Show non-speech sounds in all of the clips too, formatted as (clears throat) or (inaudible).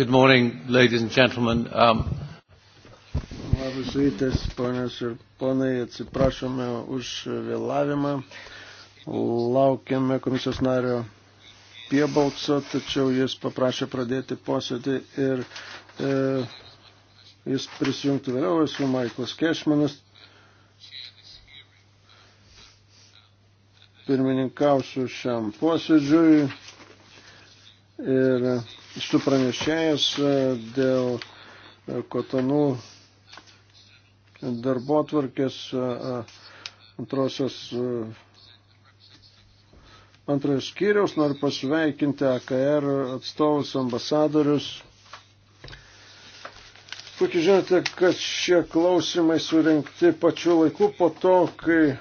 Good morning, ladies and gentlemen. Um... Labas rytas, ponios ir ponai, atsiprašome už vėlavimą. Laukiame komisijos nario Piebalco, tačiau jis paprašė pradėti posėdį ir e, jis prisijungtų vėliau, esu Maiklas Kešmanas. Pirmininkausiu šiam posėdžiui ir su pranešėjas e, dėl e, kotonų darbo atvarkės e, antrosios antrojo skyriaus. Noriu pasveikinti AKR atstovus ambasadorius. Puikiai žinote, kad šie klausimai surinkti pačiu laiku po to, kai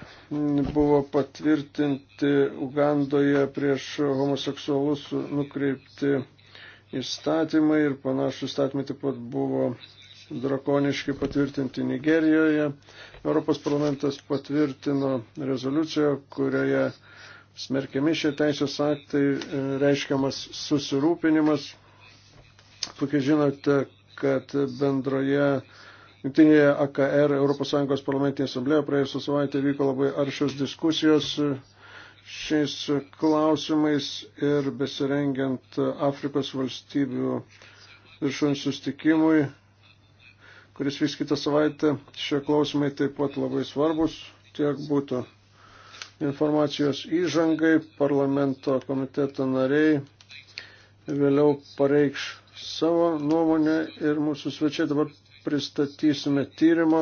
buvo patvirtinti Ugandoje prieš homoseksualus nukreipti įstatymai ir panašus įstatymai taip pat buvo drakoniškai patvirtinti Nigerijoje. Europos parlamentas patvirtino rezoliuciją, kurioje smerkiami šie teisės aktai, e, reiškiamas susirūpinimas. Puikiai žinote, kad bendroje Jungtinėje AKR ES parlamentinėje asamblėje praėjusią savaitę vyko labai aršios diskusijos šiais klausimais ir besirengiant Afrikos valstybių viršūnį sustikimui, kuris vyks kitą savaitę. Šie klausimai taip pat labai svarbus, tiek būtų informacijos įžangai, parlamento komiteto nariai vėliau pareikš savo nuomonę ir mūsų svečiai dabar pristatysime tyrimo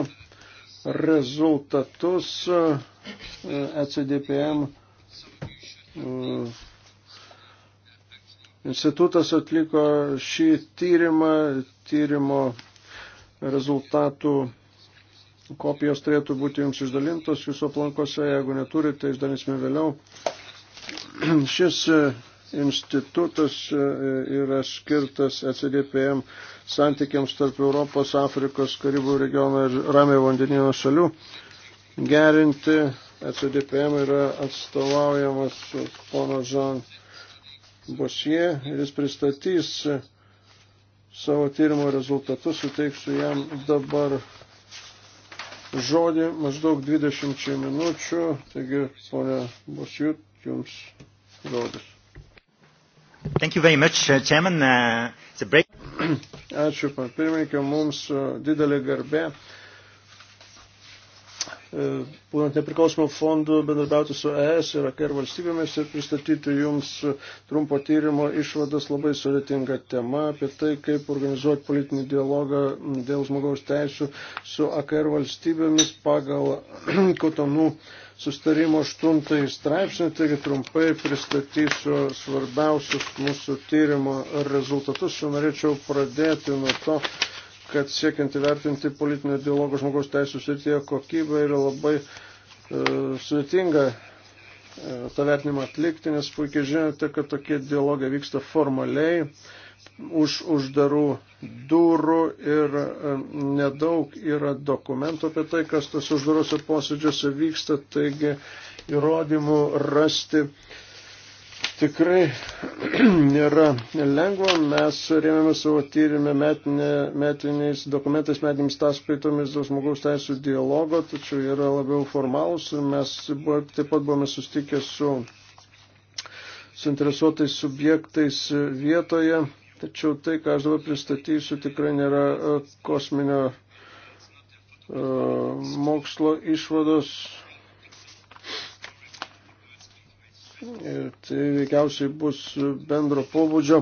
rezultatus ECDPM e Mm. Institutas atliko šį tyrimą, tyrimo rezultatų kopijos turėtų būti jums išdalintos jūsų aplankose, jeigu neturite, išdalinsime vėliau. (clears throat) Šis e, institutas e, yra skirtas ECDPM santykiams tarp Europos, Afrikos, Karibų regiono ir Ramio vandenino šalių gerinti ECDPM yra atstovaujamas pono Jean Bosie ir jis pristatys savo tyrimo rezultatus, suteiksiu jam dabar žodį maždaug 20 minučių, taigi ponia Bosiut, jums žodis. Thank you very much, uh, Chairman. Uh, it's a break. Ačiū, pan pirmininkė, mums uh, didelė garbė E, būnant nepriklausomų fondų, bendradarbiauti su ES ir AKR e valstybėmis ir pristatyti jums trumpo tyrimo išvadas labai sudėtinga tema apie tai, kaip organizuoti politinį dialogą dėl žmogaus teisų su AKR e valstybėmis pagal (clears throat) kotonų sustarimo 8 straipsnį, taigi trumpai pristatysiu svarbiausius mūsų tyrimo rezultatus ir norėčiau pradėti nuo to, kad siekiant įvertinti politinio dialogo žmogaus teisų srityje kokybę yra labai e, sudėtinga e, tą vertinimą atlikti, nes puikiai žinote, kad tokie dialogai vyksta formaliai, už uždarų durų ir e, nedaug yra dokumentų apie tai, kas tos uždarose posėdžiuose vyksta, taigi įrodymų rasti tikrai (clears throat) nėra lengva. Mes rėmėme savo tyrimę metinė, metiniais dokumentais, metinėmis taskaitomis dėl žmogaus teisų dialogo, tačiau yra labiau formalus. Mes buvo, taip pat buvome sustikę su suinteresuotais subjektais vietoje, tačiau tai, ką aš dabar pristatysiu, tikrai nėra e, kosminio e, mokslo išvados Tai veikiausiai bus bendro pobūdžio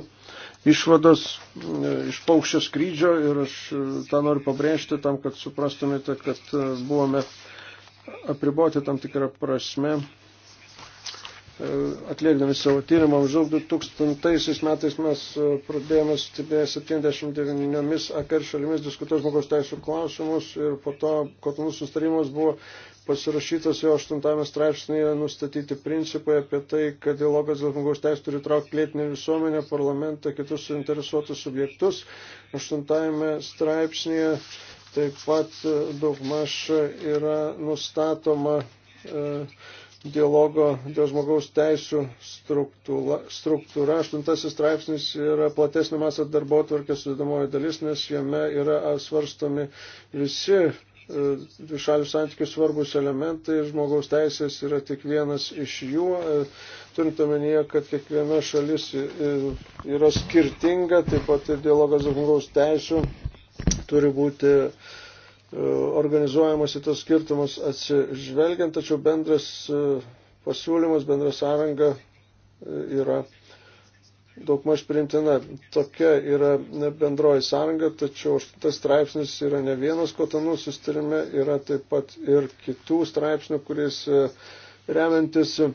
išvados e, iš paukščio skrydžio ir aš e, tą noriu pabrėžti tam, kad suprastumėte, kad e, buvome apriboti tam tikrą prasme atliekdami savo tyrimą, maždaug 2000 metais mes pradėjome stebėję 79 AKR šalimis diskutuoti žmogaus teisų klausimus ir po to, kad mūsų sustarimas buvo pasirašytas jo 8 straipsnėje nustatyti principai apie tai, kad dialogas dėl žmogaus teisų turi traukti plėtinę visuomenę, parlamentą, kitus suinteresuotus subjektus. 8 straipsnėje taip pat e, daugmaž yra nustatoma e, dialogo dėl žmogaus teisų struktūra. struktūra. Aštuntasis straipsnis yra platesnio masto darbo tvarkės sudamoji dalis, nes jame yra svarstomi visi E, dvišalių santykių svarbus elementai, žmogaus teisės yra tik vienas iš jų, e, turint omenyje, kad kiekviena šalis e, yra skirtinga, taip pat ir dialogas žmogaus teisų turi būti organizuojamas į tos skirtumus atsižvelgiant, tačiau bendras pasiūlymas, bendra sąranga yra daugmaž primtina. Tokia yra bendroji sąranga, tačiau tas straipsnis yra ne vienas kotonų sustarime, yra taip pat ir kitų straipsnių, kuris e, remiantis, e,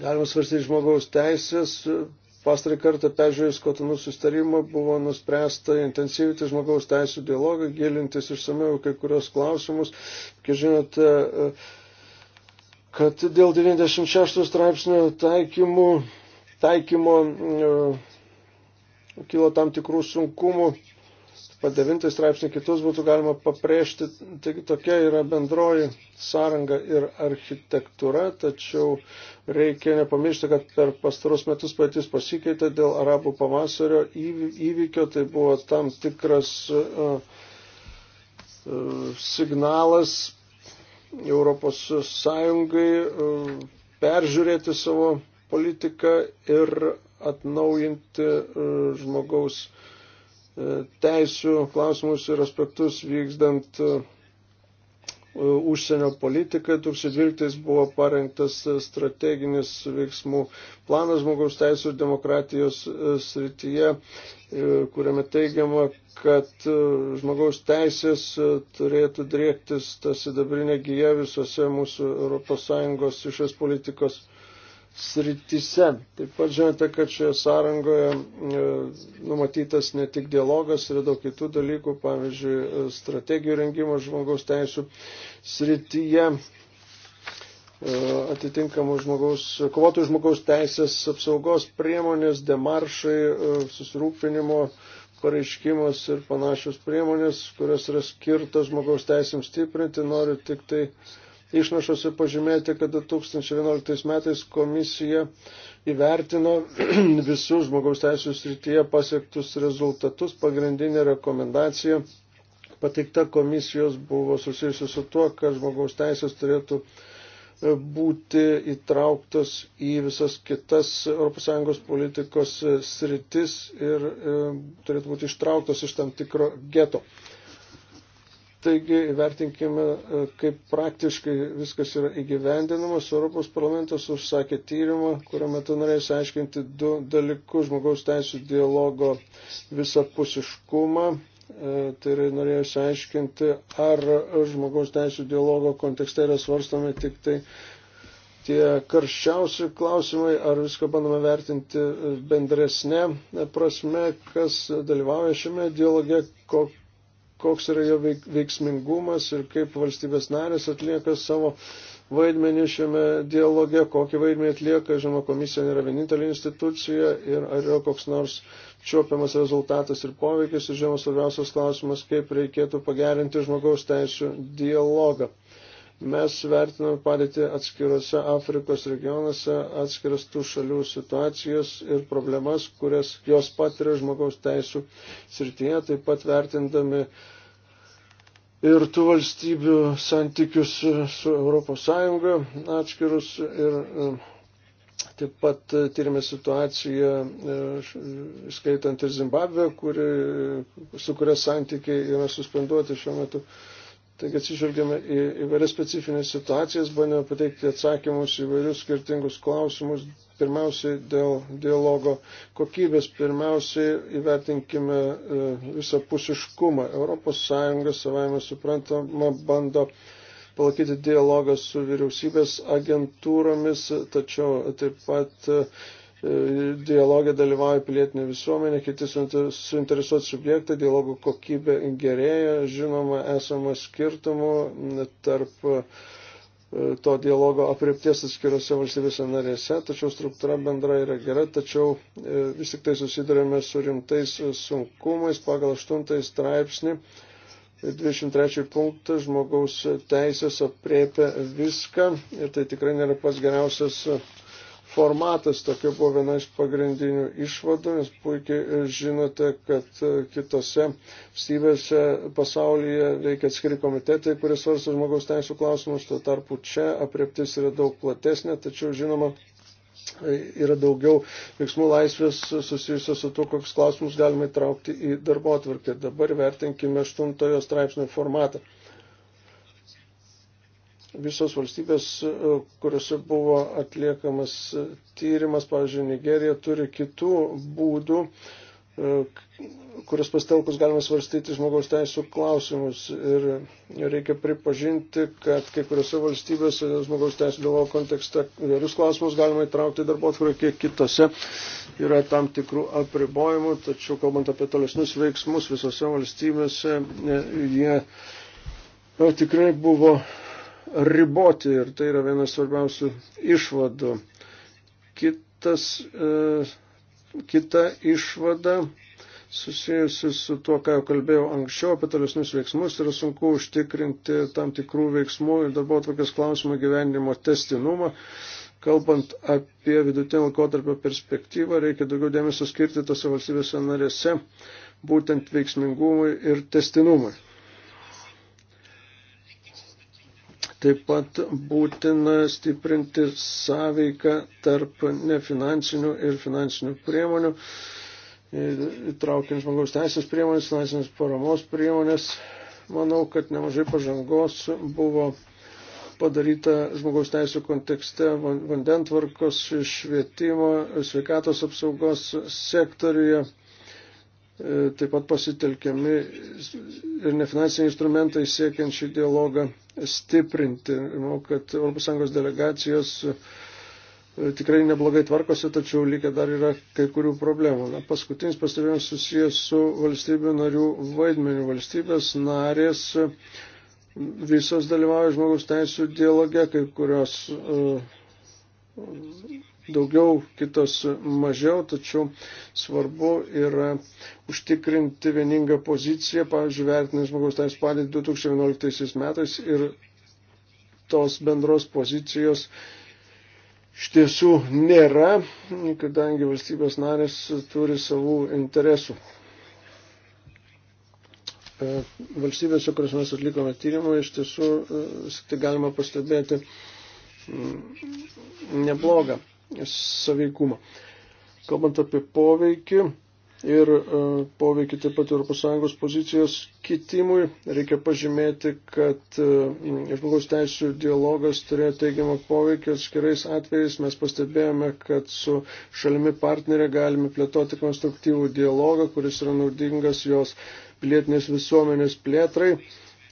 galima svarstyti, žmogaus teisės. Pastarį kartą peržiūrėjus kotonų sustarimą buvo nuspręsta intensyvinti žmogaus teisų dialogą, gilintis išsameu kai kurios klausimus. Kaip žinote, e, kad dėl 96 straipsnio taikymų taikymo mm, e, kilo tam tikrų sunkumų. Padevintai straipsnį kitus būtų galima paprėžti. Taigi tokia yra bendroji sąranga ir architektūra, tačiau reikia nepamiršti, kad per pastarus metus patys pasikeitė dėl arabų pavasario įvykio. Tai buvo tam tikras uh, uh, signalas Europos Sąjungai uh, peržiūrėti savo politiką ir atnaujinti e, žmogaus e, teisų klausimus ir aspektus vykdant e, užsienio politiką. 2012 buvo parengtas strateginis veiksmų planas žmogaus teisų ir demokratijos srityje, kuriame teigiama, kad žmogaus teisės turėtų drėktis tą sidabrinę giją visose mūsų ES išės politikos sritise. Taip pat žinote, kad šioje sąrangoje e, numatytas ne tik dialogas, yra daug kitų dalykų, pavyzdžiui, e, strategijų rengimo žmogaus teisų srityje e, atitinkamų žmogaus, kovotojų žmogaus teisės apsaugos priemonės, demaršai, susirūpinimo pareiškimas ir panašios priemonės, kurios yra skirtos žmogaus teisėms stiprinti. Noriu tik tai uh, išnašose pažymėti, kad 2011 metais komisija įvertino (clears throat) visus žmogaus teisų srityje pasiektus rezultatus. Pagrindinė rekomendacija pateikta komisijos buvo susijusi su tuo, kad žmogaus teisės turėtų e, būti įtrauktos į visas kitas ES politikos sritis ir e, turėtų būti ištrauktos iš tam tikro geto. Taigi vertinkime, e, kaip praktiškai viskas yra įgyvendinamas. Europos parlamentas užsakė tyrimą, kurio metu norės aiškinti du dalykus - žmogaus teisų dialogo visapusiškumą. E, tai yra norėjo išsiaiškinti, ar žmogaus teisų dialogo kontekste yra svarstami tik tai tie karščiausi klausimai, ar viską bandome vertinti bendresnė prasme, kas dalyvauja šiame dialoge, kokia koks yra jo veiksmingumas ir kaip valstybės narės atlieka savo vaidmenį šiame dialoge, kokį vaidmenį atlieka, žinoma, komisija nėra vienintelė institucija ir ar yra koks nors čiopiamas rezultatas ir poveikis, ir žinoma, svarbiausias klausimas, kaip reikėtų pagerinti žmogaus teisų dialogą. Mes vertiname padėtį atskiruose Afrikos regionuose, atskiras tų šalių situacijas ir problemas, kurias jos patiria žmogaus teisų srityje, taip pat vertindami ir tų valstybių santykius su ES atskirus ir e, taip pat tyrėme situaciją, e, skaitant ir Zimbabvę, kuri, su kuria santykiai yra suspenduoti šiuo metu. Taigi atsižvelgėme į įvairias specifinės situacijas, bandėme pateikti atsakymus įvairius skirtingus klausimus. Pirmiausiai dėl dialogo kokybės, pirmiausiai įvertinkime e, visapusiškumą. ES savaime suprantama bando palaikyti dialogą su vyriausybės agentūromis, tačiau taip pat e, E, dialogė dalyvauja pilietinė visuomenė, kiti suinteresuoti subjektai, dialogų kokybė gerėja, žinoma, esama skirtumų tarp e, to dialogo apriepties atskirose valstybėse narėse, tačiau struktūra bendra yra gera, tačiau e, vis tik tai susidurėme su rimtais sunkumais pagal 8 straipsnį. 23 punktas žmogaus teisės apriepia viską ir tai tikrai nėra pats geriausias formatas tokia buvo viena iš pagrindinių išvadų, nes puikiai e, žinote, kad e, kitose valstybėse pasaulyje veikia atskiri komitetai, kurie svarsto žmogaus teisų klausimus, tuo tarpu čia apreptis yra daug platesnė, tačiau žinoma, e, yra daugiau veiksmų laisvės susijusios su to, kokius klausimus galima įtraukti į darbo atvarkę. Dabar vertinkime aštuntojo straipsnio formatą visos valstybės, e, kuriuose buvo atliekamas tyrimas, pavyzdžiui, Nigerija, turi kitų būdų, e, kurias pastelkus galima svarstyti žmogaus teisų klausimus. Ir reikia pripažinti, kad kai kuriuose valstybėse žmogaus teisų dialogo kontekste gerus klausimus galima įtraukti darbo atvarkį, kiek kitose yra tam tikrų apribojimų, tačiau kalbant apie tolesnius veiksmus visose valstybėse, e, jie tikrai buvo riboti ir tai yra vienas svarbiausių išvadų. Kitas, e, kita išvada susijusi su tuo, ką jau kalbėjau anksčiau apie tolesnius veiksmus, yra sunku užtikrinti tam tikrų veiksmų ir darbo atvarkės klausimų gyvenimo testinumą. Kalbant apie vidutinio laikotarpio perspektyvą, reikia daugiau dėmesio skirti tose valstybėse narėse, būtent veiksmingumui ir testinumui. Taip pat būtina stiprinti sąveiką tarp nefinansinių ir finansinių priemonių, įtraukiant žmogaus teisės priemonės, finansinės paramos priemonės. Manau, kad nemažai pažangos buvo padaryta žmogaus teisų kontekste vandentvarkos, švietimo, sveikatos apsaugos sektoriuje. E, taip pat pasitelkiami ir nefinansiniai instrumentai siekiant šį dialogą stiprinti. Manau, kad ES delegacijos e, tikrai neblogai tvarkosi, tačiau lygia dar yra kai kurių problemų. Na, paskutinis pastebėjimas susijęs su valstybių narių vaidmeniu. Valstybės narės e, visos dalyvauja žmogaus teisų dialoge, kai kurios uh, daugiau, kitos mažiau, tačiau svarbu yra užtikrinti vieningą poziciją, pavyzdžiui, vertinant žmogaus teisų padėtį 2011 metais ir tos bendros pozicijos iš tiesų nėra, kadangi valstybės narės turi savų interesų. E, valstybėse, kurias mes atlikome tyrimą, iš tiesų, tai galima pastebėti, neblogą saveikumą. Kalbant apie poveikį ir e, poveikį taip pat ES pozicijos kitimui, reikia pažymėti, kad e, žmogaus teisų dialogas turėjo teigiamą poveikį atskirais atvejais. Mes pastebėjome, kad su šalimi partnerė galime plėtoti konstruktyvų dialogą, kuris yra naudingas jos pilietinės visuomenės plėtrai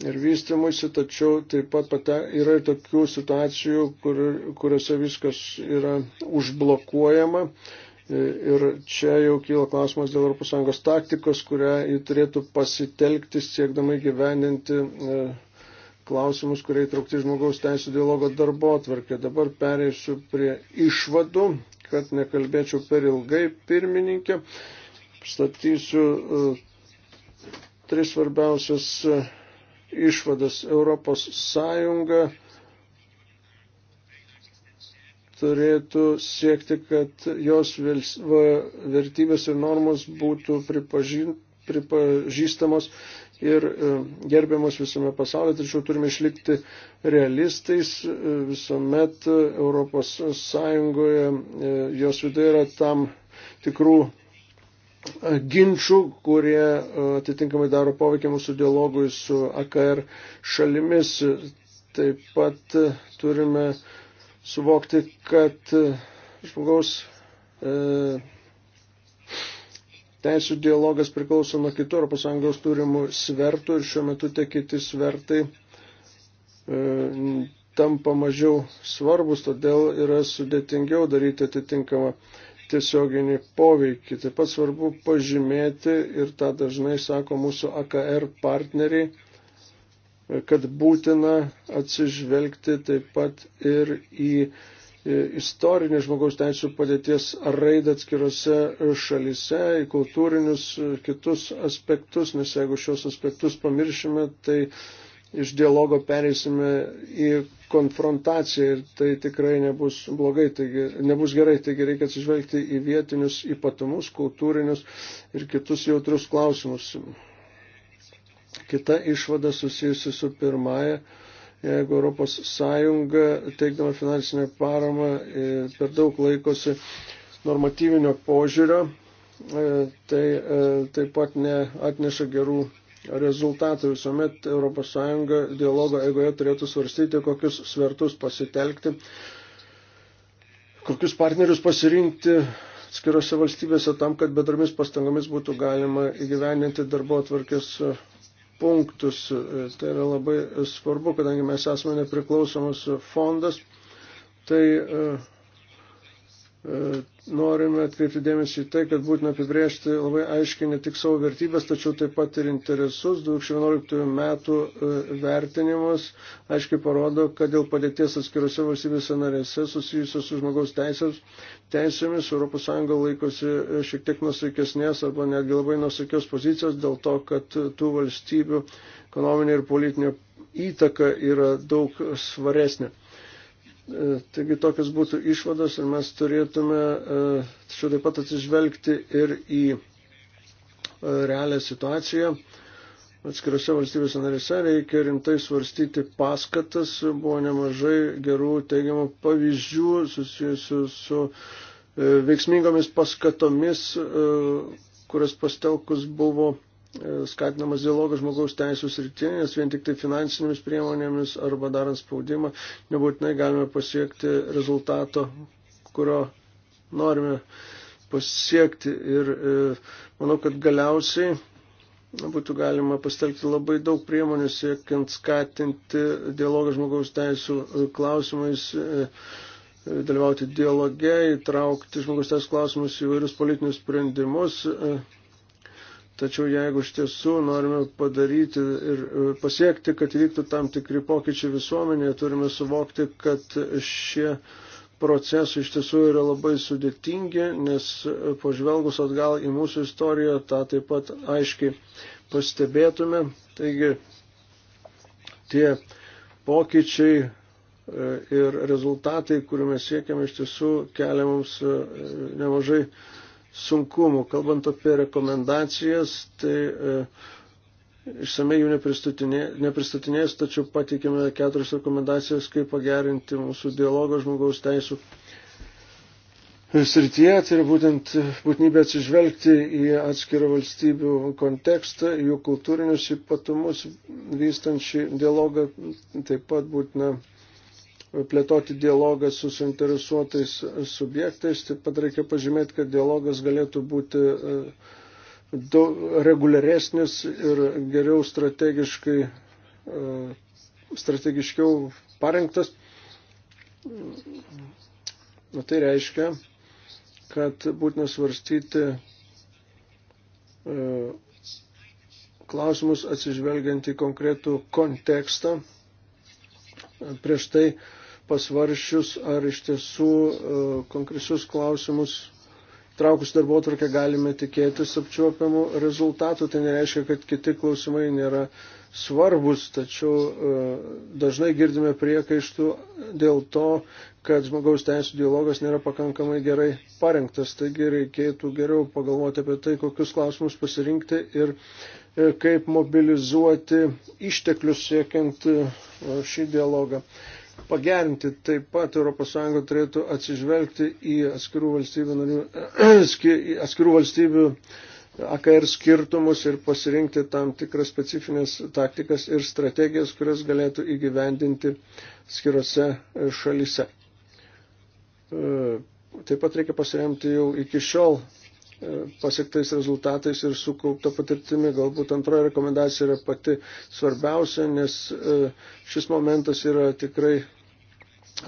ir vystimuisi, tačiau taip pat pate, yra ir tokių situacijų, kur, kuriuose viskas yra užblokuojama. Ir čia jau kyla klausimas dėl ES taktikos, kurią jį turėtų pasitelkti siekdama gyveninti e, klausimus, kurie įtraukti žmogaus teisų dialogo darbo atvarkė. Dabar pereisiu prie išvadų, kad nekalbėčiau per ilgai pirmininkę. Statysiu e, tris svarbiausias e, išvadas. Europos Sąjunga turėtų siekti, kad jos vertybės ir normos būtų pripažin, pripažįstamos ir e, gerbiamos visame pasaulyje, tačiau turime išlikti realistais visuomet Europos Sąjungoje, e, jos viduje yra tam tikrų ginčių, kurie e, atitinkamai daro poveikį mūsų dialogui su AKR šalimis. Taip pat e, turime suvokti, kad e, žmogaus e, teisų dialogas priklauso nuo kitų ES turimų svertų ir šiuo metu tie kiti svertai e, tampa mažiau svarbus, todėl yra sudėtingiau daryti atitinkamą tiesioginį poveikį. Taip pat svarbu pažymėti ir tą dažnai sako mūsų AKR partneriai, kad būtina atsižvelgti taip pat ir į istorinį žmogaus teisų padėties raidą atskirose šalise, į kultūrinius kitus aspektus, nes jeigu šios aspektus pamiršime, tai uh, iš dialogo pereisime į konfrontaciją ir tai tikrai nebus blogai, taigi, nebus gerai, taigi reikia atsižvelgti į vietinius ypatumus, kultūrinius ir kitus jautrius klausimus. Kita išvada susijusi su pirmąją, jeigu ES teikdama finansinę paramą e, per daug laikosi normatyvinio požiūrio, e, tai e, taip pat neatneša gerų rezultatų. Visuomet ES dialogo eigoje turėtų svarstyti, kokius svertus pasitelkti, kokius partnerius pasirinkti skiriuose valstybėse tam, kad bedarmis pastangomis būtų galima įgyveninti darbo atvarkės punktus. Tai yra labai svarbu, kadangi mes esame nepriklausomas fondas. Tai uh, E, norime atkreipti dėmesį į tai, kad būtina apibrėžti labai aiškiai ne tik savo vertybės, tačiau taip pat ir interesus. 2011 metų e, vertinimas aiškiai parodo, kad dėl padėties atskirose valstybėse narėse susijusios su žmogaus teisės, teisėmis ES laikosi e, šiek tiek nusaikesnės arba netgi labai nusaikios pozicijos dėl to, kad tų valstybių ekonominė ir politinė įtaka yra daug svaresnė. E, taigi tokios būtų išvados ir mes turėtume e, tačiau taip pat atsižvelgti ir į e, realią situaciją. Atskirose valstybėse narėse reikia rimtai svarstyti paskatas. Buvo nemažai gerų teigiamų pavyzdžių susijusių su veiksmingomis paskatomis, kurias pastelkus buvo E, skatinamas dialogas žmogaus teisų srityje, nes vien tik tai finansinėmis priemonėmis arba darant spaudimą nebūtinai galime pasiekti rezultato, kurio norime pasiekti. Ir e, manau, kad galiausiai būtų galima pastelgti labai daug priemonių siekiant skatinti dialogą žmogaus teisų e, klausimais dalyvauti dialoge, įtraukti žmogus teisų klausimus į vairius politinius sprendimus, Tačiau jeigu iš tiesų norime padaryti ir e, pasiekti, kad vyktų tam tikri pokyčiai visuomenėje, turime suvokti, kad šie procesai iš tiesų yra labai sudėtingi, nes e, pažvelgus atgal į mūsų istoriją, tą taip pat aiškiai pastebėtume. Taigi tie pokyčiai e, ir rezultatai, kurių mes siekiame, iš tiesų kelia mums nemažai sunkumų. Kalbant apie rekomendacijas, tai e, išsamei jų nepristatinės, tačiau pateikėme keturias rekomendacijas, kaip pagerinti mūsų dialogą žmogaus teisų srityje, tai yra būtent būtinybė atsižvelgti į atskirą valstybių kontekstą, jų kultūrinius ypatumus, vystančią dialogą, taip pat būtina plėtoti dialogą su suinteresuotais subjektais. Taip pat reikia pažymėti, kad dialogas galėtų būti e, reguliaresnis ir geriau strategiškai, e, strategiškiau parengtas. Na, tai reiškia, kad būtina svarstyti e, klausimus atsižvelgiant į konkretų kontekstą. Prieš tai uh, pasvaršius, ar iš tiesų e, konkrečius klausimus traukus darbo atvarkę galime tikėtis apčiuopiamų rezultatų. Tai nereiškia, kad kiti klausimai nėra svarbus, tačiau e, dažnai girdime priekaištų dėl to, kad žmogaus teisų dialogas nėra pakankamai gerai parengtas. Taigi reikėtų geriau pagalvoti apie tai, kokius klausimus pasirinkti ir e, kaip mobilizuoti išteklius siekiant šį dialogą pagerinti. Taip pat ES turėtų atsižvelgti į atskirų valstybių, narių, (clears throat) atskirų valstybių AKR skirtumus ir pasirinkti tam tikras specifinės taktikas ir strategijas, kurias galėtų įgyvendinti skirose e, šalise. E, taip pat reikia pasiremti jau iki šiol E, pasiektais rezultatais ir sukaupta patirtimi. Galbūt antroji rekomendacija yra pati svarbiausia, nes e, šis momentas yra tikrai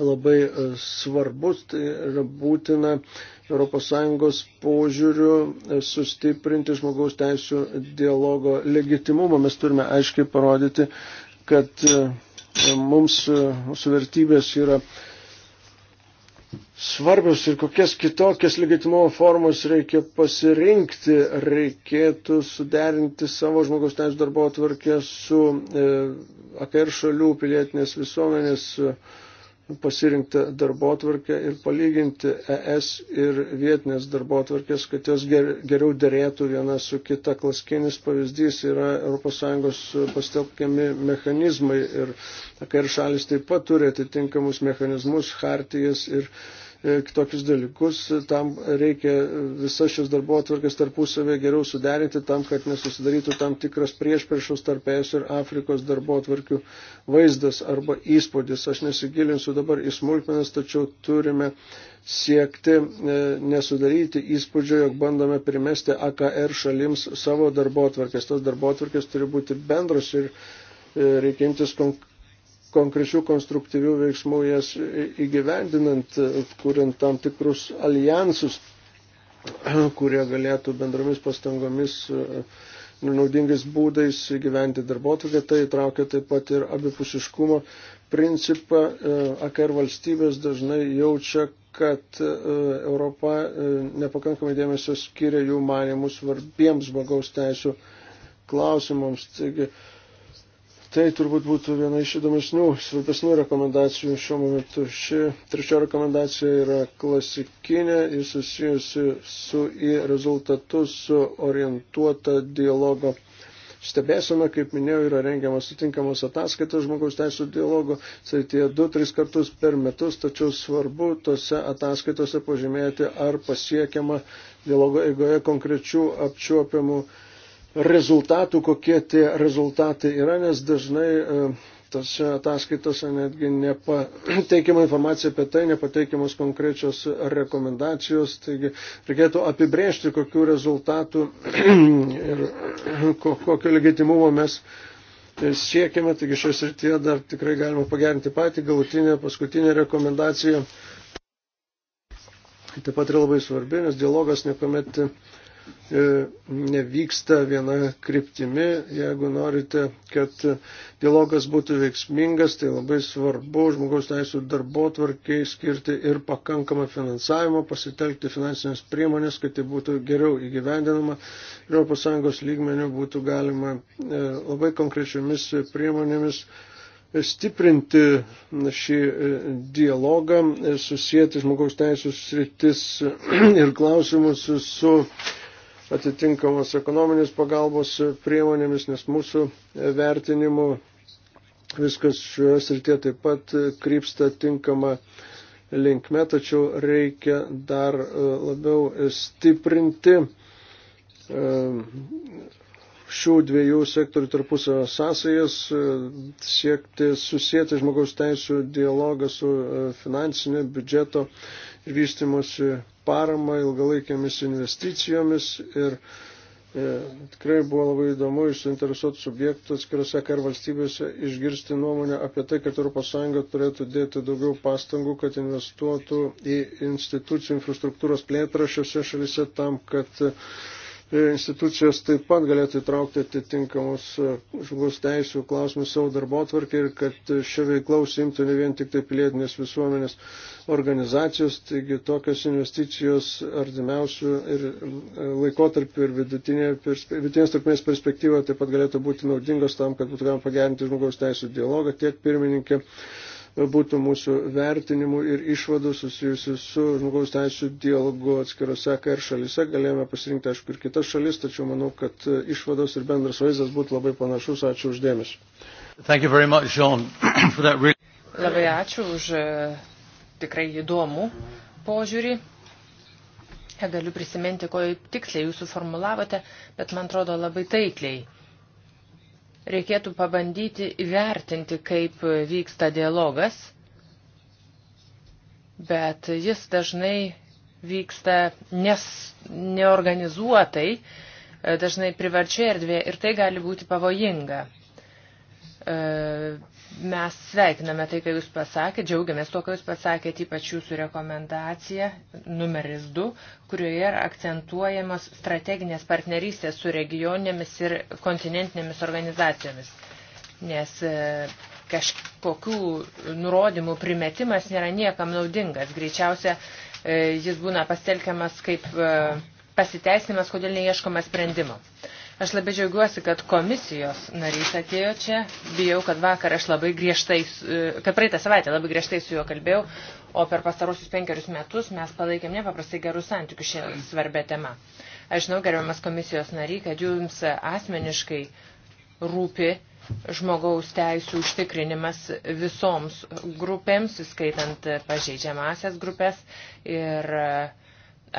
labai e, svarbus, tai yra būtina ES požiūrių sustiprinti žmogaus teisų dialogo legitimumą. Mes turime aiškiai parodyti, kad mums, mūsų vertybės yra svarbios ir kokias kitokias legitimumo formas reikia pasirinkti, reikėtų suderinti savo žmogaus teisų darbo atvarkę su e, AKR šalių pilietinės visuomenės. E, pasirinktą darbotvarkę ir palyginti ES ir vietinės darbotvarkės, kad jos geriau dėrėtų viena su kita. Klaskinis pavyzdys yra ES pastelkiami mechanizmai ir, ir šalis taip pat turi atitinkamus mechanizmus, hartijas ir uh, E, kitokius dalykus. Tam reikia visas šios darbo atvarkės tarpusavėje geriau suderinti tam, kad nesusidarytų tam tikras priešpriešos tarp ES ir Afrikos darbo atvarkių vaizdas arba įspūdis. Aš nesigilinsiu dabar į smulkmenas, tačiau turime siekti e, nesudaryti įspūdžio, jog bandome primesti AKR šalims savo darbo atvarkės. Tos darbo atvarkės turi būti bendros ir e, reikintis konkursų konkrečių konstruktyvių veiksmų jas įgyvendinant, kuriant tam tikrus alijansus, kurie galėtų bendromis pastangomis e, naudingais būdais gyventi darbotvarkę, tai traukia taip pat ir abipusiškumo principą. E, AKR valstybės dažnai jaučia, kad e, Europa nepakankamai dėmesio skiria jų manimų svarbiems žmogaus teisų klausimams. Taigi, Tai turbūt būtų viena iš įdomesnių, svarbesnių rekomendacijų šiuo momentu. Ši trečia rekomendacija yra klasikinė ir susijusi su į rezultatus su orientuota dialogo stebėsime, kaip minėjau, yra rengiamas sutinkamos ataskaitos žmogaus teisų dialogo srityje 2-3 kartus per metus, tačiau svarbu tose ataskaitose pažymėti, ar pasiekiama dialogo eigoje konkrečių apčiuopiamų rezultatų, kokie tie rezultatai yra, nes dažnai e, tose ataskaitose netgi nepateikiama informacija apie tai, nepateikiamos konkrečios rekomendacijos, taigi reikėtų apibrėžti, kokiu rezultatu (clears throat) ir kokio legitimumo mes siekiame, taigi šios rytyje dar tikrai galima pagerinti patį galutinę, paskutinę rekomendaciją. Taip pat yra labai svarbi, nes dialogas niekuomet E, nevyksta viena kryptimi. Jeigu norite, kad dialogas būtų veiksmingas, tai labai svarbu žmogaus teisų darbo tvarkiai skirti ir pakankamą finansavimą, pasitelkti finansinės priemonės, kad tai būtų geriau įgyvendinama. ES lygmenių būtų galima e, labai konkrečiomis priemonėmis stiprinti šį e, dialogą, susijęti žmogaus teisų sritis (clears throat) ir klausimus su atitinkamos ekonominės pagalbos priemonėmis, nes mūsų vertinimu viskas šioje srityje taip pat krypsta tinkama linkme, tačiau reikia dar e, labiau stiprinti e, šių dviejų sektorių tarpusavio sąsajas, e, siekti susijęti žmogaus teisų dialogą su finansinė biudžeto vystimosi parama ilgalaikėmis investicijomis ir e, tikrai buvo labai įdomu iš suinteresuotų subjektų atskirose kar valstybėse išgirsti nuomonę apie tai, kad ES turėtų dėti daugiau pastangų, kad investuotų į institucijų infrastruktūros plėtrą šiuose šalise tam, kad E, institucijos taip pat galėtų įtraukti atitinkamus e, žmogus teisų klausimus savo darbo atvarkį ir kad šią veiklą užsimtų ne vien tik tai pilietinės visuomenės organizacijos, taigi tokios investicijos artimiausių ir e, laikotarpių ir vidutinės trukmės perspektyvoje taip pat galėtų būti naudingos tam, kad būtų galima pagerinti žmogaus teisų dialogą tiek pirmininkė būtų mūsų vertinimų ir išvadų susijusių su žmogaus teisų dialogu atskirose KR šalise. Galėjome pasirinkti, aišku, ir kitas šalis, tačiau manau, kad išvados ir bendras vaizdas būtų labai panašus. Ačiū uždėmesi. Much, John, (coughs) really... Labai ačiū už e, tikrai įdomų požiūrį. Galiu prisiminti, ko tiksliai jūs suformulavote, bet man atrodo labai taikliai reikėtų pabandyti įvertinti, kaip vyksta dialogas, bet jis dažnai vyksta nes, neorganizuotai, dažnai privarčiai erdvė ir tai gali būti pavojinga. E, Mes sveikiname tai, ką Jūs pasakėte, džiaugiamės to, ką Jūs pasakėte, ypač Jūsų rekomendacija numeris 2, kurioje akcentuojamos strateginės partnerystės su regioninėmis ir kontinentinėmis organizacijomis. Nes e, kažkokių nurodymų primetimas nėra niekam naudingas. Greičiausia, e, jis būna pastelkiamas kaip e, pasiteisinimas, kodėl neieškoma sprendimo. Aš labai džiaugiuosi, kad komisijos narys atėjo čia. Bijau, kad vakar aš labai griežtai, e, kad praeitą savaitę labai griežtai su juo kalbėjau, o per pastarosius penkerius metus mes palaikėm nepaprastai gerus santykius šią svarbę temą. Aš žinau, gerbiamas komisijos nariai, kad jums asmeniškai rūpi žmogaus teisų užtikrinimas visoms grupėms, įskaitant pažeidžiamasias grupės. Ir e,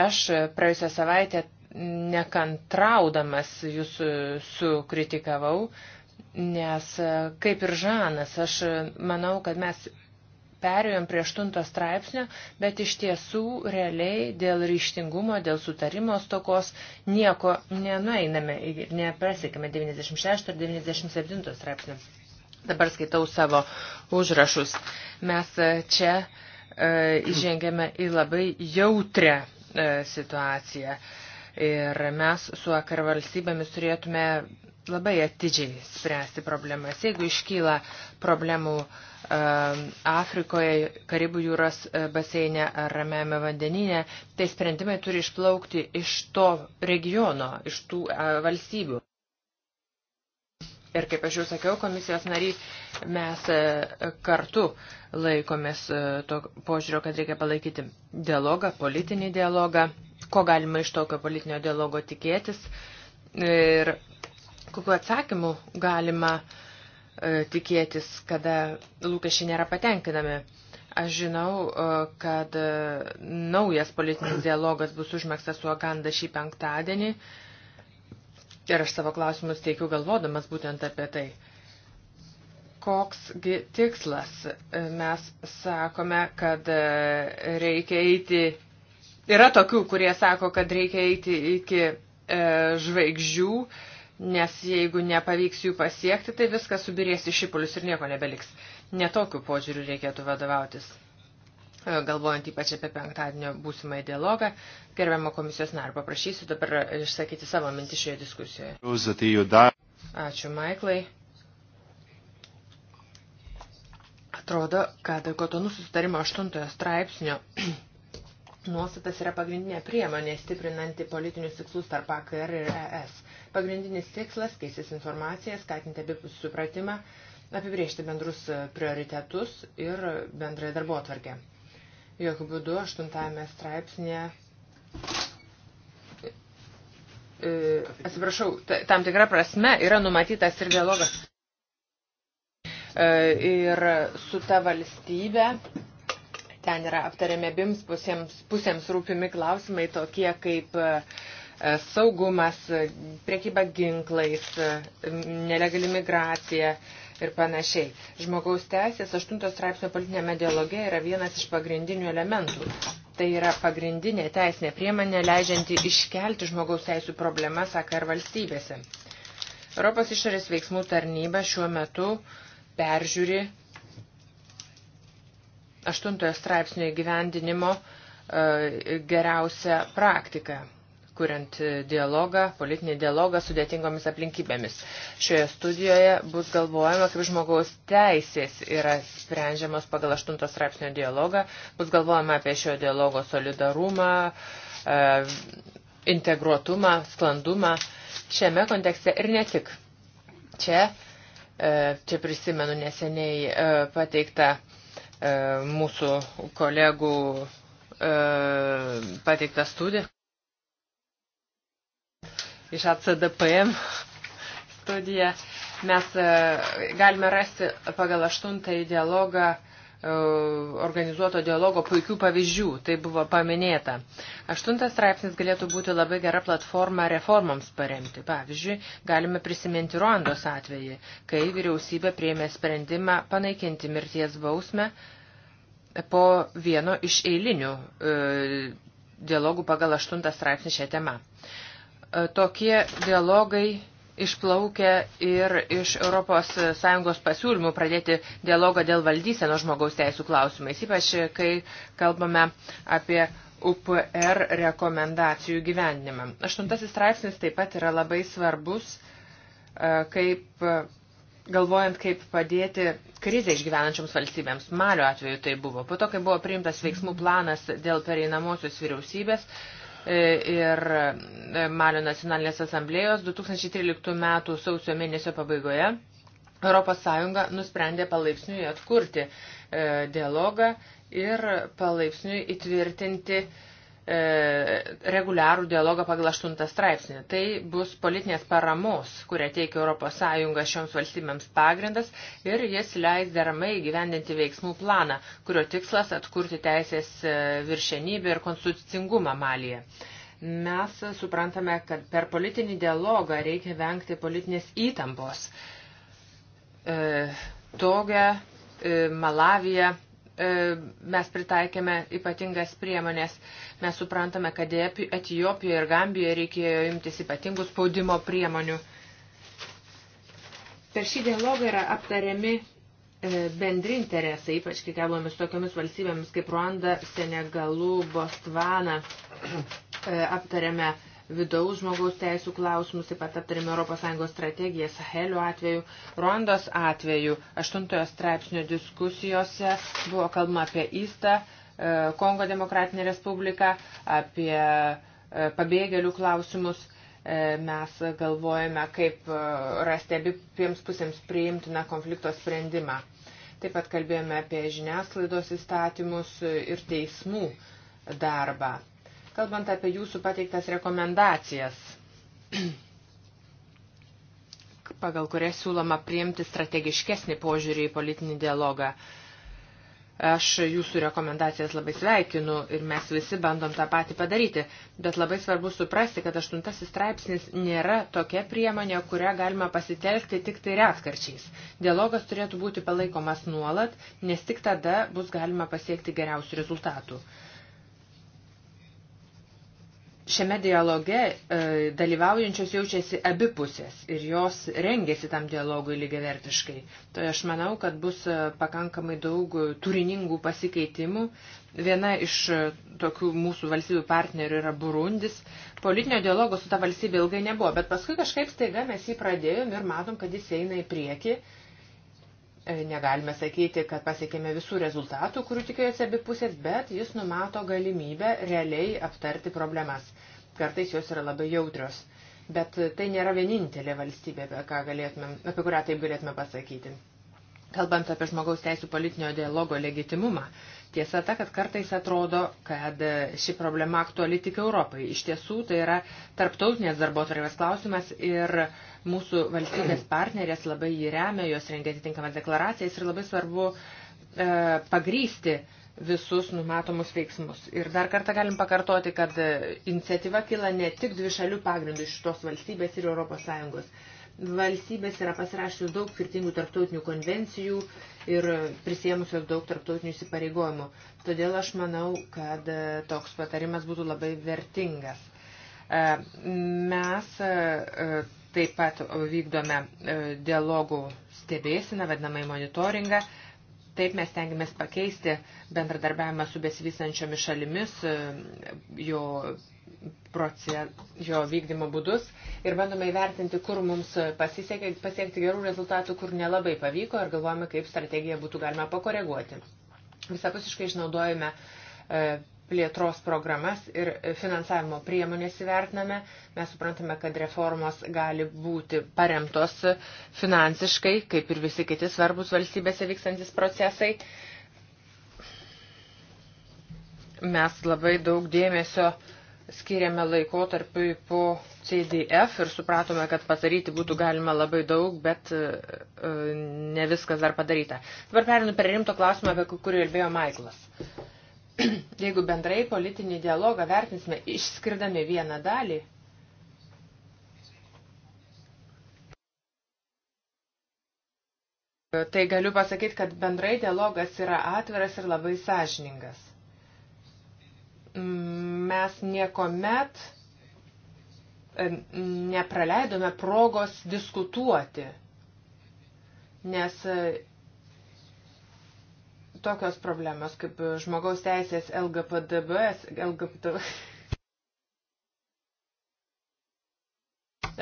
aš praėjusią savaitę nekantraudamas jūs e, sukritikavau, nes e, kaip ir Žanas, aš manau, kad mes perėjom prie aštunto straipsnio, bet iš tiesų realiai dėl ryštingumo, dėl sutarimo stokos nieko nenueiname ir neprasikame 96 ar 97 straipsnio. Dabar skaitau savo užrašus. Mes e, čia e, įžengėme į labai jautrę e, situaciją. E, Ir mes su akar valstybėmis turėtume labai atidžiai spręsti problemas. Jeigu iškyla problemų ehm, Afrikoje, Karibų jūros e, baseinė ar Ramiame vandenyje, tai sprendimai turi išplaukti iš to regiono, iš tų e, valstybių. Ir kaip aš jau sakiau, komisijos nariai, mes e, kartu laikomės to požiūrio, kad reikia palaikyti dialogą, politinį dialogą ko galima iš tokio politinio dialogo tikėtis ir kokiu atsakymu galima e, tikėtis, kada lūkesčiai nėra patenkinami. Aš žinau, e, kad e, naujas politinis dialogas bus užmėgstas su Aganda šį penktadienį ir aš savo klausimus teikiu galvodamas būtent apie tai. Koksgi tikslas? Mes sakome, kad reikia eiti Yra tokių, kurie sako, kad reikia eiti iki e, žvaigždžių, nes jeigu nepavyks jų pasiekti, tai viskas subirės į šipulius ir nieko nebeliks. Netokiu požiūriu reikėtų vadovautis. E, galvojant ypač apie penktadienio būsimąjį dialogą, gerbiamo komisijos narį paprašysiu dabar išsakyti savo mintį šioje diskusijoje. Ačiū, Maiklai. Atrodo, kad kotonų susitarimo aštuntojo straipsnio nuostatas yra pagrindinė priemonė stiprinanti politinius tikslus tarp AKR ir ES. Pagrindinis tikslas - keisis informacija, skatinti abipusį supratimą, apibriežti bendrus prioritetus ir bendrąją darbo atvarkę. Jokių būdų aštuntame straipsnėje. E, atsiprašau, tam tikra prasme yra numatytas ir dialogas. E, ir su ta valstybė Ten yra aptariami abims pusėms, pusėms rūpimi klausimai tokie kaip e, e, saugumas, priekyba ginklais, e, nelegali migracija ir panašiai. Žmogaus teisės 8 straipsnio politinėme dialoge yra vienas iš pagrindinių elementų. Tai yra pagrindinė teisinė priemonė leidžianti iškelti žmogaus teisų problemas AKR valstybėse. Europos išorės veiksmų tarnyba šiuo metu peržiūri aštuntojo straipsnio įgyvendinimo e, geriausią praktiką kuriant dialogą, politinį dialogą sudėtingomis aplinkybėmis. Šioje studijoje bus galvojama, kaip žmogaus teisės yra sprendžiamos pagal 8 straipsnio dialogą, bus galvojama apie šio dialogo solidarumą, e, integruotumą, sklandumą šiame kontekste ir ne tik. Čia, e, čia prisimenu neseniai pateiktą E, mūsų kolegų e, pateiktą studiją iš ACDPM studiją. Mes e, galime rasti pagal aštuntąjį dialogą E, organizuoto dialogo puikių pavyzdžių, tai buvo paminėta. Aštuntas straipsnis galėtų būti labai gera platforma reformoms paremti. Pavyzdžiui, galime prisiminti Ruandos atvejį, kai vyriausybė priėmė sprendimą panaikinti mirties bausmę po vieno iš eilinių e, dialogų pagal aštuntą straipsnį šią temą. E, tokie dialogai išplaukia ir iš ES pasiūlymų pradėti dialogą dėl valdyseno žmogaus teisų klausimais, ypač kai kalbame apie UPR rekomendacijų gyvendinimą. Aštuntasis straipsnis taip pat yra labai svarbus, e, kaip e, galvojant, kaip padėti krizę išgyvenančioms valstybėms. Malio atveju tai buvo. Po to, kai buvo priimtas veiksmų planas dėl pereinamosios vyriausybės, ir e, Malio nacionalinės asamblėjos 2013 m. sausio mėnesio pabaigoje ES nusprendė palaipsniui atkurti e, dialogą ir palaipsniui įtvirtinti E, reguliarų dialogą pagal 8 straipsnį. Tai bus politinės paramos, kurią teikia ES šioms valstybėms pagrindas ir jis leis deramai gyvendinti veiksmų planą, kurio tikslas atkurti teisės e, viršenybę ir konstitucingumą Malyje. Mes suprantame, kad per politinį dialogą reikia vengti politinės įtampos. E, togia e, Malavija E, mes pritaikėme ypatingas priemonės. Mes suprantame, kad Etijopijoje ir Gambijoje reikėjo imtis ypatingų spaudimo priemonių. Per šį dialogą yra aptariami e, bendri interesai, ypač kai kalbame su tokiamis valstybėmis kaip Ruanda, Senegalu, Bostvana, e, aptariame vidaus žmogaus teisų klausimus, taip pat aptarėme ES strategiją Sahelio atveju, Ruandos atveju. Aštuntojo straipsnio diskusijose buvo kalbama apie Įstą, e, Kongo demokratinę respubliką, apie e, pabėgėlių klausimus. E, mes galvojame, kaip rasti abipiems pusėms priimtiną konflikto sprendimą. Taip pat kalbėjome apie žiniasklaidos įstatymus ir teismų darbą. Kalbant apie jūsų pateiktas rekomendacijas, (clears throat) pagal kurias siūloma priimti strategiškesnį požiūrį į politinį dialogą, aš jūsų rekomendacijas labai sveikinu ir mes visi bandom tą patį padaryti, bet labai svarbu suprasti, kad aštuntasis straipsnis nėra tokia priemonė, kurią galima pasitelkti tik tai retkarčiais. Dialogas turėtų būti palaikomas nuolat, nes tik tada bus galima pasiekti geriausių rezultatų šiame dialoge e, dalyvaujančios jaučiasi abipusės ir jos rengėsi tam dialogui lygiavertiškai. Tai aš manau, kad bus e, pakankamai daug turiningų pasikeitimų. Viena iš e, tokių mūsų valstybių partnerių yra Burundis. Politinio dialogo su ta valstybė ilgai nebuvo, bet paskui kažkaip staiga mes jį pradėjom ir matom, kad jis eina į priekį. E, negalime sakyti, kad pasiekėme visų rezultatų, kurių tikėjosi abipusės, bet jis numato galimybę realiai aptarti problemas kartais jos yra labai jautrios. Bet tai nėra vienintelė valstybė, apie, galėtume, apie kurią taip galėtume pasakyti. Kalbant apie žmogaus teisų politinio dialogo legitimumą, tiesa ta, kad kartais atrodo, kad ši problema aktuali tik Europai. Iš tiesų tai yra tarptautinės darbo tarvės klausimas ir mūsų valstybės (clears throat) partnerės labai jį remia, jos rengia atitinkamas deklaracijas ir labai svarbu e, pagrysti e, visus numatomus veiksmus. Ir dar kartą galim pakartoti, kad e, iniciatyva kyla ne tik dvi šalių pagrindų iš šitos valstybės ir ES. Valstybės yra pasirašusios daug skirtingų tarptautinių konvencijų ir e, prisėmusios daug tarptautinių įsipareigojimų. Todėl aš manau, kad e, toks patarimas būtų labai vertingas. Mes taip pat vykdome dialogų stebėsiną, vadinamai monitoringą Taip mes tengiamės pakeisti bendradarbiavimą su besivysančiomis šalimis, e, jo, proce, jo vykdymo būdus ir bandome įvertinti, kur mums pasisekė pasiekti gerų rezultatų, kur nelabai pavyko ir galvojame, kaip strategiją būtų galima pakoreguoti. Visapusiškai išnaudojame e, plėtros programas ir finansavimo priemonės įvertiname. Mes suprantame, kad reformos gali būti paremtos finansiškai, kaip ir visi kiti svarbus valstybėse vykstantis procesai. Mes labai daug dėmesio skiriame laikotarpiui po CDF ir supratome, kad padaryti būtų galima labai daug, bet e, e, ne viskas dar padaryta. Dabar perinu prie rimto klausimo, apie kurį kalbėjo Maiklas. (clears throat) Jeigu bendrai politinį dialogą vertinsime išskirdami vieną dalį, tai galiu pasakyti, kad bendrai dialogas yra atviras ir labai sąžiningas. Mes niekuomet e, nepraleidome progos diskutuoti, nes e, tokios problemos kaip žmogaus teisės LGPDBS, LGBT,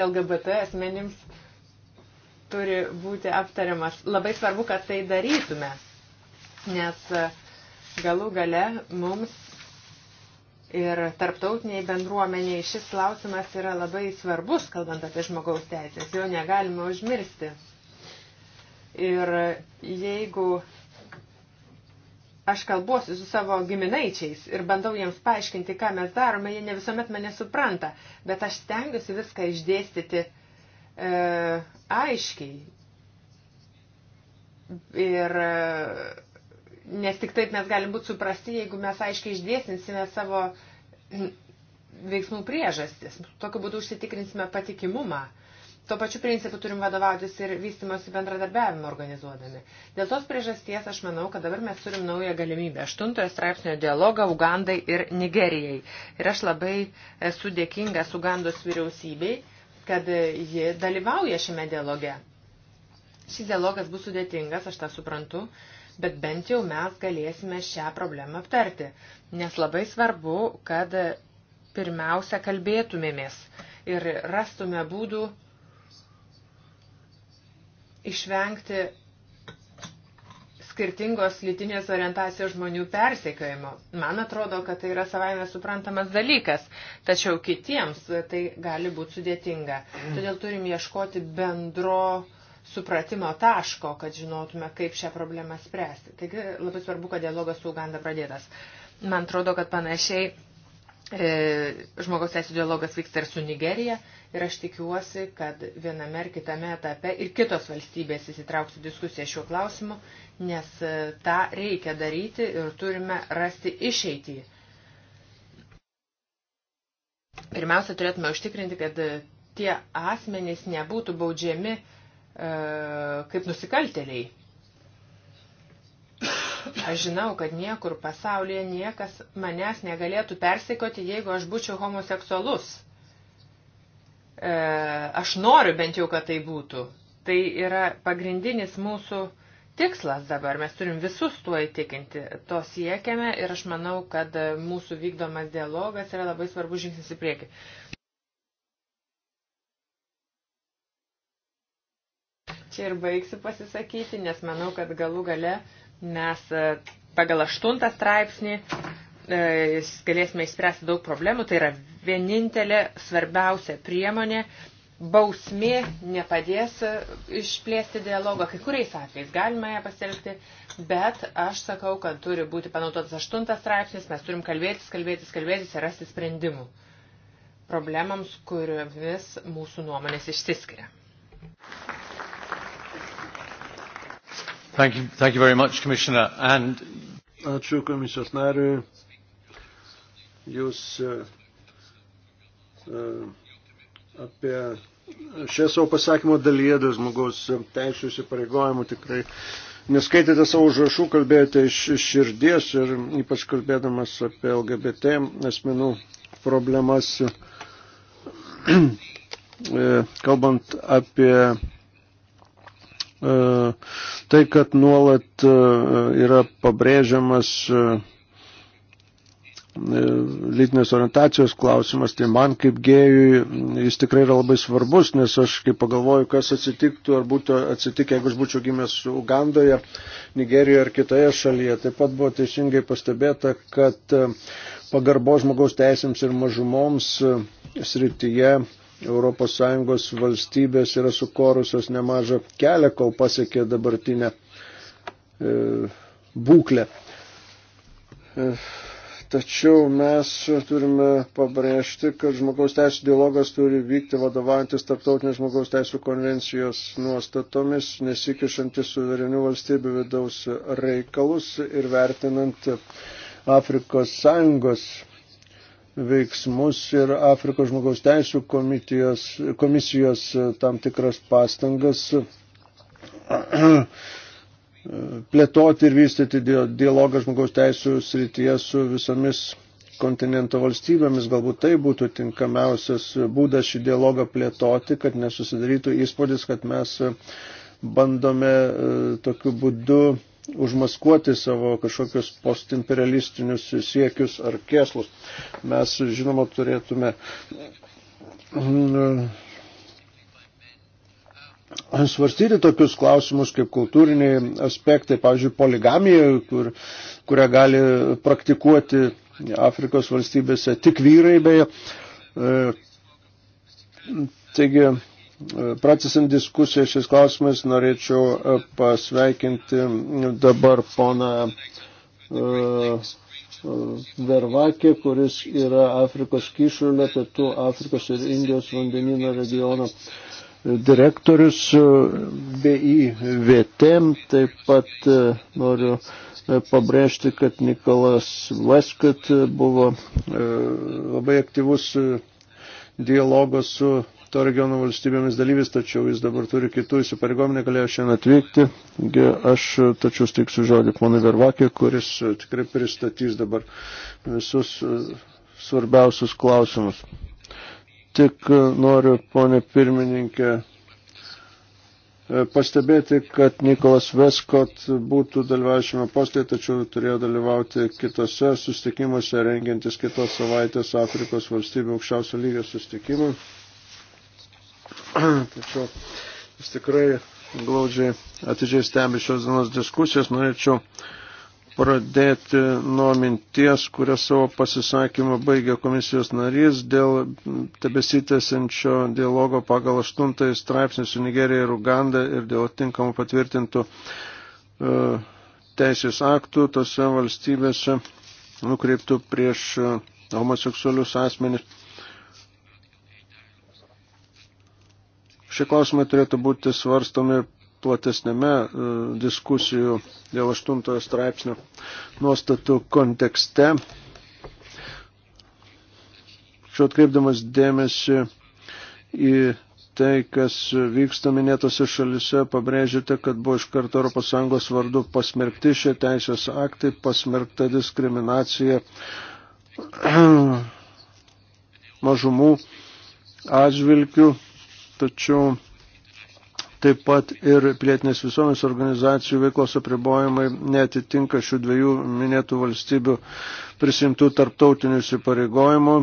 LGBT asmenims turi būti aptariamas. Labai svarbu, kad tai darytume, nes e, galų gale mums ir tarptautiniai bendruomeniai šis klausimas yra labai svarbus, kalbant apie žmogaus teisės, jo negalima užmirsti. Ir jeigu aš kalbuosi su savo giminaičiais ir bandau jiems paaiškinti, ką mes darome, jie ne visuomet mane supranta, bet aš stengiuosi viską išdėstyti e, aiškiai. Ir e, nes tik taip mes galim būti suprasti, jeigu mes aiškiai išdėstinsime savo veiksmų priežastis. Tokiu būdu užsitikrinsime patikimumą. E, Tuo pačiu principu turim vadovautis ir vystimosi bendradarbiavimą organizuodami. Dėl tos priežasties aš manau, kad dabar mes turim naują galimybę. Aštuntojo straipsnio dialogą Ugandai ir Nigerijai. Ir aš labai esu dėkingas Ugandos vyriausybei, kad ji dalyvauja šiame dialoge. Šis dialogas bus sudėtingas, aš tą suprantu, bet bent jau mes galėsime šią problemą aptarti, nes labai svarbu, kad pirmiausia kalbėtumėmės ir rastume būdų išvengti skirtingos lytinės orientacijos žmonių persekiojimo. Man atrodo, kad tai yra savaime suprantamas dalykas, tačiau kitiems tai gali būti sudėtinga. Todėl turim ieškoti bendro supratimo taško, kad žinotume, kaip šią problemą spręsti. Taigi labai svarbu, kad dialogas su Uganda pradėtas. Man atrodo, kad panašiai E, žmogaus teisų dialogas vyksta ir su Nigerija ir aš tikiuosi, kad viename ar kitame etape ir kitos valstybės įsitrauks į diskusiją šiuo klausimu, nes e, tą reikia daryti ir turime rasti išeitį. Pirmiausia, turėtume užtikrinti, kad tie asmenys nebūtų baudžiami e, kaip nusikalteliai. Aš žinau, kad niekur pasaulyje niekas manęs negalėtų persikoti, jeigu aš būčiau homoseksualus. E, aš noriu bent jau, kad tai būtų. Tai yra pagrindinis mūsų tikslas dabar. Mes turim visus tuo įtikinti. To siekiame ir aš manau, kad mūsų vykdomas dialogas yra labai svarbus žingsnis į priekį. Čia ir baigsiu pasisakyti, nes manau, kad galų gale Mes e, pagal aštuntą straipsnį e, galėsime išspręsti daug problemų. Tai yra vienintelė svarbiausia priemonė. Bausmė nepadės e, išplėsti dialogą. Kai kuriais atvejais galima ją pasitelkti, bet aš sakau, kad turi būti panaudotas aštuntas straipsnis, mes turim kalbėtis, kalbėtis, kalbėtis ir rasti sprendimų problemams, kuriomis mūsų nuomonės išsiskiria. Thank you, thank you very much, Commissioner. And... Ačiū komisijos nariui. Jūs e, e, apie šią savo pasakymo dalyje dėl žmogaus teisų įsipareigojimų tikrai neskaitėte savo užrašų, kalbėjote iš širdies ir ypač kalbėdamas apie LGBT asmenų problemas, (clears throat) e, kalbant apie E, tai, kad nuolat e, yra pabrėžiamas e, lytinės orientacijos klausimas, tai man kaip gėjui jis tikrai yra labai svarbus, nes aš kaip pagalvoju, kas atsitiktų ar būtų atsitikę, jeigu aš būčiau gimęs Ugandoje, Nigerijoje ar kitoje šalyje. Taip pat buvo teisingai pastebėta, kad pagarbo žmogaus teisėms ir mažumoms srityje ES valstybės yra sukorusios nemažą kelią, kol pasiekė dabartinę e, būklę. E, tačiau mes turime pabrėžti, kad žmogaus teisų dialogas turi vykti vadovantis Tarptautinės žmogaus teisų konvencijos nuostatomis, nesikišantis suverenių valstybių vidaus reikalus ir vertinant Afrikos Sąjungos veiksmus ir Afrikos žmogaus teisų komisijos, komisijos e, tam tikras pastangas e, plėtoti ir vystyti dialogą žmogaus teisų srityje su visomis kontinento valstybėmis, galbūt tai būtų tinkamiausias būdas šį dialogą plėtoti, kad nesusidarytų įspūdis, kad mes bandome e, tokiu būdu užmaskuoti savo kažkokius postimperialistinius siekius ar kėslus. Mes, žinoma, turėtume mm, svarstyti tokius klausimus kaip kultūriniai aspektai, pavyzdžiui, poligamija, kur, kurią gali praktikuoti Afrikos valstybėse tik vyrai beje. E, taigi, Pratysant diskusiją šiais klausimais, norėčiau e, pasveikinti dabar poną e, e, Vervakė, kuris yra Afrikos kišulio, pietų Afrikos ir Indijos vandenino regiono direktorius BIVT. Taip pat noriu pabrėžti, kad Nikolas Leskat buvo labai aktyvus dialogas su to regiono valstybėmis dalyvis, tačiau jis dabar turi kitų įsipareigomų, negalėjo šiandien atvykti. Aš tačiau stiksiu žodį ponui Vervakė, kuris e, tikrai pristatys dabar visus e, svarbiausius klausimus. Tik e, noriu, ponė pirmininkė, pastebėti, kad Nikolas Veskot būtų dalyvavęs šiame postėje, tačiau turėjo dalyvauti kitose sustikimuose, rengiantis kitos savaitės Afrikos valstybių aukščiausio lygio sustikimui. (clears throat) Tačiau jis tikrai glaudžiai atidžiai stebi šios dienos diskusijas. Norėčiau pradėti nuo minties, kurią savo pasisakymą baigė komisijos narys dėl tebesitęsiančio dialogo pagal 8 straipsnį su Nigerija ir Uganda ir dėl tinkamų patvirtintų uh, teisės aktų tose valstybėse nukreiptų prieš e, homoseksualius asmenis. Šie klausimai turėtų būti svarstomi platesnėme e, diskusijų dėl 8 straipsnio nuostatų kontekste. Šiuo atkreipdamas dėmesį į tai, kas vyksta minėtose šalise, pabrėžite, kad buvo iš karto ES vardu pasmerkti šie teisės aktai, pasmerkta diskriminacija (clears throat) mažumų atžvilgių tačiau taip pat ir pilietinės visuomenės organizacijų veiklos apribojimai netitinka šių dviejų minėtų valstybių prisimtų tarptautinių įsipareigojimų.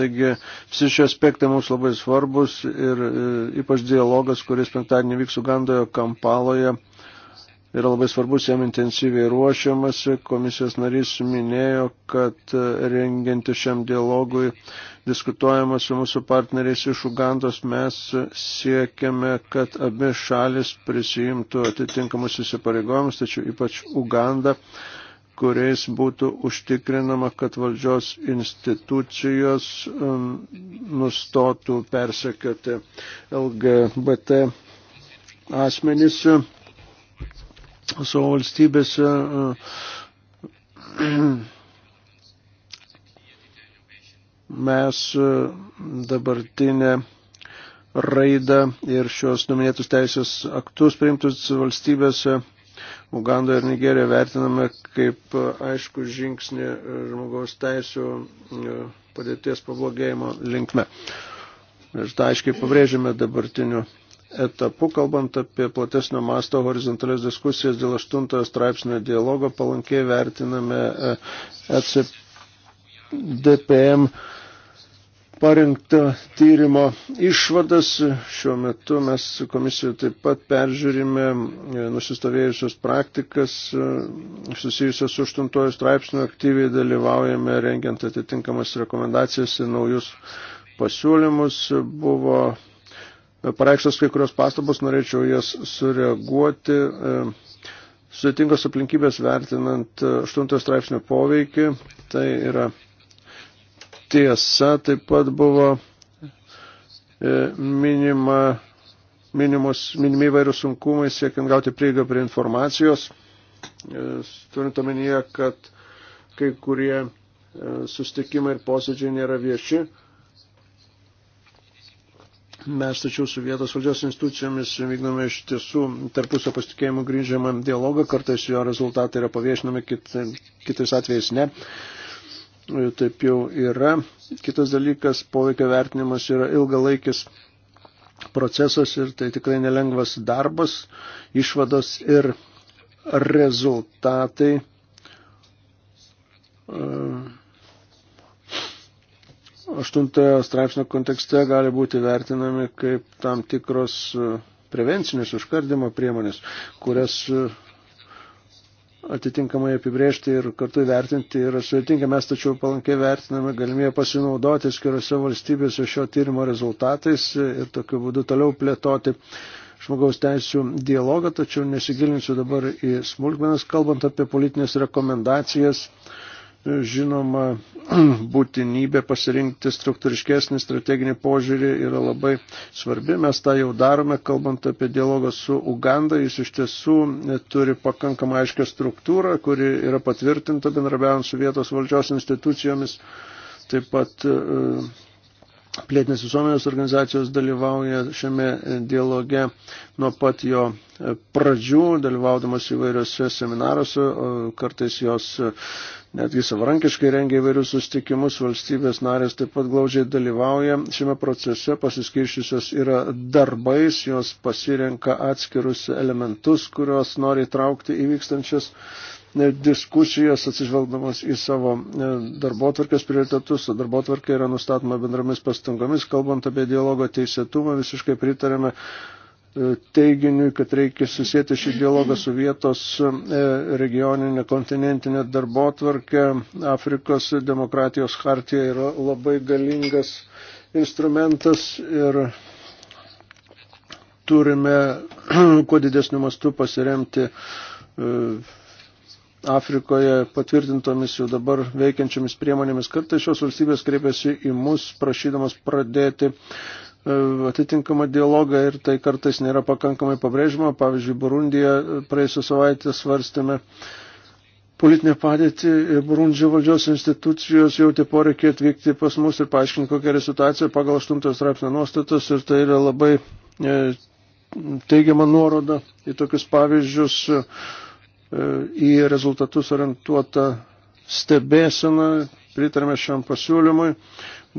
Taigi visi šie aspektai mums labai svarbus ir e, ypač dialogas, kuris penktadienį vyks Ugandoje, Kampaloje, yra labai svarbus, jam intensyviai ruošiamasi. Komisijos narys minėjo, kad e, rengianti šiam dialogui diskutuojama su mūsų partneriais iš Ugandos, mes siekiame, kad abi šalis prisijimtų atitinkamus įsipareigojimus, tačiau ypač Uganda kuriais būtų užtikrinama, kad valdžios institucijos um, nustotų persekioti LGBT asmenys savo valstybėse e, (clears throat) mes e, dabartinę raidą ir šios numinėtus teisės aktus priimtus valstybėse Ugandoje ir Nigerijoje vertiname kaip aišku žingsnį e, žmogaus teisų padėties pablogėjimo linkme. Ir tą aiškiai pabrėžiame dabartiniu etapu, kalbant apie platesnio masto horizontalės diskusijas dėl aštuntojo straipsnio dialogo, palankiai vertiname e, ECDPM parengto tyrimo išvadas. Šiuo metu mes komisijoje taip pat peržiūrime e, nusistovėjusios praktikas e, susijusios su aštuntojo straipsniu, aktyviai dalyvaujame rengiant atitinkamas rekomendacijas ir naujus pasiūlymus. Buvo pareikštas kai kurios pastabos, norėčiau jas sureaguoti. E, sudėtingos aplinkybės vertinant 8 e, straipsnio poveikį, tai yra tiesa, taip pat buvo e, minima, minimos, minimi įvairių sunkumai siekiant gauti prieigą prie informacijos, turint omenyje, kad kai kurie sustikimai ir posėdžiai nėra vieši. Mes tačiau su vietos valdžios institucijomis vykdome iš tiesų tarpusio pasitikėjimų grįžiamą dialogą, kartais jo rezultatai yra paviešinami, kit, kitais atvejais ne. Taip jau yra. Kitas dalykas, poveikio vertinimas yra ilgalaikis procesas ir tai tikrai nelengvas darbas, išvados ir rezultatai. Uh, aštuntojo straipsnio kontekste gali būti vertinami kaip tam tikros e, prevencinės užkardimo priemonės, kurias e, atitinkamai apibriežti ir kartu įvertinti yra sudėtinga. Mes tačiau palankiai vertiname galimybę pasinaudoti skiriose valstybėse šio tyrimo rezultatais e, ir tokiu būdu toliau plėtoti žmogaus teisų dialogą, tačiau nesigilinsiu dabar į smulkmenas, kalbant apie politinės rekomendacijas. Uh, Žinoma, (clears throat) būtinybė pasirinkti struktūriškesnį strateginį požiūrį yra labai svarbi. Mes tą jau darome, kalbant apie dialogą su Uganda. Jis iš tiesų turi pakankamai aiškę struktūrą, kuri yra patvirtinta bendrabiavant su vietos valdžios institucijomis. Taip pat e, Plėtinės visuomenės organizacijos dalyvauja šiame dialoge nuo pat jo e, pradžių, dalyvaudamas įvairiose seminaruose, kartais jos e, netgi savarankiškai rengia įvairius sustikimus, valstybės narės taip pat glaudžiai dalyvauja šiame procese, pasiskirščiusios yra darbais, jos pasirenka atskirus elementus, kuriuos nori įtraukti įvykstančias E, diskusijas atsižvelgdamas į savo e, darbotvarkės prioritetus. Darbotvarkė yra nustatoma bendromis pastangomis. Kalbant apie dialogo teisėtumą, visiškai pritarėme e, teiginiui, kad reikia susijęti šį dialogą su vietos regioninė kontinentinė darbotvarkė. Afrikos demokratijos hartija yra labai galingas instrumentas ir turime (clears throat) kuo didesniu mastu pasiremti Afrikoje patvirtintomis jau dabar veikiančiomis priemonėmis. Kartais šios valstybės kreipiasi į mus, prašydamas pradėti e, atitinkamą dialogą ir tai kartais nėra pakankamai pabrėžima. Pavyzdžiui, Burundija e, praėjusią savaitę svarstėme politinę padėtį ir Burundžio valdžios institucijos jautė poreikį atvykti pas mus ir paaiškinti, kokia yra situacija pagal 8 straipsnio nuostatas ir tai yra labai e, teigiama nuoroda į tokius pavyzdžius E, į rezultatus orientuotą stebėseną, pritarėme šiam pasiūlymui.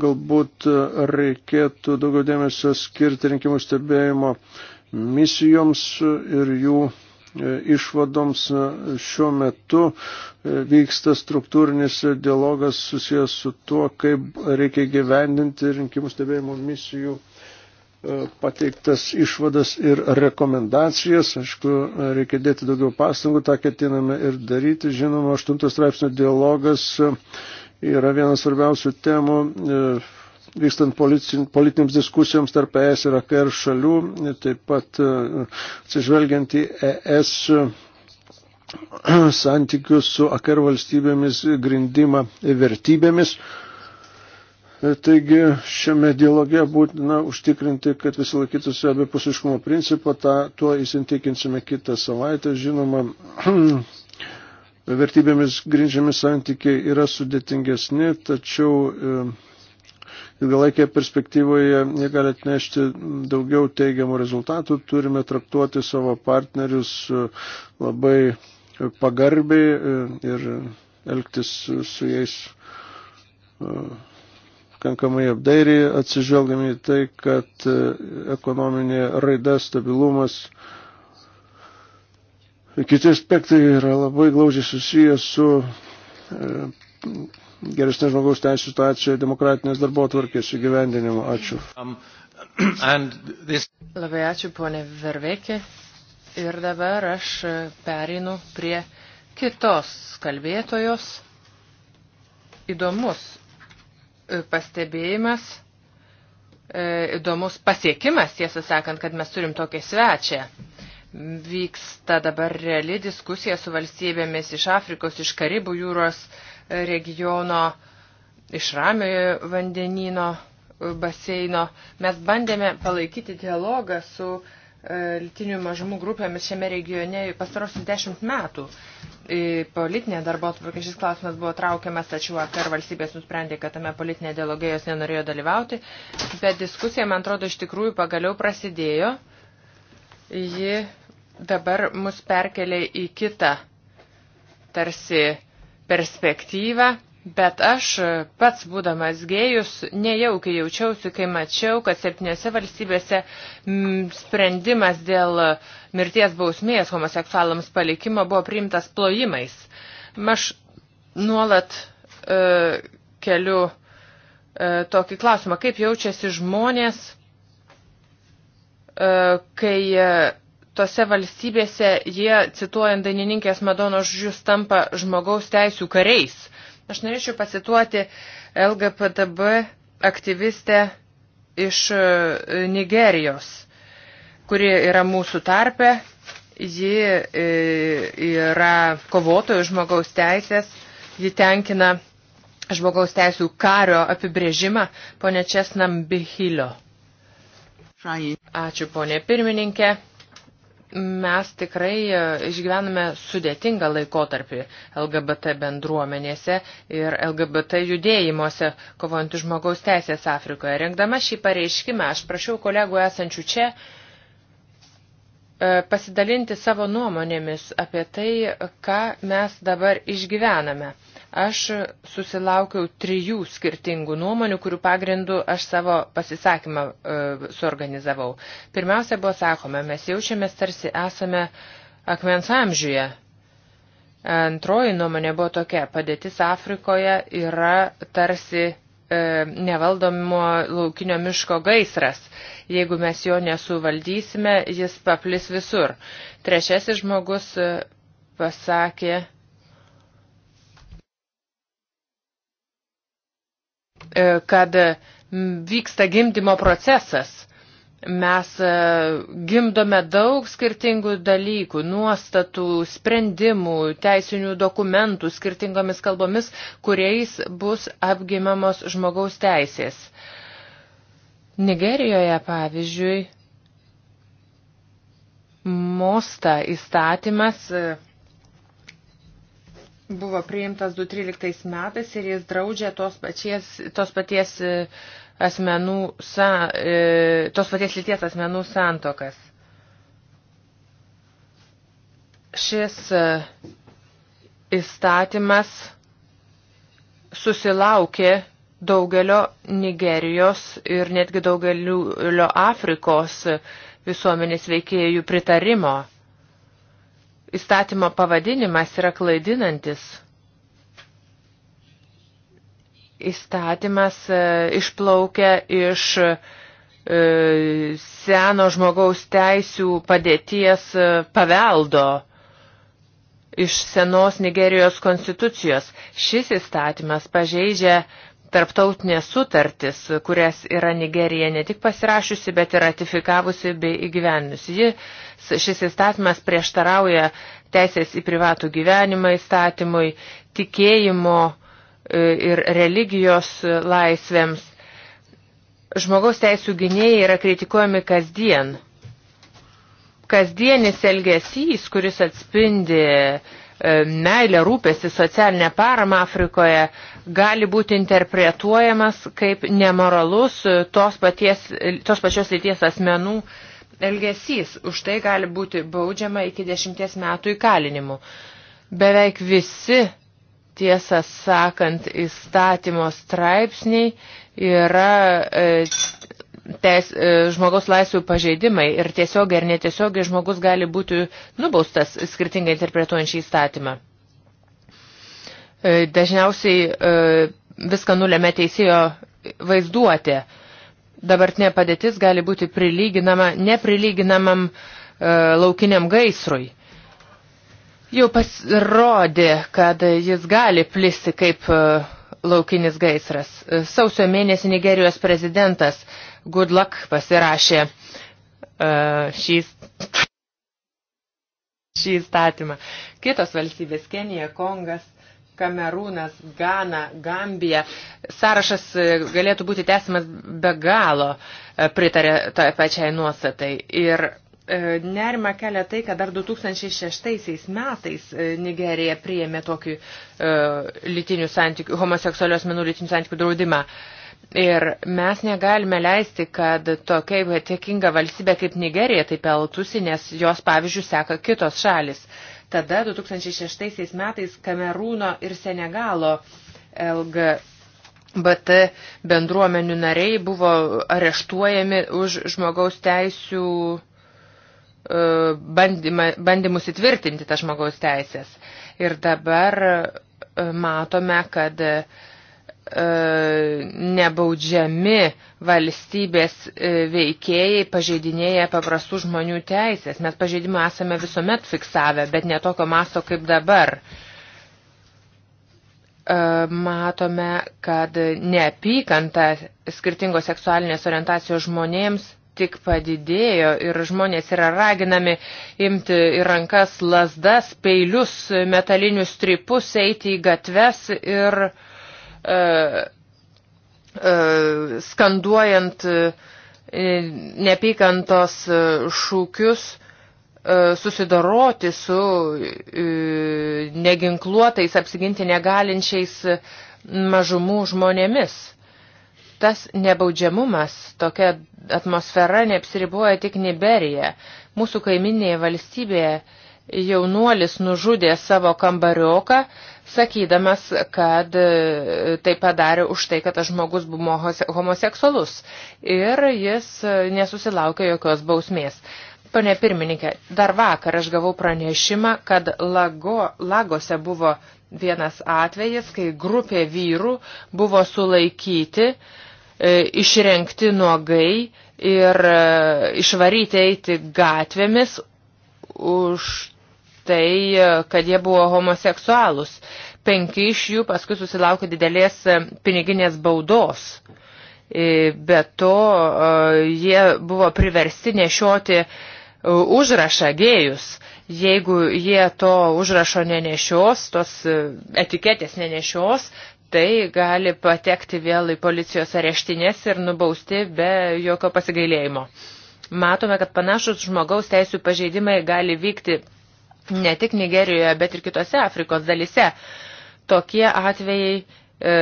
Galbūt e, reikėtų daugiau dėmesio skirti rinkimų stebėjimo misijoms ir jų e, išvadoms šiuo metu vyksta struktūrinis dialogas susijęs su tuo, kaip reikia gyvendinti rinkimų stebėjimo misijų E, pateiktas išvadas ir rekomendacijas. Aišku, reikia dėti daugiau pastangų, tą ketiname ir daryti. Žinoma, 8 straipsnio dialogas e, yra vienas svarbiausių temų e, vykstant politinėms diskusijoms tarp ES ir AKR šalių, taip pat atsižvelgiant į ES santykius su AKR valstybėmis grindimą vertybėmis. E, taigi šiame dialoge būtina užtikrinti, kad visi laikytųsi abipusiškumo principą, tą, tuo įsintikinsime kitą savaitę. Žinoma, (clears throat) vertybėmis grindžiami santykiai yra sudėtingesni, tačiau e, ilgalaikėje perspektyvoje jie gali atnešti daugiau teigiamų rezultatų. Turime traktuoti savo partnerius e, labai pagarbiai ir elgtis su jais kankamai apdairiai, atsižvelgdami į tai, kad e, ekonominė raida, stabilumas, kiti aspektai yra labai glaudžiai susijęs su e, geresnė žmogaus teisų situacija demokratinės darbo tvarkės įgyvendinimu. Ačiū. Um, (clears throat) this... Labai ačiū, ponė Vervekė. Ir dabar aš perinu prie kitos kalbėtojos. Įdomus pastebėjimas, e, įdomus pasiekimas, tiesą sakant, kad mes turim tokią svečią. Vyksta dabar reali diskusija su valstybėmis iš Afrikos, iš Karibų jūros regiono, iš Ramiojo vandenino baseino. Mes bandėme palaikyti dialogą su uh, lytinių mažumų grupėmis šiame regione pastarosius dešimt metų politinė darbo atvarkė šis klausimas buvo traukiamas, tačiau vakar valstybės nusprendė, kad tame politinė dialogė jos nenorėjo dalyvauti, bet diskusija, man atrodo, iš tikrųjų pagaliau prasidėjo. Ji dabar mus perkelia į kitą tarsi perspektyvą Bet aš pats, būdamas gėjus, nejaukiai jaučiausi, kai mačiau, kad septyniose valstybėse sprendimas dėl mirties bausmės homoseksualams palikimo buvo priimtas plojimais. Aš nuolat e, keliu e, tokį klausimą, kaip jaučiasi žmonės, e, kai e, tose valstybėse jie, cituojant dainininkės Madonos žodžius, tampa žmogaus teisų kariais – Aš norėčiau pacituoti LGPTB aktyvistę iš e, Nigerijos, kuri yra mūsų tarpe. Ji e, yra kovotojų žmogaus teisės, ji tenkina žmogaus teisų kario apibrėžimą ponė Česnam Bihilio. Ačiū ponė pirmininkė mes tikrai e, išgyvename sudėtingą laikotarpį LGBT bendruomenėse ir LGBT judėjimuose kovojant už žmogaus teisės Afrikoje. Rengdama šį pareiškimą, aš prašiau kolegų esančių čia e, pasidalinti savo nuomonėmis apie tai, ką mes dabar išgyvename. Aš susilaukiau trijų skirtingų nuomonių, kurių pagrindų aš savo pasisakymą e, suorganizavau. Pirmiausia buvo sakoma, mes jaučiamės tarsi esame akmens amžiuje. Antroji nuomonė buvo tokia, padėtis Afrikoje yra tarsi e, nevaldomo laukinio miško gaisras. Jeigu mes jo nesuvaldysime, jis paplis visur. Trečiasis žmogus e, pasakė, E, kad e, vyksta gimdymo procesas. Mes e, gimdome daug skirtingų dalykų, nuostatų, sprendimų, teisinių dokumentų skirtingomis kalbomis, kuriais bus apgimamos žmogaus teisės. Nigerijoje, pavyzdžiui, Mosta įstatymas buvo priimtas 2013 metais ir jis draudžia tos, pačies, tos paties e, asmenų, sa, e, tos paties lyties asmenų santokas. Šis e, įstatymas susilaukė daugelio Nigerijos ir netgi daugelio Afrikos visuomenės veikėjų pritarimo. Įstatymo pavadinimas yra klaidinantis. Įstatymas e, išplaukia iš e, seno žmogaus teisių padėties e, paveldo iš senos Nigerijos konstitucijos. Šis įstatymas pažeidžia uh, tarptautinės sutartis, kurias yra Nigerija ne tik pasirašiusi, bet ir ratifikavusi bei įgyvendusi. Ji, šis įstatymas prieštarauja teisės į privatų gyvenimą įstatymui, tikėjimo e, ir religijos laisvėms. Žmogaus teisų gynėjai yra kritikuojami kasdien. Kasdienis elgesys, kuris atspindi E, meilę, rūpestį, socialinę paramą Afrikoje gali būti interpretuojamas kaip nemoralus e, tos, paties, e, tos pačios lyties asmenų elgesys. Už tai gali būti baudžiama iki dešimties metų įkalinimu. Beveik visi, tiesą sakant, įstatymo straipsniai yra teis, e, žmogaus laisvių pažeidimai ir tiesiogiai ir netiesiogiai žmogus gali būti nubaustas skirtingai interpretuojant šį įstatymą. E, dažniausiai e, viską nulėmė teisėjo vaizduotė. Dabartinė padėtis gali būti prilyginama neprilyginamam laukiniam gaisrui. Jau pasirodė, kad jis gali plisti kaip laukinis gaisras. Sausio mėnesį Nigerijos prezidentas uh, Good Luck pasirašė uh, šį, šį įstatymą. Kitos valstybės - Kenija, Kongas, Kamerūnas, Gana, Gambija. Sąrašas e, galėtų būti tęsimas be galo, e, pritarė toje pačiai nuostatai. Ir nerima kelia tai, kad dar 2006 metais Nigerija priėmė tokį uh, lytinių santykių, homoseksualios menų lytinių santykių draudimą. Uh, Ir mes negalime leisti, kad tokia ypatinga valstybė kaip Nigerija taip elgtųsi, nes jos pavyzdžių seka kitos šalis. Tada 2006 metais Kamerūno ir Senegalo LGBT bendruomenių nariai buvo areštuojami už žmogaus teisių e, bandymą, bandymus įtvirtinti tą žmogaus teisės. Ir dabar e, matome, kad uh, E, nebaudžiami valstybės e, veikėjai pažeidinėja paprastų žmonių teisės. Mes pažeidimą esame visuomet fiksavę, bet ne tokio masto kaip dabar. E, matome, kad neapykanta skirtingos seksualinės orientacijos žmonėms tik padidėjo ir žmonės yra raginami imti į rankas lasdas, peilius, metalinius stripus, eiti į gatves ir uh, E, e, skanduojant e, neapykantos šūkius susidoroti su neginkluotais, apsiginti negalinčiais mažumų žmonėmis. Tas nebaudžiamumas, tokia atmosfera neapsiriboja tik Niberija. Mūsų kaiminėje valstybėje jaunuolis nužudė savo kambarioką, sakydamas, kad e, tai padarė už tai, kad tas žmogus buvo homoseksualus ir jis e, nesusilaukė jokios bausmės. Pane pirmininkė, dar vakar aš gavau pranešimą, kad lago, lagose buvo vienas atvejis, kai grupė vyrų buvo sulaikyti, e, išrenkti nuogai ir išvaryti eiti gatvėmis už tai, e, kad jie buvo homoseksualus. Penki iš jų paskui susilaukė didelės e, piniginės baudos. E, be to, jie buvo priversti nešioti užrašą gėjus. Jeigu jie to užrašo nenešios, tos etiketės nenešios, tai gali patekti vėl į policijos areštinės ir nubausti be jokio pasigailėjimo. Matome, kad panašus žmogaus teisų pažeidimai gali vykti ne tik Nigerijoje, bet ir kitose Afrikos dalise. Tokie atvejai e,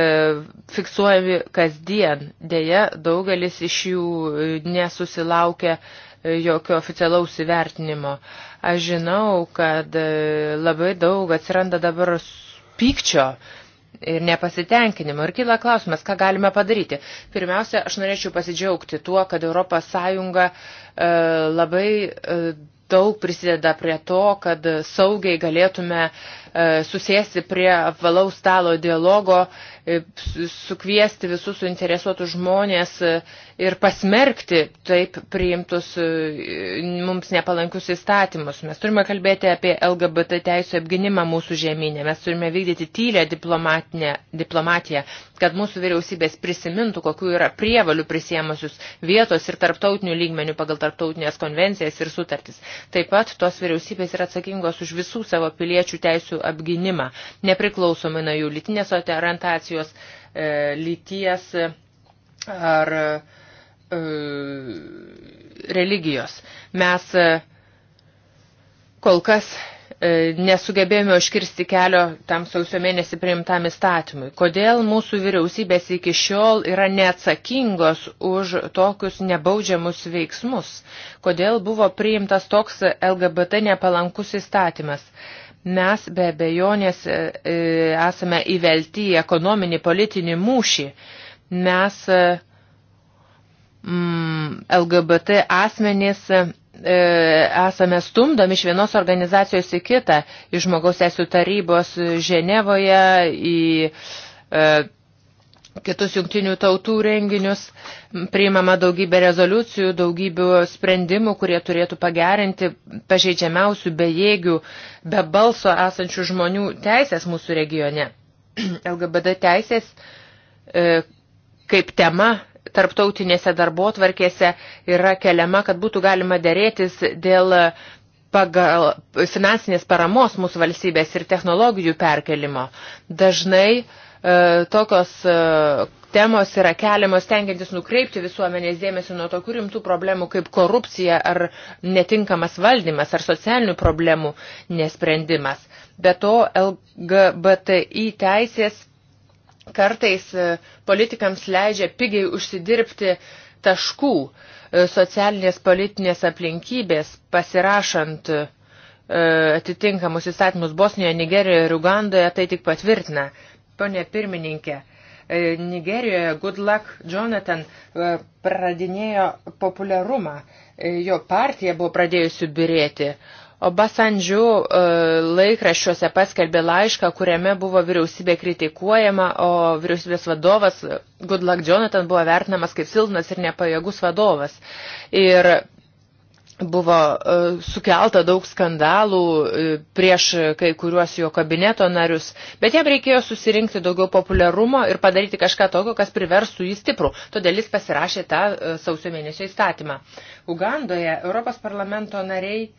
fiksuojami kasdien. Deja, daugelis iš jų e, nesusilaukia e, jokio oficialaus įvertinimo. Aš žinau, kad e, labai daug atsiranda dabar pykčio ir nepasitenkinimo. Ir kyla klausimas, ką galime padaryti. Pirmiausia, aš norėčiau pasidžiaugti tuo, kad Europos Sąjunga e, labai e, daug prisideda prie to, kad saugiai galėtume E, susėsti prie apvalaus stalo dialogo, e, sukviesti visus suinteresuotus žmonės e, ir pasmerkti taip priimtus mums nepalankius įstatymus. Mes turime kalbėti apie LGBT teisų apginimą mūsų žemynė, mes turime vykdyti tylę diplomatiją, kad mūsų vyriausybės prisimintų, kokiu yra prievalių prisėmusius vietos ir tarptautinių lygmenių pagal tarptautinės konvencijas ir sutartis. Taip pat tos vyriausybės yra atsakingos už visų savo piliečių teisų apginimą, nepriklausomai nuo jų lytinės orientacijos, e, lyties e, ar e, religijos. Mes kol kas nesugebėjome užkirsti kelio tam sausio mėnesį priimtam įstatymui. Kodėl mūsų vyriausybės iki šiol yra neatsakingos už tokius nebaudžiamus veiksmus? Kodėl buvo priimtas toks LGBT nepalankus įstatymas? Mes be bejonės e, e, esame įvelti į ekonominį politinį mūšį. Mes e, mm, LGBT asmenys esame stumdomi iš vienos organizacijos į kitą, iš žmogaus teisų tarybos Ženevoje, į kitus jungtinių tautų renginius, priimama daugybė rezoliucijų, daugybė sprendimų, kurie turėtų pagerinti pažeidžiamiausių bejėgių, be balso esančių žmonių teisės mūsų regione. LGBT (clears throat) teisės e, kaip tema tarptautinėse darbo tvarkėse yra keliama, kad būtų galima dėrėtis dėl pagal finansinės paramos mūsų valstybės ir technologijų perkelimo. Dažnai uh, E, tokios e, temos yra keliamos tengiantis nukreipti visuomenės dėmesį nuo tokių rimtų problemų kaip korupcija ar netinkamas valdymas ar socialinių problemų nesprendimas. Be to, LGBTI teisės kartais e, politikams leidžia pigiai užsidirbti taškų socialinės politinės aplinkybės pasirašant atitinkamus įstatymus Bosnijoje, Nigerijoje ir Ugandoje, tai tik patvirtina. Pone pirmininkė, e, Nigerijoje Good Luck Jonathan e, pradinėjo populiarumą. E, jo partija buvo pradėjusi birėti. O Basandžių laikraščiuose paskelbė laišką, kuriame buvo vyriausybė kritikuojama, o vyriausybės vadovas Good Luck Jonathan buvo vertinamas kaip silpnas ir nepajėgus vadovas. Ir buvo e, sukelta daug skandalų e, prieš kai kuriuos jo kabineto narius, bet jam reikėjo susirinkti daugiau populiarumo ir padaryti kažką tokio, kas priverstų jį stiprų. Todėl jis pasirašė tą e, sausio mėnesio įstatymą. Ugandoje Europos parlamento nariai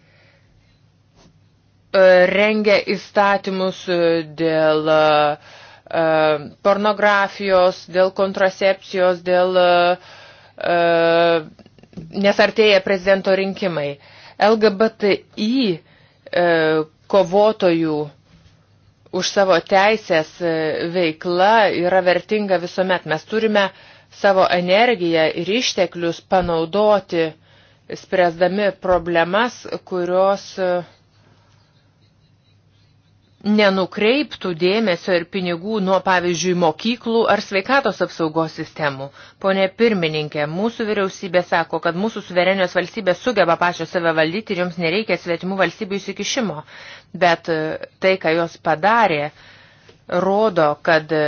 rengia įstatymus dėl pornografijos, dėl kontracepcijos, dėl nes artėja prezidento rinkimai. LGBTI e, kovotojų už savo teisės e, veikla yra vertinga visuomet. Mes turime savo energiją ir išteklius panaudoti, spręsdami problemas, kurios uh, nenukreiptų dėmesio ir pinigų nuo, pavyzdžiui, mokyklų ar sveikatos apsaugos sistemų. Pone pirmininkė, mūsų vyriausybė sako, kad mūsų suverenios valstybės sugeba pačios save valdyti ir joms nereikia svetimų valstybių įsikišimo. Bet e, tai, ką jos padarė, rodo, kad e,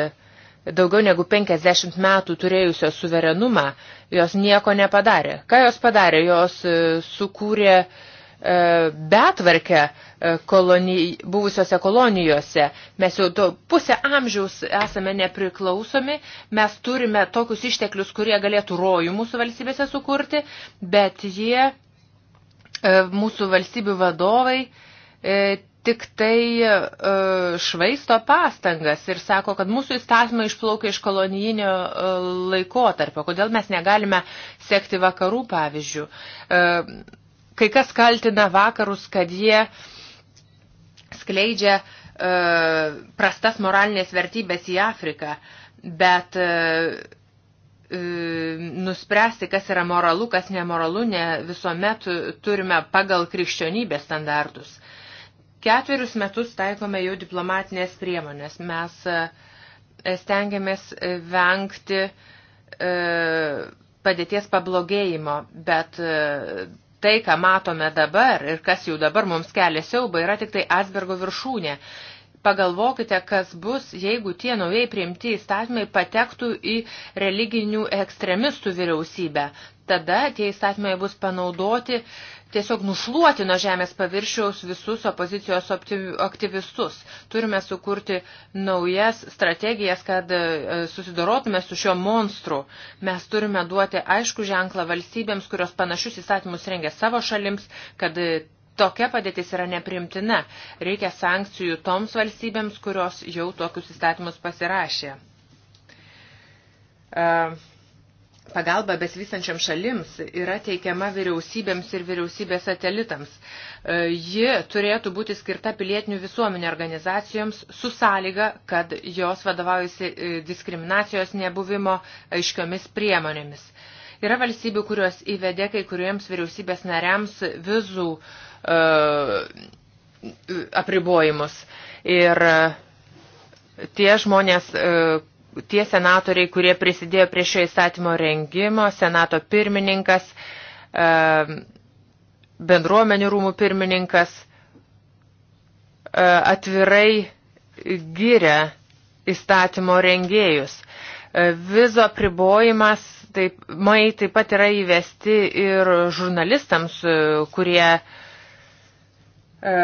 daugiau negu 50 metų turėjusios suverenumą, jos nieko nepadarė. Ką jos padarė? Jos e, sukūrė uh, E, betvarkę e, kolonij, buvusiose kolonijose. Mes jau to, pusę amžiaus esame nepriklausomi, mes turime tokius išteklius, kurie galėtų rojų mūsų valstybėse sukurti, bet jie, e, mūsų valstybių vadovai, tik tai švaisto pastangas ir sako, kad mūsų įstatymai išplaukia iš kolonijinio laikotarpio. Kodėl mes negalime sekti vakarų pavyzdžių? Kai kas kaltina vakarus, kad jie skleidžia e, prastas moralinės vertybės į Afriką, bet e, e, nuspręsti, kas yra moralu, kas nemoralu, ne visuomet turime pagal krikščionybės standartus. Ketverius metus taikome jau diplomatinės priemonės. Mes e, stengiamės vengti e, padėties pablogėjimo, bet Tai, ką matome dabar ir kas jau dabar mums kelia siaubą, yra tik tai Asbergo viršūnė. Pagalvokite, kas bus, jeigu tie naujai priimti įstatymai patektų į religinių ekstremistų vyriausybę. Tada tie įstatymai bus panaudoti tiesiog nušluoti nuo žemės paviršiaus visus opozicijos aktyvistus. Turime sukurti naujas strategijas, kad e, susidorotume su šio monstru. Mes turime duoti aišku ženklą valstybėms, kurios panašius įstatymus rengia savo šalims, kad e, tokia padėtis yra neprimtina. Reikia sankcijų toms valstybėms, kurios jau tokius įstatymus pasirašė. Uh Pagalba besivystančiam šalims yra teikiama vyriausybėms ir vyriausybės satelitams. E, ji turėtų būti skirta pilietinių visuomenė organizacijoms su sąlyga, kad jos vadovaujasi e, diskriminacijos nebuvimo aiškiomis priemonėmis. Yra valstybių, kurios įvedė kai kuriems vyriausybės nariams vizų uh, apribojimus. Ir uh, tie žmonės, tie senatoriai, kurie prisidėjo prie šio įstatymo rengimo, senato pirmininkas, bendruomenių rūmų pirmininkas, e, atvirai gyrė įstatymo rengėjus. E, vizo pribojimas, taip, mai taip pat yra įvesti ir žurnalistams, e, kurie e,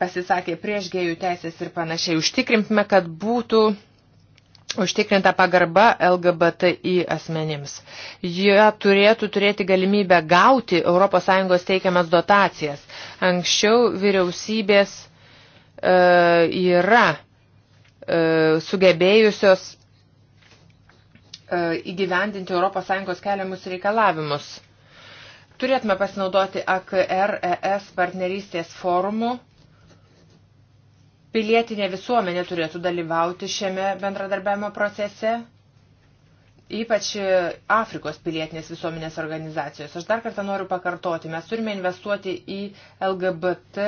pasisakė prieš gėjų teisės ir panašiai. Užtikrinkime, kad būtų užtikrinta pagarba LGBTI asmenims. Jie turėtų turėti galimybę gauti ES teikiamas dotacijas. Anksčiau vyriausybės e, yra e, sugebėjusios e, įgyvendinti ES keliamus reikalavimus. Turėtume pasinaudoti AKR ES partnerystės forumų Pilietinė visuomenė turėtų dalyvauti šiame bendradarbiavimo procese, ypač Afrikos pilietinės visuomenės organizacijos. Aš dar kartą noriu pakartoti, mes turime investuoti į LGBT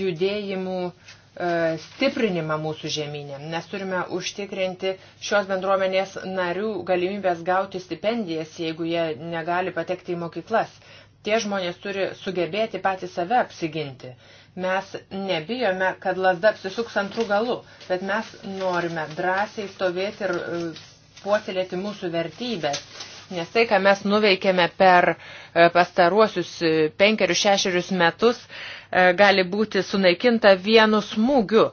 judėjimų uh, stiprinimą mūsų žemynė. Mes turime užtikrinti šios bendruomenės narių galimybės gauti stipendijas, jeigu jie negali patekti į mokyklas. Tie žmonės turi sugebėti patį save apsiginti. Mes nebijome, kad lasda apsisuks antrų galų, bet mes norime drąsiai stovėti ir e, puoselėti mūsų vertybės. Nes tai, ką mes nuveikėme per e, pastaruosius e, penkerius šešerius metus, gali būti sunaikinta vienu smūgiu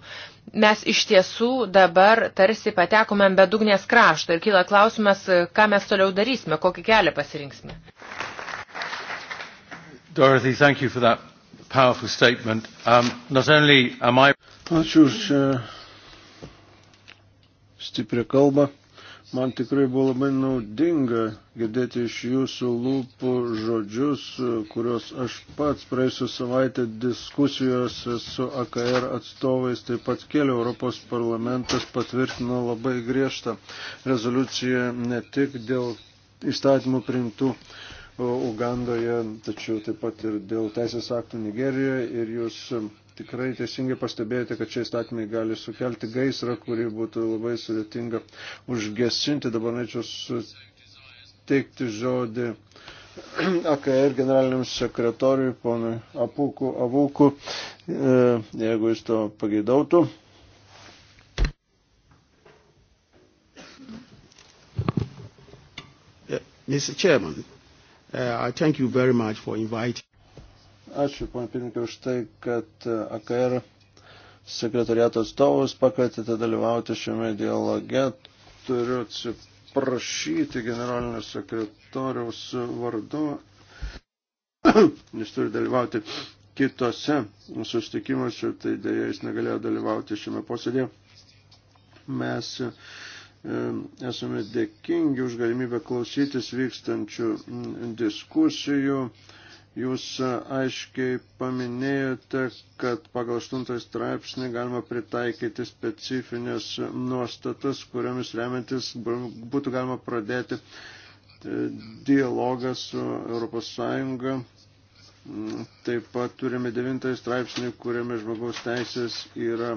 mes iš tiesų dabar tarsi patekome bedugnės kraštą ir kyla klausimas, ką mes toliau darysime, kokį kelią pasirinksime. Dorothy, thank you for that powerful statement. Um, not only am I... Ačiū už e, stiprią kalbą. Man tikrai buvo labai naudinga girdėti iš jūsų lūpų žodžius, e, kuriuos aš pats praėjusią savaitę diskusijose su AKR atstovais taip pat kėliau. Europos parlamentas patvirtino labai griežtą rezoliuciją ne tik dėl įstatymų priimtų Ugandoje, tačiau taip pat ir dėl teisės aktų Nigerijoje. Ir jūs um, tikrai teisingai pastebėjote, kad šie įstatymai gali sukelti gaisrą, kurį būtų labai sudėtinga užgesinti. Dabar norėčiau suteikti žodį AKR (clears throat) generaliniam sekretoriui, ponui Apūku, Avūku, e, jeigu jis to pageidautų. Mr. Chairman, Uh, I thank you very much for inviting. Ačiū, pana pirmininkai, už tai, kad uh, AKR sekretariato atstovus pakvietėte dalyvauti šiame dialoge. Turiu atsiprašyti generalinio sekretoriaus vardu, jis turi dalyvauti kitose susitikimuose, tai dėja jis negalėjo dalyvauti šiame posėdėje. Mes E, esame dėkingi už galimybę klausytis vykstančių diskusijų. Jūs e, aiškiai paminėjote, kad pagal 8 straipsnį galima pritaikyti specifinės nuostatas, kuriamis remiantis būtų galima pradėti e, dialogą su ES. Taip pat turime 9 straipsnį, kuriame žmogaus teisės yra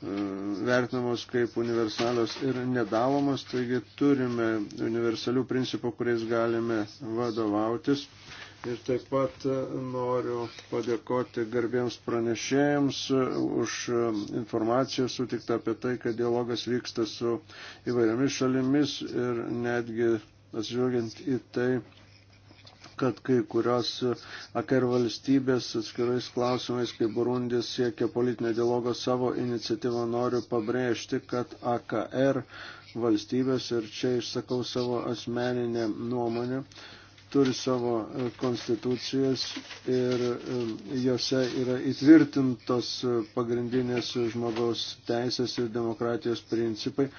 Mm, vertinamos kaip universalios ir nedalomos, taigi turime universalių principų, kuriais galime vadovautis. Ir taip pat e, noriu padėkoti garbiems pranešėjams e, už e, informaciją sutiktą apie tai, kad dialogas vyksta su įvairiomis šalimis ir netgi atsižvelgiant į tai, kad kai kurios e, akar valstybės atskirais klausimais, kaip Burundis siekia politinio dialogo savo iniciatyvą, noriu pabrėžti, kad AKR valstybės ir čia išsakau savo asmeninę nuomonę turi savo e, konstitucijas ir e, jose yra įtvirtintos pagrindinės žmogaus teisės ir demokratijos principai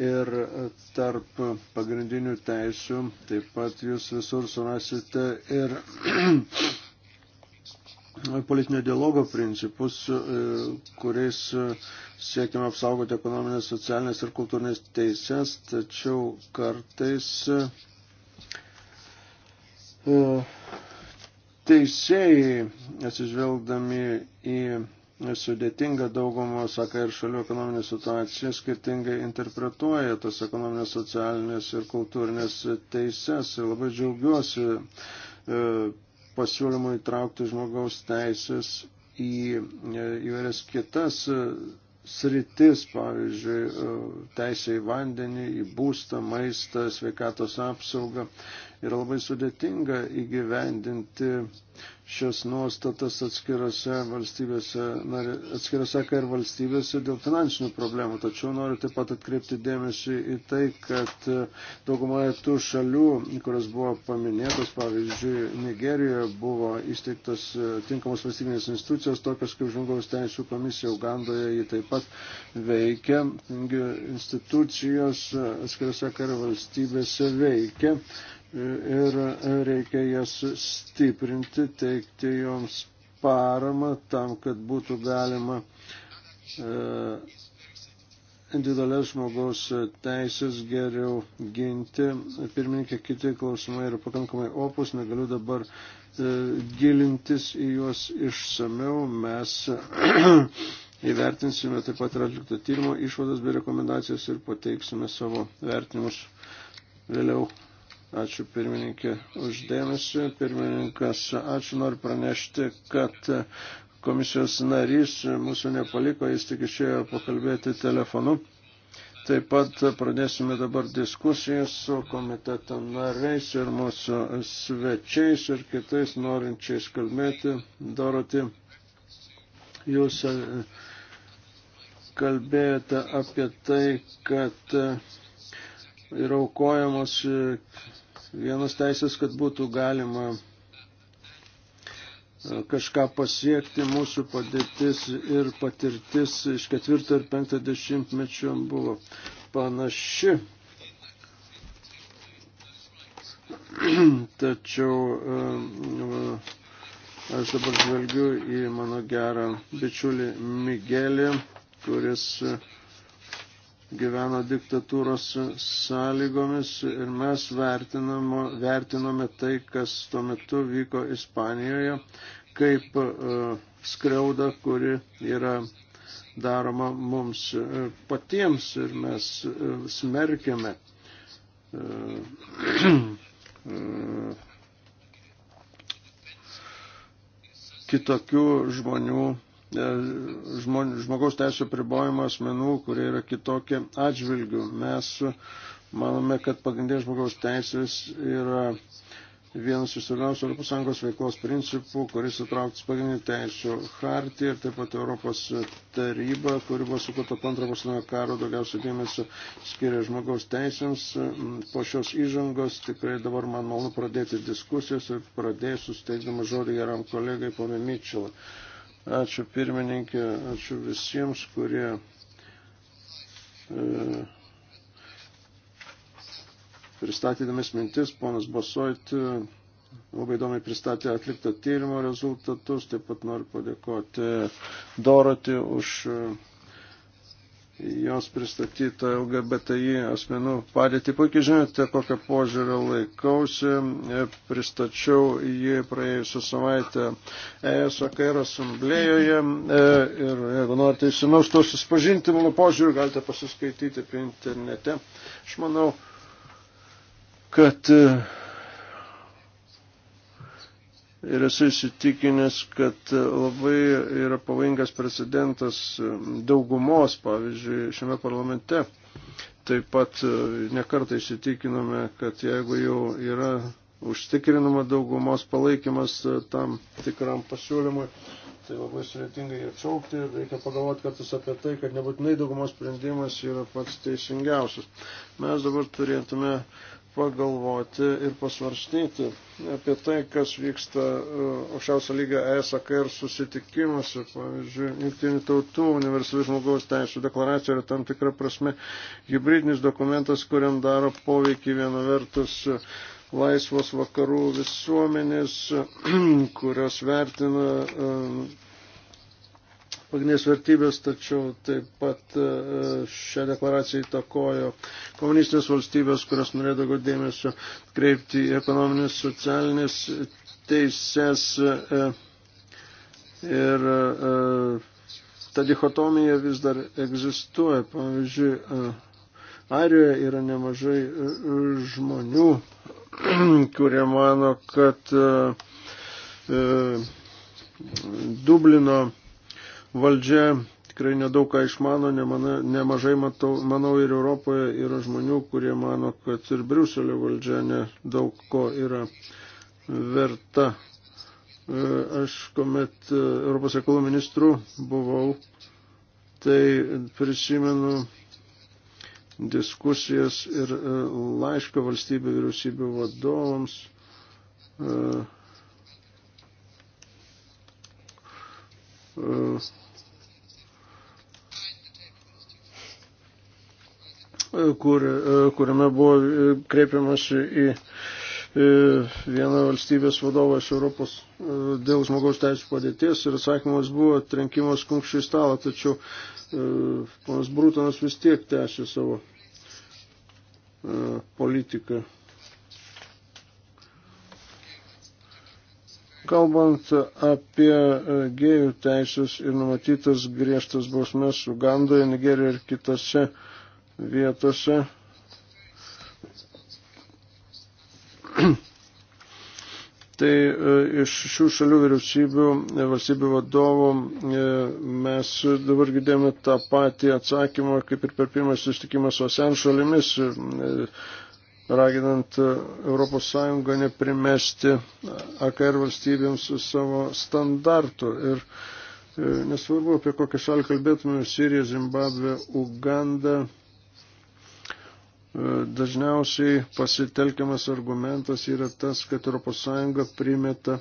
ir tarp pagrindinių teisių taip pat jūs visur surasite ir (clears throat) politinio dialogo principus, e, kuriais siekime apsaugoti ekonominės, socialinės ir kultūrinės teises, tačiau kartais e, teisėjai atsižvelgdami į sudėtinga daugumos AKR šalių ekonominė situacija skirtingai interpretuoja tas ekonominės, socialinės ir kultūrinės teises. Ir labai džiaugiuosi e, pasiūlymu įtraukti žmogaus teisės į e, įvairias kitas e, sritis, pavyzdžiui, teisė į vandenį, į būstą, maistą, sveikatos apsaugą yra labai sudėtinga įgyvendinti šias nuostatas atskirose valstybėse, atskirose KR valstybėse dėl finansinių problemų. Tačiau noriu taip pat atkreipti dėmesį į tai, kad daugumoje tų šalių, kurios buvo paminėtos, pavyzdžiui, Nigerijoje buvo įsteigtos e, tinkamos valstybinės institucijos, tokios kaip Žmogaus teisų komisija, Ugandoje jį taip pat veikia, institucijos e, atskirose KR valstybėse veikia ir reikia jas stiprinti, teikti joms paramą tam, kad būtų galima e, individualias žmogaus teisės geriau ginti. Pirmininkė, kiti klausimai yra pakankamai opus, negaliu dabar e, gilintis į juos išsameu. Mes (clears throat) įvertinsime taip pat ir atlikto tyrimo išvadas bei rekomendacijas ir pateiksime savo vertinimus vėliau Ačiū pirmininkė uždėmesi. Pirmininkas, ačiū noriu pranešti, kad komisijos narys mūsų nepaliko, jis tik išėjo pakalbėti telefonu. Taip pat pradėsime dabar diskusijas su komiteto nariais ir mūsų svečiais ir kitais norinčiais kalbėti. Doroti, jūs kalbėjote apie tai, kad yra aukojamos Vienas teisės, kad būtų galima e, kažką pasiekti, mūsų padėtis ir patirtis iš ketvirto ir penkto dešimtmečio buvo panaši. (clears throat) Tačiau e, aš dabar žvelgiu į mano gerą bičiulį Migelį, kuris uh, gyveno diktatūros sąlygomis ir mes vertinome tai, kas tuo metu vyko Ispanijoje, kaip e, skriauda, kuri yra daroma mums e, patiems ir mes e, smerkėme (clears throat) kitokių žmonių E, žmogaus teisų pribojimo asmenų, kurie yra kitokie atžvilgių. Mes manome, kad pagrindinės žmogaus teisės yra vienas iš svarbiausių ES veiklos principų, kuris įtrauktas pagrindinių teisų hartį ir taip pat Europos taryba, kuri buvo sukurta po antrojo pasaulinio karo, daugiausiai dėmesio skiria žmogaus teisėms. Po šios įžangos tikrai dabar man malonu pradėti diskusijas ir pradėsiu steigdama žodį geram kolegai ponui Mičelui. Ačiū pirmininkė, ačiū visiems, kurie e, pristatydamis mintis, ponas Basoit e, labai įdomiai pristatė atliktą tyrimo rezultatus, taip pat noriu padėkoti Doroti už. E, jos pristatytą LGBTI asmenų padėtį. Puikiai žinote, kokią požiūrį laikausi. Pristačiau jį praėjusią savaitę ES AKR asamblėjoje e, ir jeigu norite įsinau su to susipažinti mano požiūrį, galite pasiskaityti apie internete. Aš manau, kad uh, Ir esu įsitikinęs, kad labai yra pavojingas precedentas daugumos, pavyzdžiui, šiame parlamente. Taip pat nekartą įsitikinome, kad jeigu jau yra užtikrinama daugumos palaikymas tam tikram pasiūlymui, tai labai sudėtingai atšaukti ir reikia pagalvoti kartais apie tai, kad nebūtinai daugumos sprendimas yra pats teisingiausias. Mes dabar turėtume pagalvoti ir pasvarstyti apie tai, kas vyksta uh, aukščiausio lygio ESAK ir susitikimuose. Pavyzdžiui, Junktinių tautų universalių žmogaus teisų deklaracija yra tam tikra prasme hybridinis dokumentas, kuriam daro poveikį viena vertus laisvos vakarų visuomenės, (clears throat) kurios vertina um, pagrindinės vertybės, tačiau taip pat e, šią deklaraciją įtakojo komunistinės valstybės, kurios norėjo daugiau dėmesio kreipti į ekonominės, socialinės teises e, ir e, ta dichotomija vis dar egzistuoja. Pavyzdžiui, Arijoje yra nemažai žmonių, (clears throat) kurie mano, kad Dublino valdžia tikrai nedaug ką išmano, nemana, nemažai matau, manau ir Europoje yra žmonių, kurie mano, kad ir Briuselio valdžia nedaug ko yra verta. E, aš, kuomet e, Europos reikalų ministrų buvau, tai prisimenu diskusijas ir e, laišką valstybių vyriausybių vadovams, uh, uh, E, kur, e, kuriame buvo e, kreipiamas į vieną valstybės vadovą iš Europos dėl žmogaus teisų padėties ir atsakymas buvo trenkimas kumščių į stalą, tačiau ponas Brūtonas vis tiek tęsė savo politiką. Kalbant apie gėjų teisės ir numatytas griežtas bausmės Ugandoje, Nigerijoje ir kitose uh, vietose. (clears throat) Tai e, iš šių šalių vyriausybių, e, valstybių vadovų e, mes dabar girdėjome tą patį atsakymą, kaip ir per pirmą susitikimą su ASEAN šalimis, raginant ES neprimesti AKR valstybėms savo standartų. Ir nesvarbu, apie kokią šalį kalbėtume, Siriją, Zimbabvę, Ugandą Dažniausiai pasitelkiamas argumentas yra tas, kad ES primeta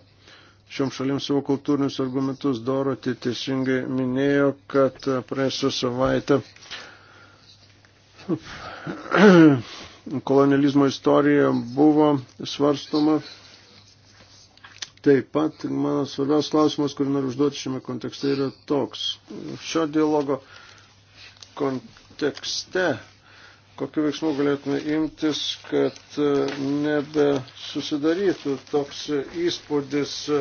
šiom šalim savo kultūrinius argumentus. Doroti teisingai minėjo, kad praėjusią savaitę (clears throat) kolonializmo istorija buvo svarstoma. Taip pat mano svarbiausias klausimas, kurį noriu užduoti šiame kontekste, yra toks. Šio dialogo kontekste kokiu veiksmu galėtume imtis, kad e, nebesusidarytų toks įspūdis e,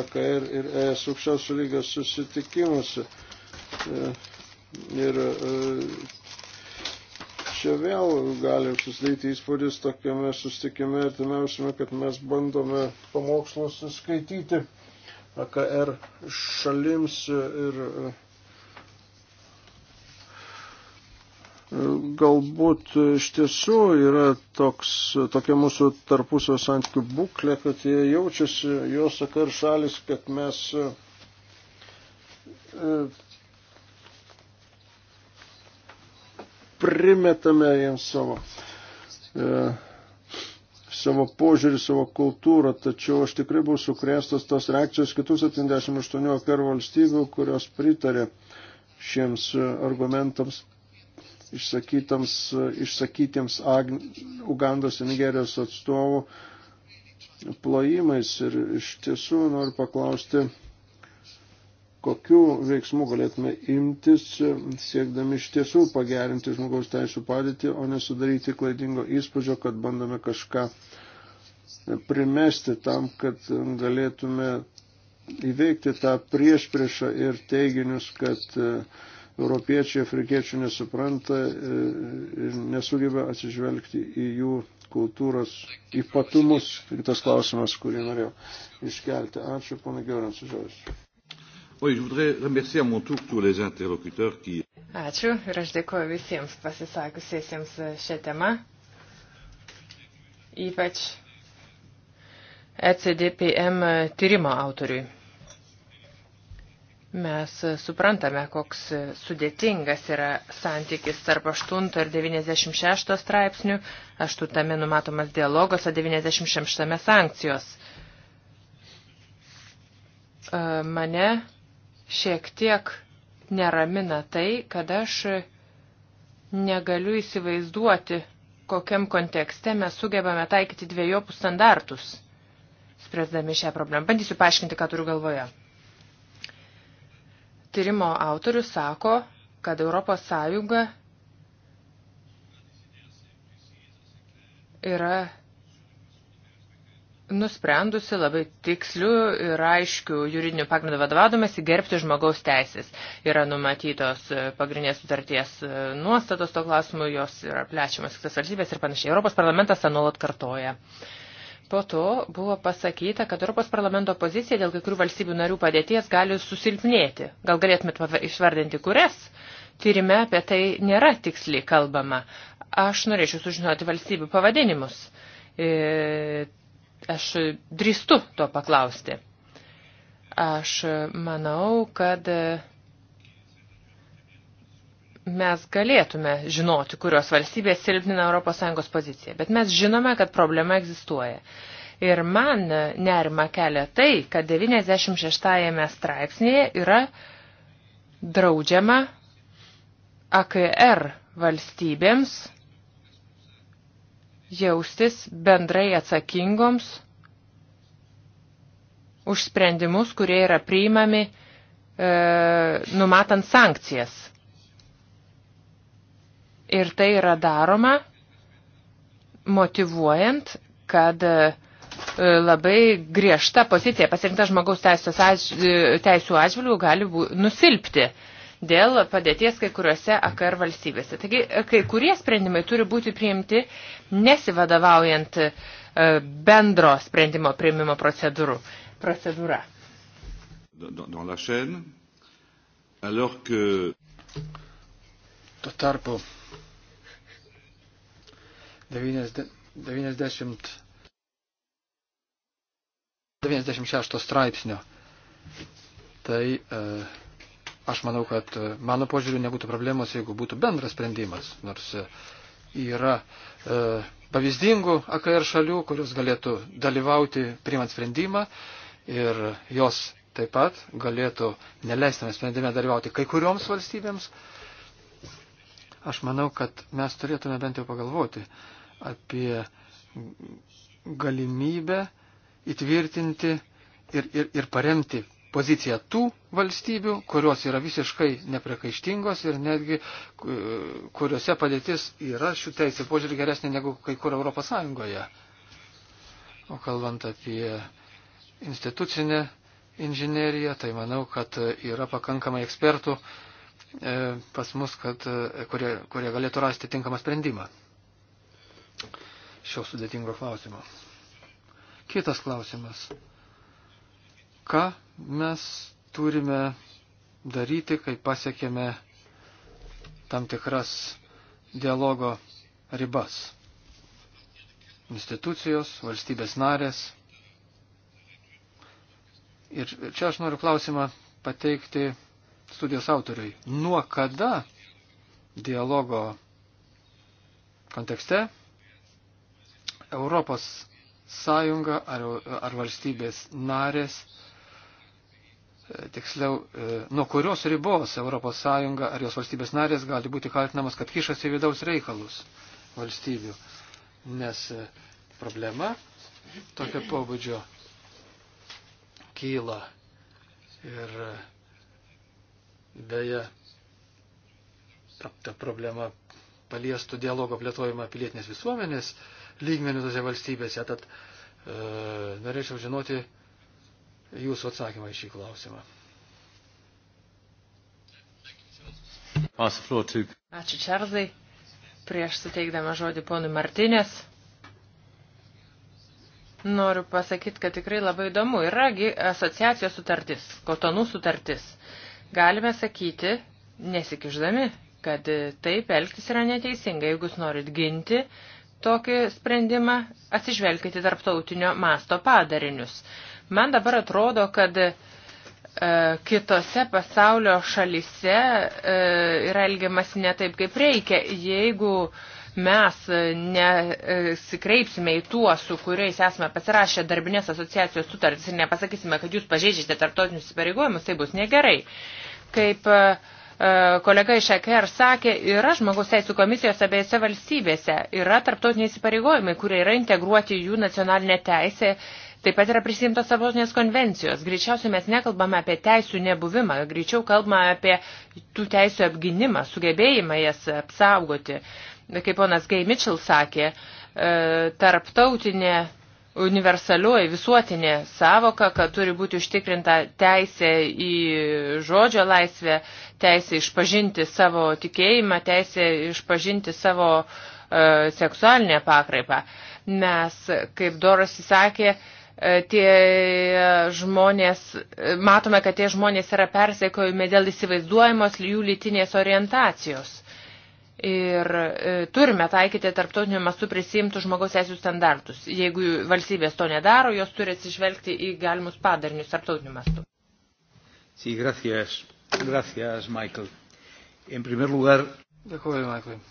AKR ir ES aukščiausio lygio susitikimuose. E, ir čia vėl galim susidaryti įspūdis tokiame susitikime artimiausiame, kad mes bandome pamokslus skaityti AKR šalims ir galbūt iš tiesų yra toks, tokia mūsų tarpusio santykių būklė, kad jie jaučiasi, jos sakar šalis, kad mes e, primetame jiems savo, e, savo požiūrį, savo kultūrą, tačiau aš tikrai buvau sukrėstas tos reakcijos kitų 78 vakarų valstybių, kurios pritarė šiems argumentams išsakytiems Agn... Ugandos ir Nigerijos atstovų plojimais. Ir iš tiesų noriu paklausti, kokiu veiksmu galėtume imtis, siekdami iš tiesų pagerinti žmogaus teisų padėtį, o nesudaryti klaidingo įspūdžio, kad bandome kažką primesti tam, kad galėtume įveikti tą priešpriešą ir teiginius, kad uh, europiečiai, afrikiečių nesupranta e, ir nesugeba atsižvelgti į jų kultūros ypatumus. Ir tai tas klausimas, kurį norėjau iškelti. Ačiū, pana Giorans, žodžiu. Ačiū ir aš dėkuoju visiems pasisakusiesiems šią temą. Ypač ECDPM tyrimo autoriui. Mes suprantame, koks sudėtingas yra santykis tarp 8 ir 96 straipsnių, 8 numatomas dialogas, o 96 sankcijos. E, mane šiek tiek neramina tai, kad aš negaliu įsivaizduoti, kokiam kontekste mes sugebame taikyti dviejopus standartus, spręsdami šią problemą. Bandysiu paaiškinti, ką turiu galvoje. Tyrimo autorius sako, kad Europos Sąjunga yra nusprendusi labai tikslių ir aiškių juridinių pagrindų vadovaudamas įgerbti žmogaus teisės. Yra numatytos pagrindinės sutarties nuostatos to klausimu, jos yra plečiamas kitas valstybės ir panašiai. Europos parlamentas tą nuolat kartoja. Uh, Po to buvo pasakyta, kad Europos parlamento pozicija dėl kai kurių valstybių narių padėties gali susilpnėti. Gal galėtumėt išvardinti kurias? Tyrime apie tai nėra tiksliai kalbama. Aš norėčiau sužinoti valstybių pavadinimus. E, aš drįstu to paklausti. Aš manau, kad. E, mes galėtume žinoti, kurios valstybės silpnina ES poziciją, bet mes žinome, kad problema egzistuoja. Ir man nerima kelia tai, kad 96 straipsnėje yra draudžiama AKR valstybėms jaustis bendrai atsakingoms už sprendimus, kurie yra priimami e, numatant sankcijas Ir tai yra daroma motivuojant, kad e, labai griežta pozicija pasirinkta žmogaus e, teisų atžvilgių gali nusilpti dėl padėties kai kuriuose AKR valstybėse. Taigi, e, kai kurie sprendimai turi būti priimti nesivadovaujant bendro sprendimo priimimo procedūrų. procedūra. Tuo tarpu 90, 96 straipsnio. Tai e, aš manau, kad e, mano požiūriu nebūtų problemos, jeigu būtų bendras sprendimas. Nors e, yra e, pavyzdingų AKR šalių, kurios galėtų dalyvauti priimant sprendimą ir jos taip pat galėtų neleistame sprendime dalyvauti kai kurioms valstybėms. Aš manau, kad mes turėtume bent jau pagalvoti, apie galimybę įtvirtinti ir, ir, ir paremti poziciją tų valstybių, kurios yra visiškai nepriekaištingos ir netgi kuriuose padėtis yra šių teisų požiūrį geresnė negu kai kur Europos Sąjungoje. O kalbant apie institucinę inžineriją, tai manau, kad yra pakankamai ekspertų e, pas mus, kad, e, kurie, kurie galėtų rasti tinkamą sprendimą šio sudėtingo klausimo. Kitas klausimas. Ką mes turime daryti, kai pasiekėme tam tikras dialogo ribas? Institucijos, valstybės narės. Ir čia aš noriu klausimą pateikti studijos autoriui. Nuo kada dialogo kontekste Europos Sąjunga ar, ar valstybės narės, e, tiksliau, e, nuo kurios ribos Europos Sąjunga ar jos valstybės narės gali būti kaltinamas, kad kišasi į vidaus reikalus valstybių. Nes e, problema tokio pobūdžio kyla. Ir beje, ta, ta problema paliestų dialogo plėtojimą pilietinės visuomenės lygmenių tose valstybėse. Tad e, norėčiau žinoti jūsų atsakymą į šį klausimą. Ačiū Čarzai. Prieš suteikdama žodį ponui Martinės, noriu pasakyti, kad tikrai labai įdomu. Yragi asociacijos sutartis, kotonų sutartis. Galime sakyti, nesikiždami, kad taip elgtis yra neteisinga. Jeigu jūs norit ginti tokį sprendimą, atsižvelkite tarptautinio masto padarinius. Man dabar atrodo, kad e, kitose pasaulio šalise e, yra elgiamas ne taip, kaip reikia. Jeigu mes nesikreipsime į tuos, su kuriais esame pasirašę darbinės asociacijos sutartis ir nepasakysime, kad jūs pažeidžiate tarptautinius įsipareigojimus, tai bus negerai. Kaip e, E, kolega iš EKR sakė, yra žmogaus teisų komisijos abiejose valstybėse, yra tarptautiniai įsipareigojimai, kurie yra integruoti jų nacionalinę teisę, taip pat yra prisimtos sabotinės konvencijos. Greičiausiai mes nekalbame apie teisų nebuvimą, greičiau kalbame apie tų teisų apginimą, sugebėjimą jas apsaugoti. Kaip ponas Gay Mitchell sakė, e, tarptautinė universalioji visuotinė savoka, kad turi būti užtikrinta teisė į žodžio laisvę, teisė išpažinti savo tikėjimą, teisė išpažinti savo e, seksualinę pakraipą. Mes, kaip Doras įsakė, e, tie žmonės, e, matome, kad tie žmonės yra persekojami dėl įsivaizduojamos jų lytinės orientacijos ir e, turime taikyti tarptautiniu mastu prisimtų žmogaus teisų standartus. Jeigu valstybės to nedaro, jos turi atsižvelgti į galimus padarinius tarptautiniu mastu. Sí, gracias. Gracias, Michael. En primer lugar. Dėkuoju, Michael.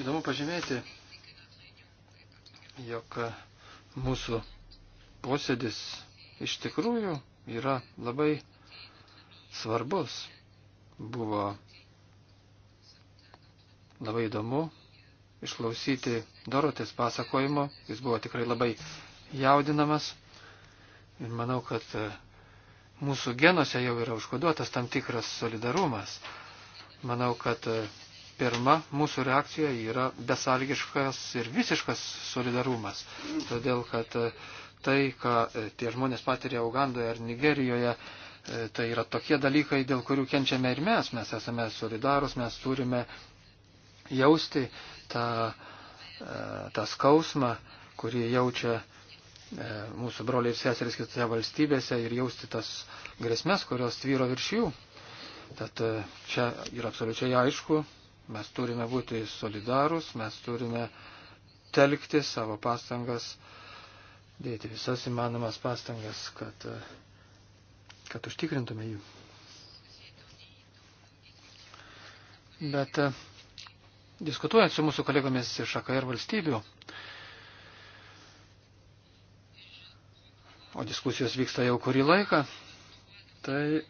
Įdomu pažymėti, jog mūsų posėdis iš tikrųjų yra labai svarbus. Buvo labai įdomu išklausyti Dorotės pasakojimo. Jis buvo tikrai labai jaudinamas. Ir manau, kad e, mūsų genuose jau yra užkoduotas tam tikras solidarumas. Manau, kad e, pirma mūsų reakcija yra besalgiškas ir visiškas solidarumas. Todėl, kad e, tai, ką tie žmonės patiria Ugandoje ar Nigerijoje, E, tai yra tokie dalykai, dėl kurių kenčiame ir mes. Mes esame solidarus, mes turime jausti tą, e, tą skausmą, kurį jaučia e, mūsų broliai ir seserys kitose valstybėse ir jausti tas grėsmės, kurios tvyro virš jų. Tad čia yra absoliučiai aišku, mes turime būti solidarūs, mes turime telkti savo pastangas, dėti visas įmanomas pastangas, kad uh, kad užtikrintume jų. Bet e, diskutuojant su mūsų kolegomis iš AKR valstybių, o diskusijos vyksta jau kurį laiką, tai e,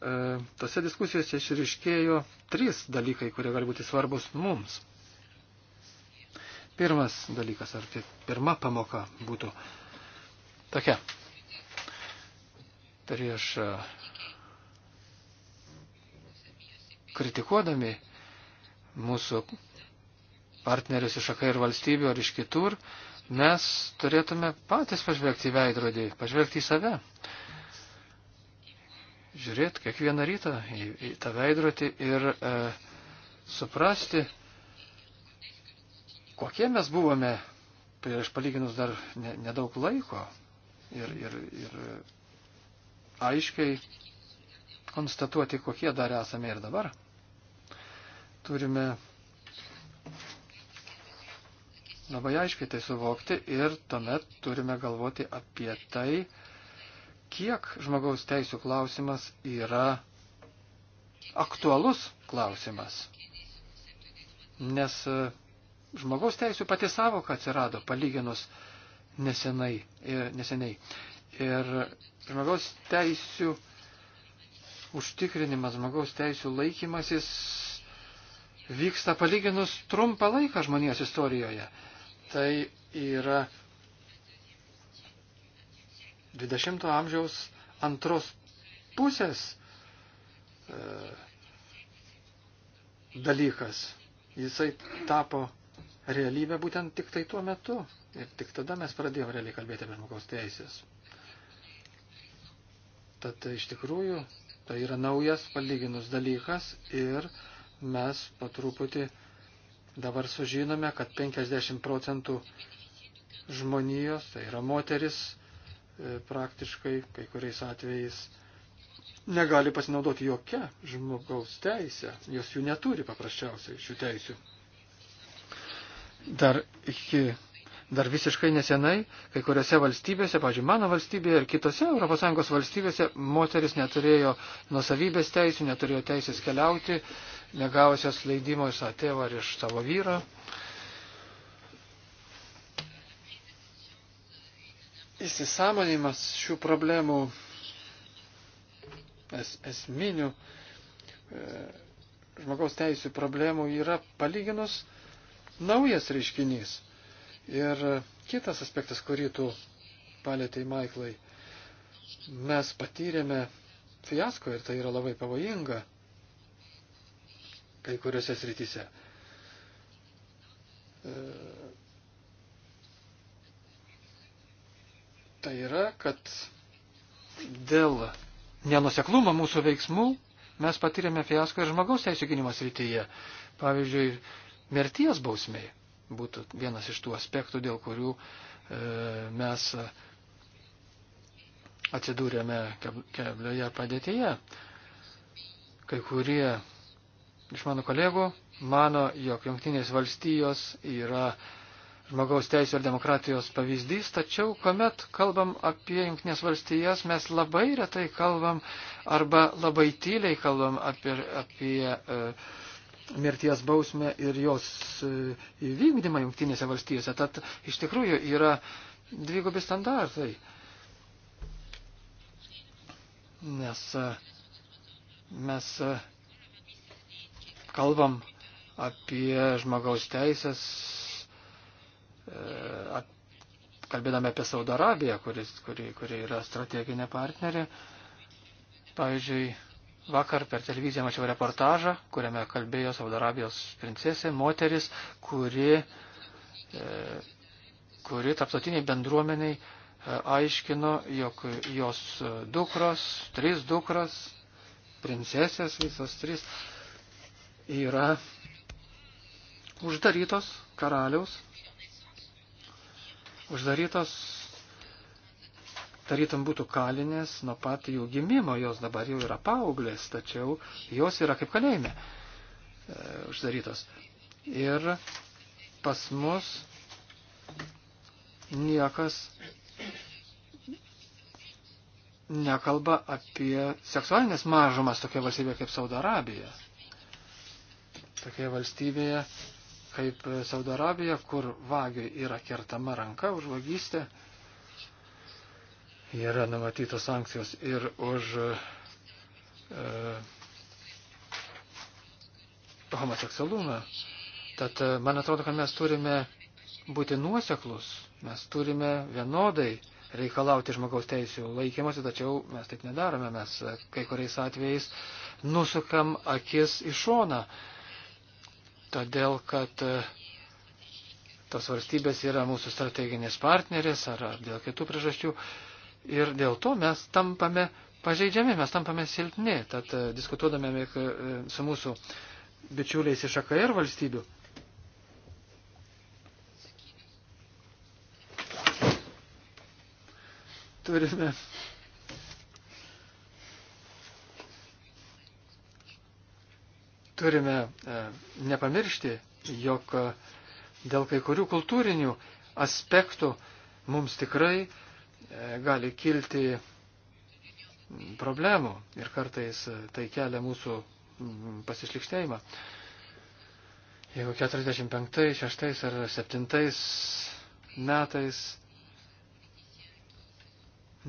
tose diskusijose išriškėjo trys dalykai, kurie gali būti svarbus mums. Pirmas dalykas, ar tai pirma pamoka būtų tokia. Prieš e, kritikuodami mūsų partnerius iš akai ir valstybių ar iš kitur, mes turėtume patys pažvelgti į veidrodį, pažvelgti į save. Žiūrėti kiekvieną rytą į, į tą veidrodį ir e, suprasti, kokie mes buvome prieš palyginus dar nedaug ne laiko ir, ir, ir e, aiškiai konstatuoti, kokie dar esame ir dabar. Turime labai aiškiai tai suvokti ir tuomet turime galvoti apie tai, kiek žmogaus teisų klausimas yra aktualus klausimas. Nes e, žmogaus teisų pati savoka atsirado palyginus nesenai, ir, e, neseniai. Ir žmogaus teisų užtikrinimas, žmogaus teisų laikymasis vyksta palyginus trumpą laiką žmonijos istorijoje. Tai yra 20 amžiaus antros pusės e, dalykas. Jisai tapo realybę būtent tik tai tuo metu. Ir tik tada mes pradėjome realiai kalbėti apie žmogaus teisės. Tad iš tikrųjų Tai yra naujas palyginus dalykas ir mes po truputį dabar sužinome, kad 50 procentų žmonijos, tai yra moteris, e, praktiškai kai kuriais atvejais negali pasinaudoti jokia žmogaus teisė, jos jų neturi paprasčiausiai šių teisių. Dar iki Dar visiškai nesenai kai kuriuose valstybėse, pažiūrėjau, mano valstybėje ir kitose ES valstybėse moteris neturėjo nusavybės teisų, neturėjo teisės keliauti, negavusios leidimo iš savo tėvo ar iš savo vyro. Įsisamonimas šių problemų es, esminių e, žmogaus teisų problemų yra palyginus naujas reiškinys. Ir kitas aspektas, kurį tu palėtėjai, Maiklai, mes patyrėme fiasko ir tai yra labai pavojinga kai kuriuose srityse. E, tai yra, kad dėl nenuseklumo mūsų veiksmų mes patyrėme fiasko ir žmogaus teisų gynimo srityje. Pavyzdžiui, mirties bausmiai būtų vienas iš tų aspektų, dėl kurių e, mes atsidūrėme keblioje padėtyje. Kai kurie iš mano kolegų mano, jog Junktinės valstijos yra žmogaus teisų ir demokratijos pavyzdys, tačiau kuomet kalbam apie Junktinės valstijas, mes labai retai kalbam arba labai tyliai kalbam apie, apie uh, mirties bausmę ir jos e, įvykdymą jungtinėse valstijose. Tad iš tikrųjų yra dvigubi standartai. Nes e, mes e, kalbam apie žmogaus teisės, kalbėdami apie Saudo Arabiją, kuri, kuri yra strateginė partnerė. Pavyzdžiui, Vakar per televiziją mačiau reportažą, kuriame kalbėjo Saudarabijos princesė, moteris, kuri, e, kuri taptotiniai bendruomeniai e, aiškino, jog jos dukros, trys dukros, princesės visos trys, yra uždarytos karaliaus, uždarytos tarytum būtų kalinės nuo pat jų gimimo, jos dabar jau yra paauglės, tačiau jos yra kaip kalėjime e, uždarytos. Ir pas mus niekas nekalba apie seksualinės mažumas tokia valstybė kaip Saudo Arabija. Tokia valstybėje kaip Saudo Arabija, kur vagiui yra kertama ranka už vagystę. E, yra numatytos sankcijos ir už e, homoseksualumą. Tad e, man atrodo, kad mes turime būti nuoseklus, mes turime vienodai reikalauti žmogaus teisų laikymosi, tačiau mes taip nedarome, mes e, kai kuriais atvejais nusukam akis į šoną, todėl kad e, tos valstybės yra mūsų strateginės partnerės ar, ar dėl kitų priežasčių. E, ir dėl to mes tampame pažeidžiami, mes tampame silpni. Tad e, diskutuodami e, su mūsų bičiuliais iš AKR valstybių. Turime turime e, nepamiršti, jog dėl kai kurių kultūrinių aspektų mums tikrai E, gali kilti problemų ir kartais tai kelia mūsų mm, pasišlikštėjimą. Jeigu 45, 6 ar 7 metais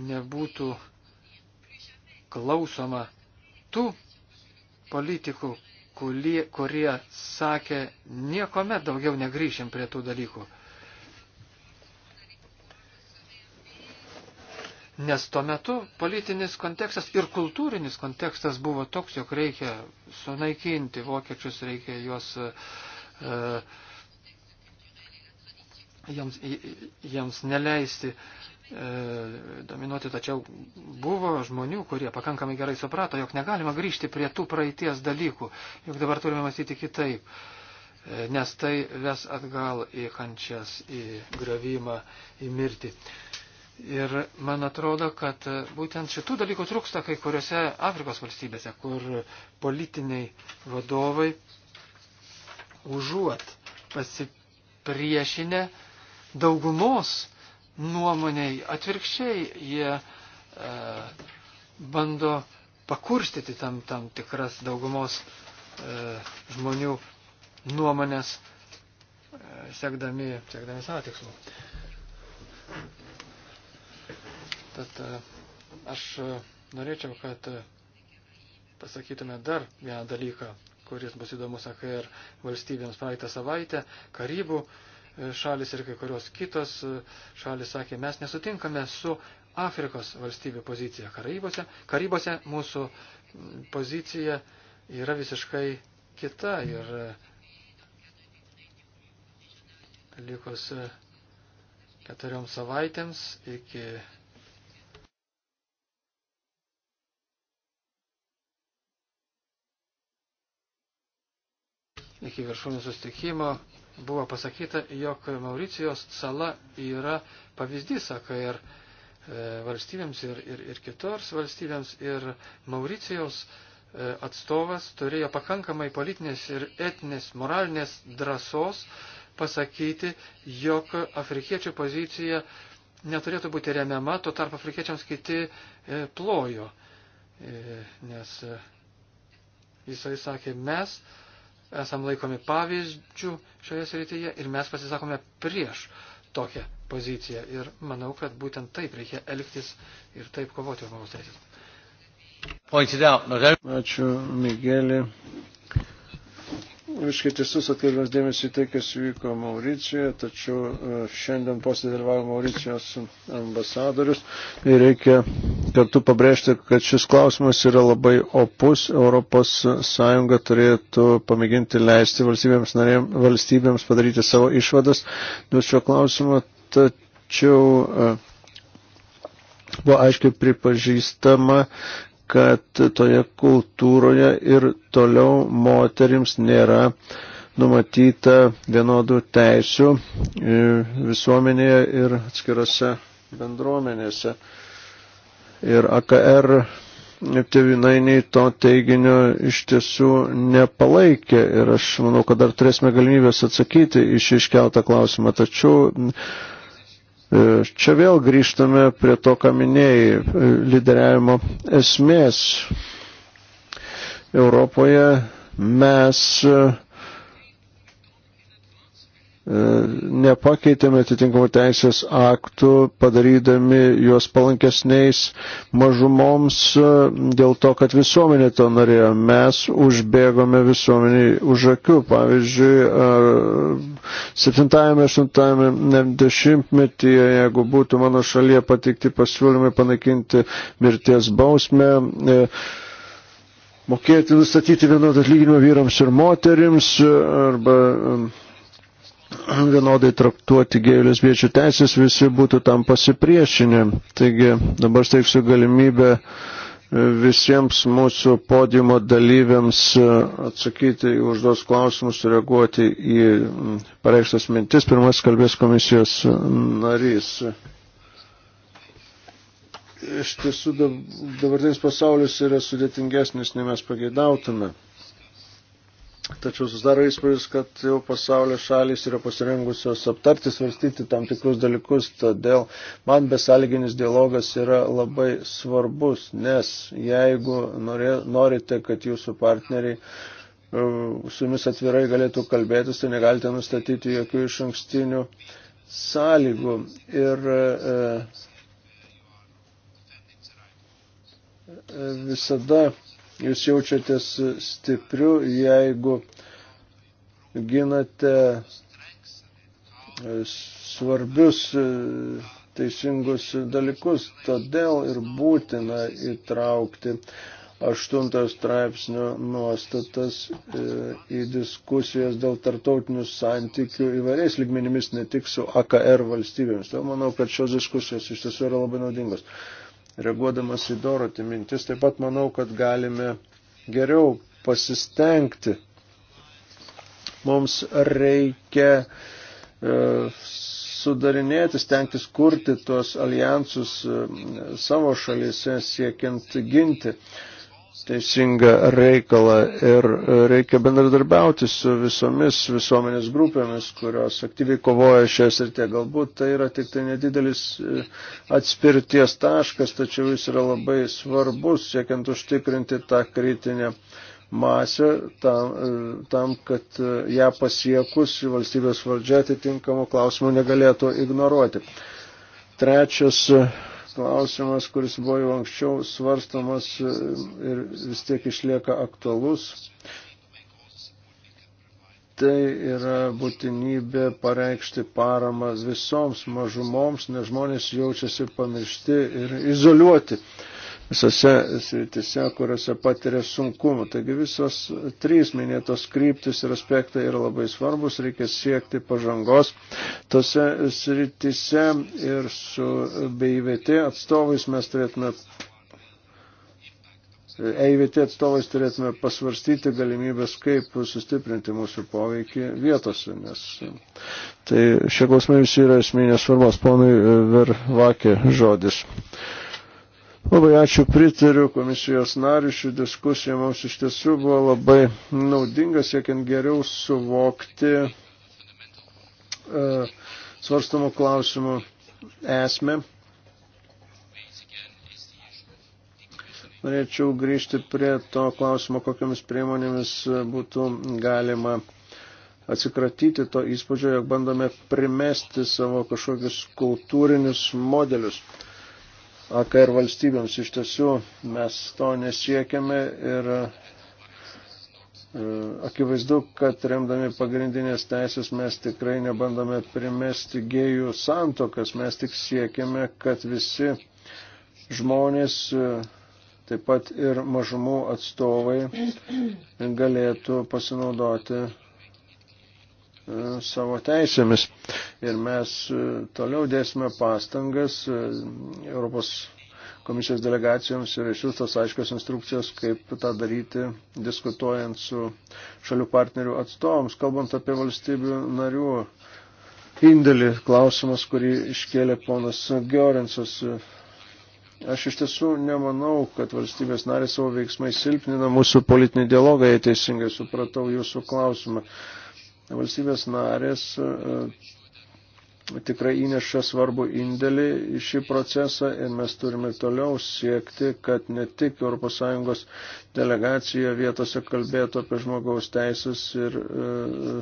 nebūtų klausoma tų politikų, kurie, kurie sakė, niekuomet daugiau negryšim prie tų dalykų. Nes tuo metu politinis kontekstas ir kultūrinis kontekstas buvo toks, jog reikia sunaikinti vokiečius, reikia juos, uh, jiems, jiems neleisti uh, dominuoti. Tačiau buvo žmonių, kurie pakankamai gerai suprato, jog negalima grįžti prie tų praeities dalykų, jog dabar turime mąstyti kitaip. Uh, nes tai ves atgal į kančias, į gravimą, į mirtį. Ir man atrodo, kad būtent šitų dalykų trūksta kai kuriuose Afrikos valstybėse, kur politiniai vadovai užuot pasipriešinę daugumos nuomoniai atvirkščiai jie e, bando pakurstyti tam, tam tikras daugumos e, žmonių nuomonės, e, siekdami, siekdami savo tikslų. Tad e, aš e, norėčiau, kad e, pasakytume dar vieną dalyką, kuris bus įdomus AKR valstybėms praeitą savaitę. Karybų šalis ir kai kurios kitos šalis sakė, mes nesutinkame su Afrikos valstybių pozicija Karybose. Karybose mūsų pozicija yra visiškai kita ir likus keturioms savaitėms iki iki viršūnių sustikimo buvo pasakyta, jog Mauricijos sala yra pavyzdys, sako, ir e, valstybėms, ir, ir, ir kitors valstybėms, ir Mauricijos e, atstovas turėjo pakankamai politinės ir etinės, moralinės drąsos pasakyti, jog afrikiečių pozicija neturėtų būti remiama, tuo tarp afrikiečiams kiti e, plojo, e, nes e, jisai sakė, mes e, esam laikomi pavyzdžių šioje srityje ir mes pasisakome prieš tokią poziciją. Ir manau, kad būtent taip reikia elgtis ir taip kovoti už žmogaus teisės. Ačiū, Migelė visiškai tiesus atkreipdamas dėmesį į tai, kas vyko Mauricijoje, tačiau e, šiandien posėdėlvavo Mauricijos ambasadorius ir reikia kartu pabrėžti, kad šis klausimas yra labai opus. ES turėtų pamėginti leisti valstybėms, narėm, valstybėms padaryti savo išvadas dėl šio klausimo, tačiau e, buvo aiškiai pripažįstama, kad toje kultūroje ir toliau moterims nėra numatyta vienodų teisių e, visuomenėje ir atskirose bendruomenėse. Ir AKR tevinainiai to teiginio iš tiesų nepalaikė ir aš manau, kad dar turėsime galimybės atsakyti iš iškeltą klausimą, tačiau Čia vėl grįžtame prie to, ką minėjai, lyderiavimo esmės. Europoje mes E, nepakeitėme atitinkamų teisės aktų, padarydami juos palankesniais mažumoms e, dėl to, kad visuomenė to norėjo. Mes užbėgome visuomeniai už akių. Pavyzdžiui, 7-8 metyje, jeigu būtų mano šalyje patikti pasiūlymai panaikinti mirties bausmę, e, mokėti nustatyti vienodą atlyginimą vyrams ir moterims arba vienodai traktuoti gėjų lesbiečių teisės, visi būtų tam pasipriešinę. Taigi dabar steiksiu galimybę e, visiems mūsų podiumo dalyviams e, atsakyti į užduos klausimus, reaguoti į pareikštas mintis. Pirmas kalbės komisijos e, narys. Iš tiesų dabartinis pasaulis yra sudėtingesnis, nei mes pageidautume. Tačiau susidaro įspūdis, kad jau pasaulio šalis yra pasirengusios aptarti, svarstyti tam tikrus dalykus, todėl man besalginis dialogas yra labai svarbus, nes jeigu norė, norite, kad jūsų partneriai e, su jumis atvirai galėtų kalbėtis, tai negalite nustatyti jokių iš ankstinių sąlygų. Ir e, e visada jūs jaučiatės stipriu, jeigu ginate e, svarbius e, teisingus dalykus, todėl ir būtina įtraukti aštuntas straipsnio nuostatas e, į diskusijas dėl tartautinių santykių įvairiais lygmenimis, ne tik su AKR valstybėmis. Tai manau, kad šios diskusijos iš tiesų yra labai naudingos reaguodamas į Dorotį mintis, taip pat manau, kad galime geriau pasistengti. Mums reikia e, sudarinėti, stengtis kurti tuos alijansus e, savo šalyse, siekiant ginti teisingą reikalą ir e, reikia bendradarbiauti su visomis visuomenės grupėmis, kurios aktyviai kovoja šioje srityje. Galbūt tai yra tik tai nedidelis e, atspirties taškas, tačiau jis yra labai svarbus, siekiant užtikrinti tą kritinę masę tam, e, tam, kad ją pasiekus valstybės valdžia atitinkamų klausimų negalėtų ignoruoti. Trečias klausimas, kuris buvo jau anksčiau svarstamas ir vis tiek išlieka aktualus. Tai yra būtinybė pareikšti paramą visoms mažumoms, nes žmonės jaučiasi pamiršti ir izoliuoti. Uh, visose sritise, kuriuose patiria sunkumų. Taigi visos trys minėtos kryptis ir aspektai yra labai svarbus, reikia siekti pažangos tose sritise ir su BIVT atstovais mes turėtume EIVT atstovais turėtume pasvarstyti galimybės, kaip sustiprinti mūsų poveikį vietose, nes tai šie klausimai visi yra esminės svarbos. Ponui Vervakė žodis. Labai ačiū pritariu komisijos nariu. Ši diskusija mums iš tiesų buvo labai naudinga, siekiant geriau suvokti uh, svarstamų klausimų esmę. Norėčiau grįžti prie to klausimo, kokiamis priemonėmis būtų galima atsikratyti to įspūdžio, jog bandome primesti savo kažkokius kultūrinius modelius. Uh, AKR valstybėms. Iš tiesų mes to nesiekiame ir e, akivaizdu, kad remdami pagrindinės teisės mes tikrai nebandome primesti gėjų santokas, mes tik siekiame, kad visi žmonės, e, taip pat ir mažumų atstovai, galėtų pasinaudoti e, savo teisėmis ir mes e, toliau dėsime pastangas e, Europos komisijos delegacijoms yra išsiųstos aiškios instrukcijos, kaip tą daryti, diskutuojant su šalių partnerių atstovams, kalbant apie valstybių narių indėlį, klausimas, kurį iškėlė ponas Giorensas. Aš iš tiesų nemanau, kad valstybės narė savo veiksmai silpnina mūsų politinį dialogą, jei teisingai supratau jūsų klausimą. Valstybės narės e, tikrai įneša svarbu indėlį į šį procesą ir mes turime toliau siekti, kad ne tik ES delegacija vietose kalbėtų apie žmogaus teisės ir e,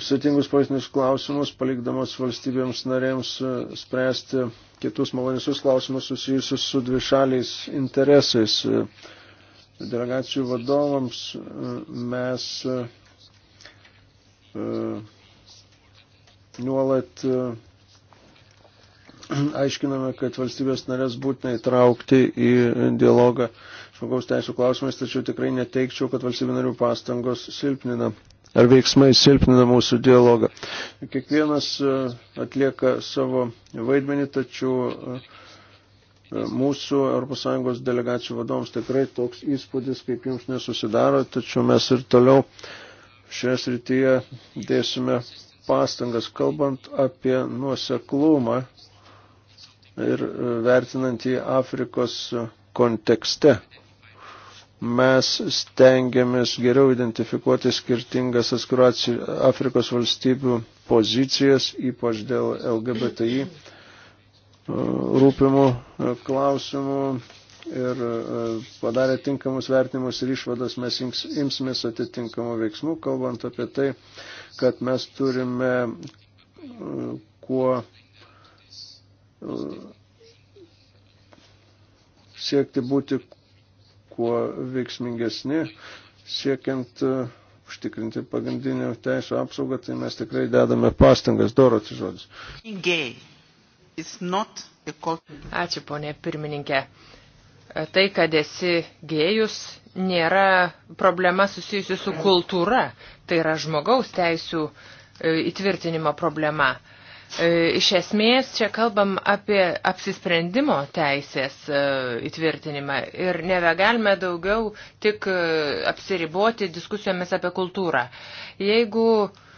sėtingus politinius klausimus, palikdamos valstybėms narėms e, spręsti kitus malonesius klausimus susijusius su dvišaliais interesais. E, delegacijų vadovams e, mes. E, nuolat e, aiškiname, kad valstybės narės būtina įtraukti į dialogą žmogaus teisų klausimais, tačiau tikrai neteikčiau, kad valstybių narių pastangos silpnina ar veiksmai silpnina mūsų dialogą. Kiekvienas e, atlieka savo vaidmenį, tačiau e, mūsų ES delegacijų vadovams tikrai toks įspūdis, kaip jums nesusidaro, tačiau mes ir toliau šioje srityje dėsime pastangas, kalbant apie nuoseklumą ir e, vertinant į Afrikos kontekste. Mes stengiamės geriau identifikuoti skirtingas Afrikos valstybių pozicijas, ypač dėl LGBTI e, rūpimų e, klausimų ir padarę tinkamus vertinimus ir išvadas mes imsimės atitinkamų veiksmų, kalbant apie tai, kad mes turime e, kuo e, siekti būti kuo veiksmingesni, siekiant e, užtikrinti pagrindinio teisų apsaugą, tai mes tikrai dedame pastangas. Doroti žodis. Ačiū, ponė pirmininkė tai, kad esi gėjus, nėra problema susijusi su kultūra, tai yra žmogaus teisų e, įtvirtinimo problema. E, iš esmės čia kalbam apie apsisprendimo teisės e, įtvirtinimą ir nebegalime daugiau tik apsiriboti diskusijomis apie kultūrą. Jeigu uh,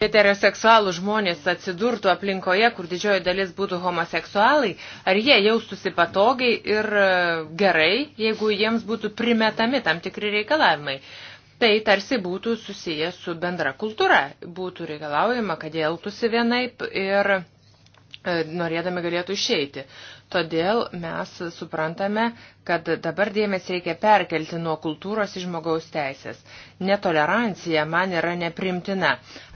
heteroseksualų žmonės atsidurtų aplinkoje, kur didžioji dalis būtų homoseksualai, ar jie jaustųsi patogiai ir e, gerai, jeigu jiems būtų primetami tam tikri reikalavimai. Tai tarsi būtų susiję su bendra kultūra. Būtų reikalaujama, kad jie elgtųsi vienaip ir e, norėdami galėtų išeiti. Todėl mes suprantame, kad dabar dėmesį reikia perkelti nuo kultūros į žmogaus teisės. Netolerancija man yra neprimtina.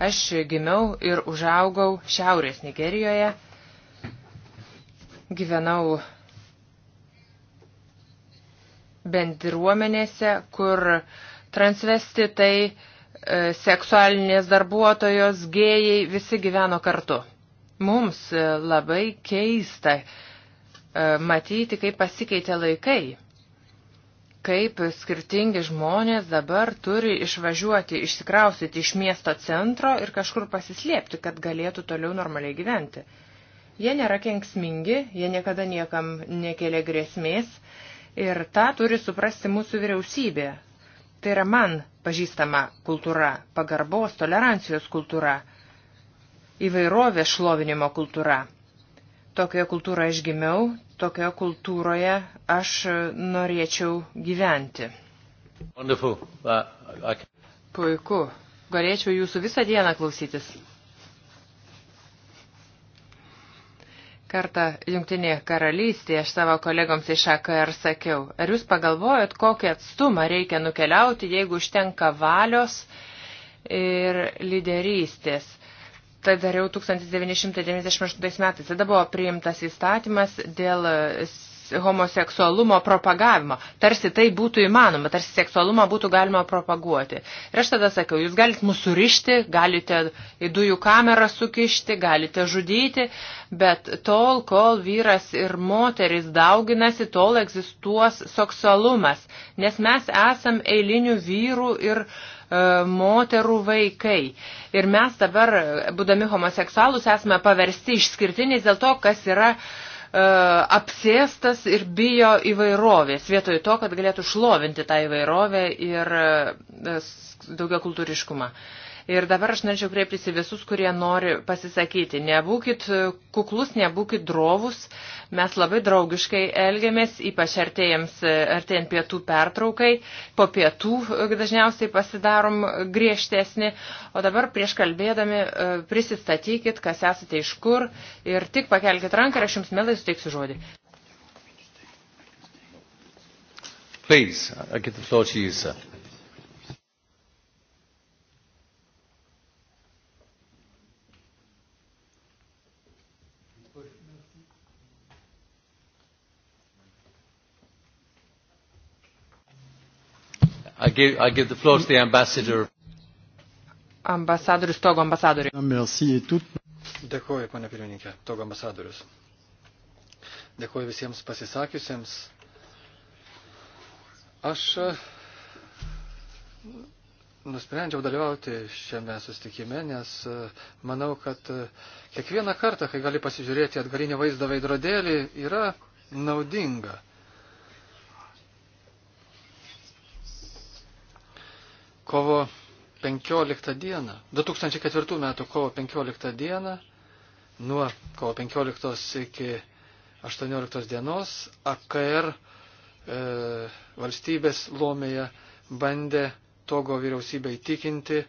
Aš gimiau ir užaugau Šiaurės Nigerijoje, gyvenau bendruomenėse, kur transvestitai, e, seksualinės darbuotojos, gėjai visi gyveno kartu. Mums e, labai keista E, matyti, kaip pasikeitė laikai, kaip skirtingi žmonės dabar turi išvažiuoti, išsikrausyti iš miesto centro ir kažkur pasislėpti, kad galėtų toliau normaliai gyventi. Jie nėra kenksmingi, jie niekada niekam nekelia grėsmės ir tą turi suprasti mūsų vyriausybė. Tai yra man pažįstama kultūra, pagarbos, tolerancijos kultūra, įvairovės šlovinimo kultūra. Tokioje kultūroje aš gimiau, tokioje kultūroje aš norėčiau gyventi. Wonderful. Uh, I... Puiku. Galėčiau jūsų visą dieną klausytis. Kartą Junktinėje karalystėje aš savo kolegoms iš AKR sakiau, ar jūs pagalvojot, kokį atstumą reikia nukeliauti, jeigu užtenka valios ir lyderystės tai dariau 1998 metais. Tada buvo priimtas įstatymas dėl e, homoseksualumo propagavimo. Tarsi tai būtų įmanoma, tarsi seksualumą būtų galima propaguoti. Ir aš tada sakiau, jūs galite mus surišti, galite į dujų kamerą sukišti, galite žudyti, bet tol, kol vyras ir moteris dauginasi, tol egzistuos seksualumas, nes mes esam eilinių vyrų ir uh, E, moterų vaikai. Ir mes dabar, būdami homoseksualus, esame paversti išskirtiniais dėl to, kas yra e, apsėstas ir bijo įvairovės, vietoj to, kad galėtų šlovinti tą įvairovę ir e, daugia kultūriškumą. E, Ir dabar aš norėčiau kreiptis į visus, kurie nori pasisakyti. Nebūkit kuklus, nebūkit drovus. Mes labai draugiškai elgiamės, ypač artėjant pietų pertraukai. Po pietų e, dažniausiai pasidarom griežtesnį. O dabar prieš kalbėdami e, prisistatykit, kas esate iš kur. Ir tik pakelkite ranką ir aš jums mielai suteiksiu žodį. Please, I give the floor to you, sir. I give, I give the floor to the ambassador. Ambasadorius Togo ambasadoriui. Merci tout. Dėkuoju, pane pirmininkė, Togo ambasadorius. Dėkuoju visiems pasisakiusiems. Aš e, nusprendžiau dalyvauti šiame sustikime, nes e, manau, kad e, kiekvieną kartą, kai gali pasižiūrėti atgalinį vaizdą veidrodėlį, yra naudinga. kovo 15 dieną, 2004 metų kovo 15 dieną, nuo kovo 15 iki 18 dienos AKR e, valstybės lomėje bandė Togo vyriausybę įtikinti,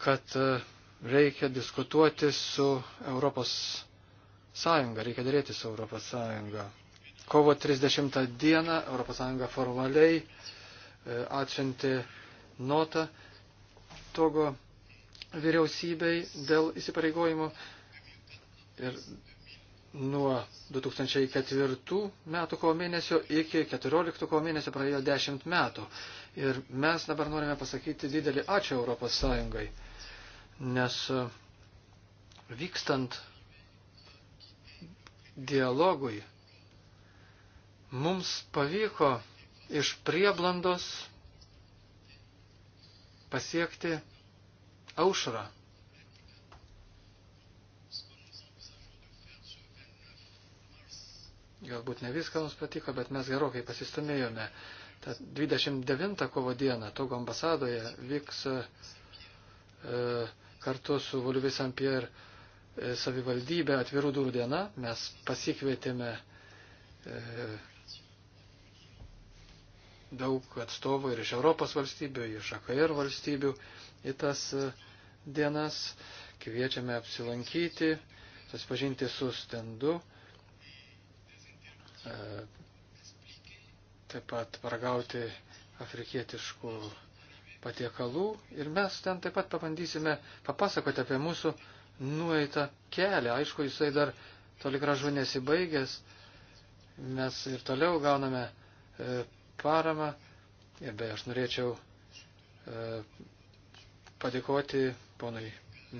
kad e, reikia diskutuoti su Europos Sąjunga, reikia dėrėti su Europos Sąjunga. Kovo 30 dieną Europos Sąjunga formaliai e, atšinti notą Togo vyriausybei dėl įsipareigojimų. Ir nuo 2004 metų kovo mėnesio iki 2014 kovo mėnesio praėjo 10 metų. Ir mes dabar norime pasakyti didelį ačiū Europos Sąjungai, nes e, vykstant dialogui mums pavyko iš prieblandos pasiekti aušrą. Galbūt ne viską mums patiko, bet mes gerokai pasistumėjome. Ta 29 kovo diena Togo ambasadoje vyks e, kartu su Voliuvė Saint-Pierre e, savivaldybė atvirų durų diena. Mes pasikvietėme e, daug atstovų ir iš Europos valstybių, iš AKR valstybių į tas e, dienas. Kviečiame apsilankyti, susipažinti su stendu. E, taip pat paragauti afrikietiškų patiekalų ir mes ten taip pat pabandysime papasakoti apie mūsų nueitą kelią. Aišku, jisai dar toli gražu nesibaigęs. Mes ir toliau gauname e, paramą. Ir beje, aš norėčiau e, padėkoti ponui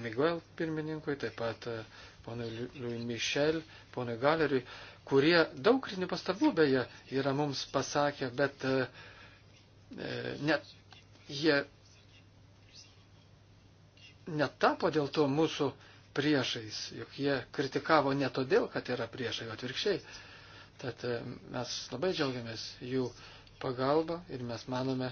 Miguel pirmininkui, taip pat e, ponui Louis Michel, ponui Galeriui, kurie daug kritinių pastabų beje yra mums pasakę, bet e, e net jie netapo dėl to mūsų priešais, juk jie kritikavo ne todėl, kad yra priešai, o atvirkščiai. Tad e, mes labai džiaugiamės jų e, pagalbą ir mes manome,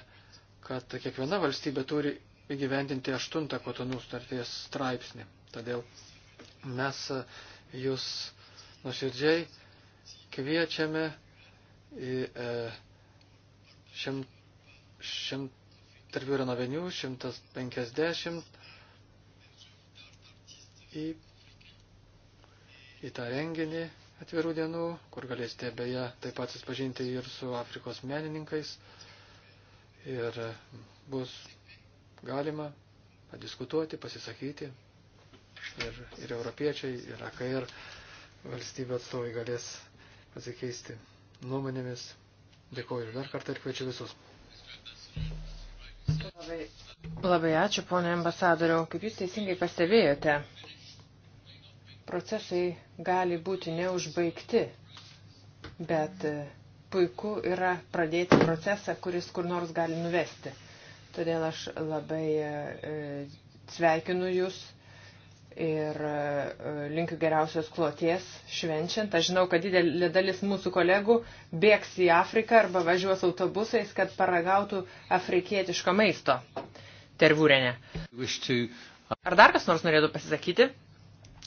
kad kiekviena valstybė turi įgyvendinti aštuntą kotonų starties straipsnį. Todėl mes e, jūs nuširdžiai kviečiame į e, šimt, šimt tarp yra novenių 150 į, į tą renginį atvirų dienų, kur galėsite beje taip pat susipažinti ir su Afrikos menininkais. Ir bus galima padiskutuoti, pasisakyti. Ir, ir europiečiai, ir AKR valstybių atstovai galės pasikeisti nuomonėmis. Dėkuoju dar kartą ir kviečiu visus. Labai, labai ačiū, ponė ambasadoriau. Kaip jūs teisingai pastebėjote, procesai gali būti neužbaigti, bet e, puiku yra pradėti procesą, kuris kur nors gali nuvesti. Todėl aš labai e, e, sveikinu Jūs ir linkiu geriausios kloties švenčiant. Aš žinau, kad didelė dalis mūsų kolegų bėgs į Afriką arba važiuos autobusais, kad paragautų afrikietiško maisto. Tervūrenė. Uh, Ar dar kas nors norėtų pasisakyti?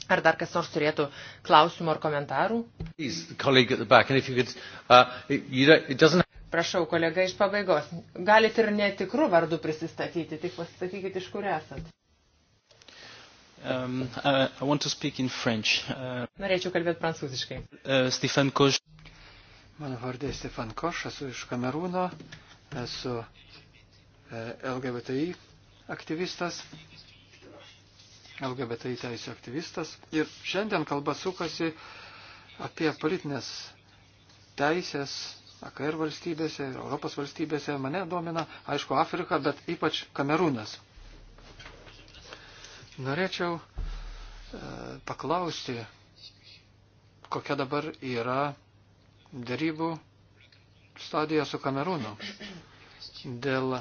Ar dar kas nors turėtų klausimų ar komentarų? Uh, Prašau, kolega iš pabaigos. Galit ir netikru vardu prisistatyti, tik pasistatykit, iš kur esat. Um, I, I want to speak in French. Uh, Norėčiau kalbėti prancūziškai. Uh, Stefan Koš. Mano vardė Stefan Koš, esu iš Kamerūno, esu uh, LGBTI aktyvistas. Uh, LGBT teisų aktyvistas. Ir šiandien kalba sukasi apie politinės teisės AKR valstybėse ir Europos valstybėse. Mane domina, aišku, Afrika, bet ypač Kamerūnas. Norėčiau e, paklausti, kokia dabar yra darybų stadija su Kamerūnu dėl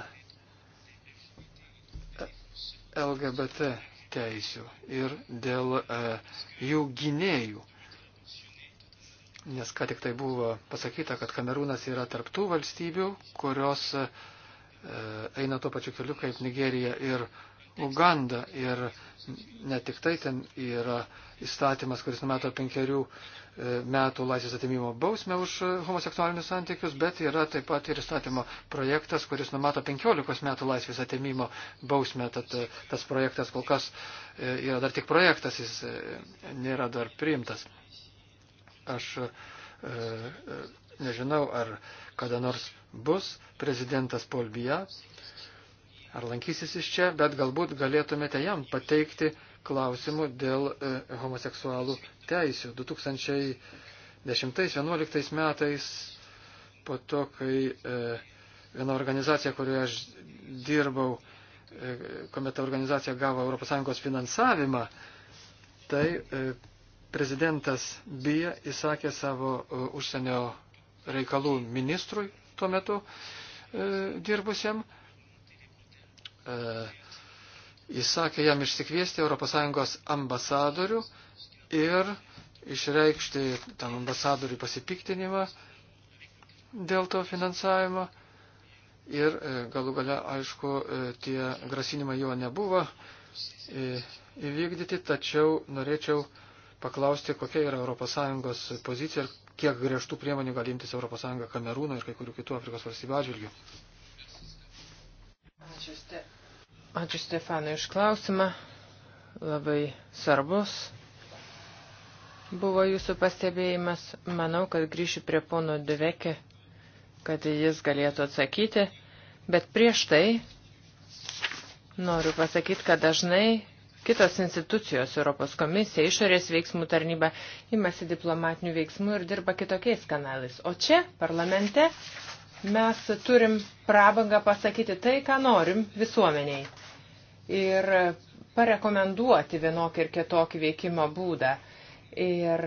LGBT teisių ir dėl e, jų gynėjų. Nes ką tik tai buvo pasakyta, kad Kamerūnas yra tarptų valstybių, kurios e, eina tuo pačiu keliu kaip Nigerija ir Uganda. Ir ne tik tai ten yra įstatymas, kuris numato penkerių metų laisvės atimimo bausmę už e, homoseksualinius santykius, bet yra taip pat ir įstatymo projektas, kuris numato 15 metų laisvės atimimo bausmę. Tad e, tas projektas kol kas e, yra dar tik projektas, jis nėra dar priimtas. Aš nežinau, ar kada nors bus prezidentas Polbija, ar lankysis iš čia, bet galbūt galėtumėte jam pateikti klausimų dėl e, homoseksualų teisių. 2010-2011 metais, po to, kai e, viena organizacija, kurioje aš dirbau, e, kuomet ta organizacija gavo ES finansavimą, tai prezidentas Bija įsakė savo užsienio reikalų ministrui tuo metu dirbusiam Jis sakė jam išsikviesti ES ambasadorių ir išreikšti tam ambasadoriui pasipiktinimą dėl to finansavimo. Ir e, galų gale, aišku, e, tie grasinimai jo nebuvo e, įvykdyti, tačiau norėčiau paklausti, kokia yra ES pozicija ir kiek griežtų priemonių gali imtis ES Kamerūno ir kai kurių kitų Afrikos valstybių atžvilgių. Ačiū. Ačiū Stefanui iš klausimą. Labai svarbus buvo jūsų pastebėjimas. Manau, kad grįšiu prie pono Dvekė, kad jis galėtų atsakyti. Bet prieš tai noriu pasakyti, kad dažnai kitos institucijos, Europos komisija, išorės veiksmų tarnyba, imasi diplomatinių veiksmų ir dirba kitokiais kanalais. O čia, parlamente, mes turim prabangą pasakyti tai, ką norim visuomeniai ir parekomenduoti vienokį ir kitokį veikimo būdą. Ir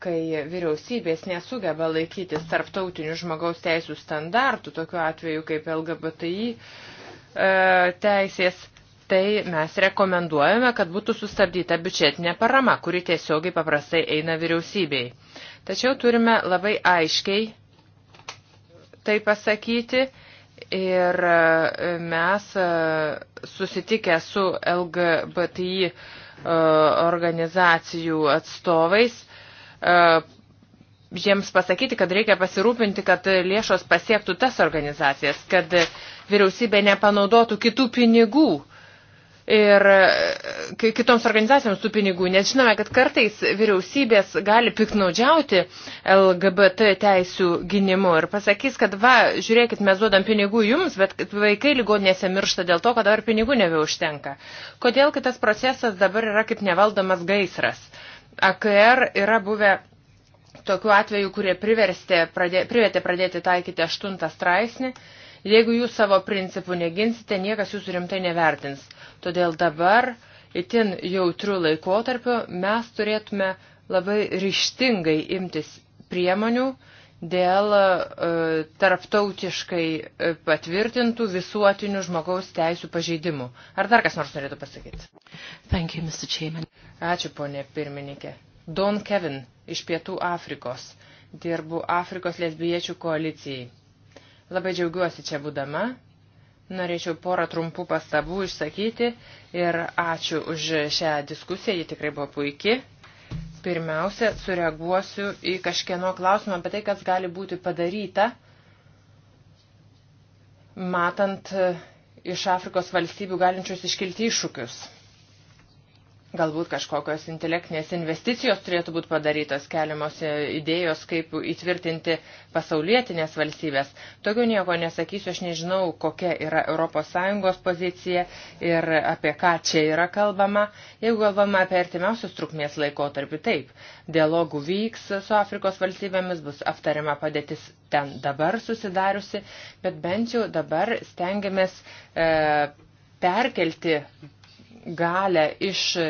kai vyriausybės nesugeba laikytis tarptautinių žmogaus teisų standartų, tokiu atveju kaip LGBTI e, teisės, tai mes rekomenduojame, kad būtų sustabdyta biudžetinė parama, kuri tiesiogiai paprastai eina vyriausybei. Tačiau turime labai aiškiai tai pasakyti Ir e, mes e, susitikę su LGBTI e, organizacijų atstovais jiems pasakyti, kad reikia pasirūpinti, kad lėšos pasiektų tas organizacijas, kad vyriausybė nepanaudotų kitų pinigų ir e, kitoms organizacijoms tų pinigų, nes žinome, kad kartais vyriausybės gali piknaudžiauti LGBT teisių gynimu ir pasakys, kad va, žiūrėkit, mes duodam pinigų jums, bet vaikai ligonėse miršta dėl to, kad dabar pinigų nebeužtenka. Kodėl kitas procesas dabar yra kaip nevaldomas gaisras? AKR yra buvę tokių atvejų, kurie priverstė, pradė, privertė pradėti taikyti aštuntą straipsnį. Jeigu jūs savo principų neginsite, niekas jūsų rimtai nevertins. Todėl dabar, itin jautrių laikotarpių, mes turėtume labai ryštingai imtis priemonių dėl e, tarptautiškai e, patvirtintų visuotinių žmogaus teisų pažeidimų. Ar dar kas nors norėtų pasakyti? Thank you, Mr. Chairman. Ačiū, ponė pirmininkė. Don Kevin iš Pietų Afrikos. Dirbu Afrikos lesbiečių koalicijai. Labai džiaugiuosi čia būdama Norėčiau porą trumpų pastabų išsakyti ir ačiū už šią diskusiją, ji tikrai buvo puikiai. Pirmiausia, sureaguosiu į kažkieno klausimą apie tai, kas gali būti padaryta, matant iš Afrikos valstybių galinčius iškilti iššūkius. Galbūt kažkokios intelektinės investicijos turėtų būti padarytos keliamos e, idėjos, kaip įtvirtinti pasaulietinės valstybės. Tokiu nieko nesakysiu, aš nežinau, kokia yra ES pozicija ir apie ką čia yra kalbama. Jeigu kalbama apie artimiausius trukmės laikotarpį, taip, dialogų vyks su Afrikos valstybėmis, bus aptariama padėtis ten dabar susidariusi, bet bent jau dabar stengiamės. E, perkelti galę iš e,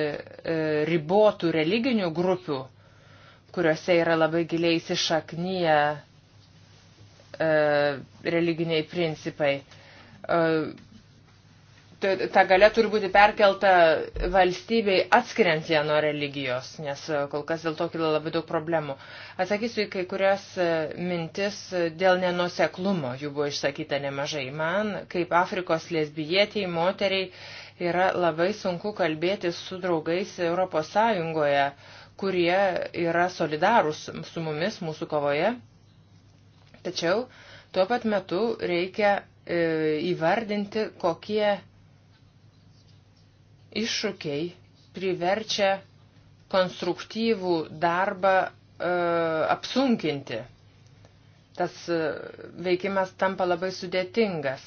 ribotų religinių grupių, kuriuose yra labai giliai įsišaknyje religiniai principai. E, ta galia turi būti perkelta valstybei atskiriant ją nuo religijos, nes e, kol kas dėl to kila labai daug problemų. Atsakysiu į kai kurias mintis dėl nenuseklumo, jų buvo išsakyta nemažai. Man, kaip Afrikos lesbijėtėjai, moteriai, Yra labai sunku kalbėtis su draugais Europos Sąjungoje, kurie yra solidarūs su mumis mūsų kovoje. Tačiau tuo pat metu reikia e, įvardinti, kokie iššūkiai priverčia konstruktyvų darbą e, apsunkinti tas e, veikimas tampa labai sudėtingas.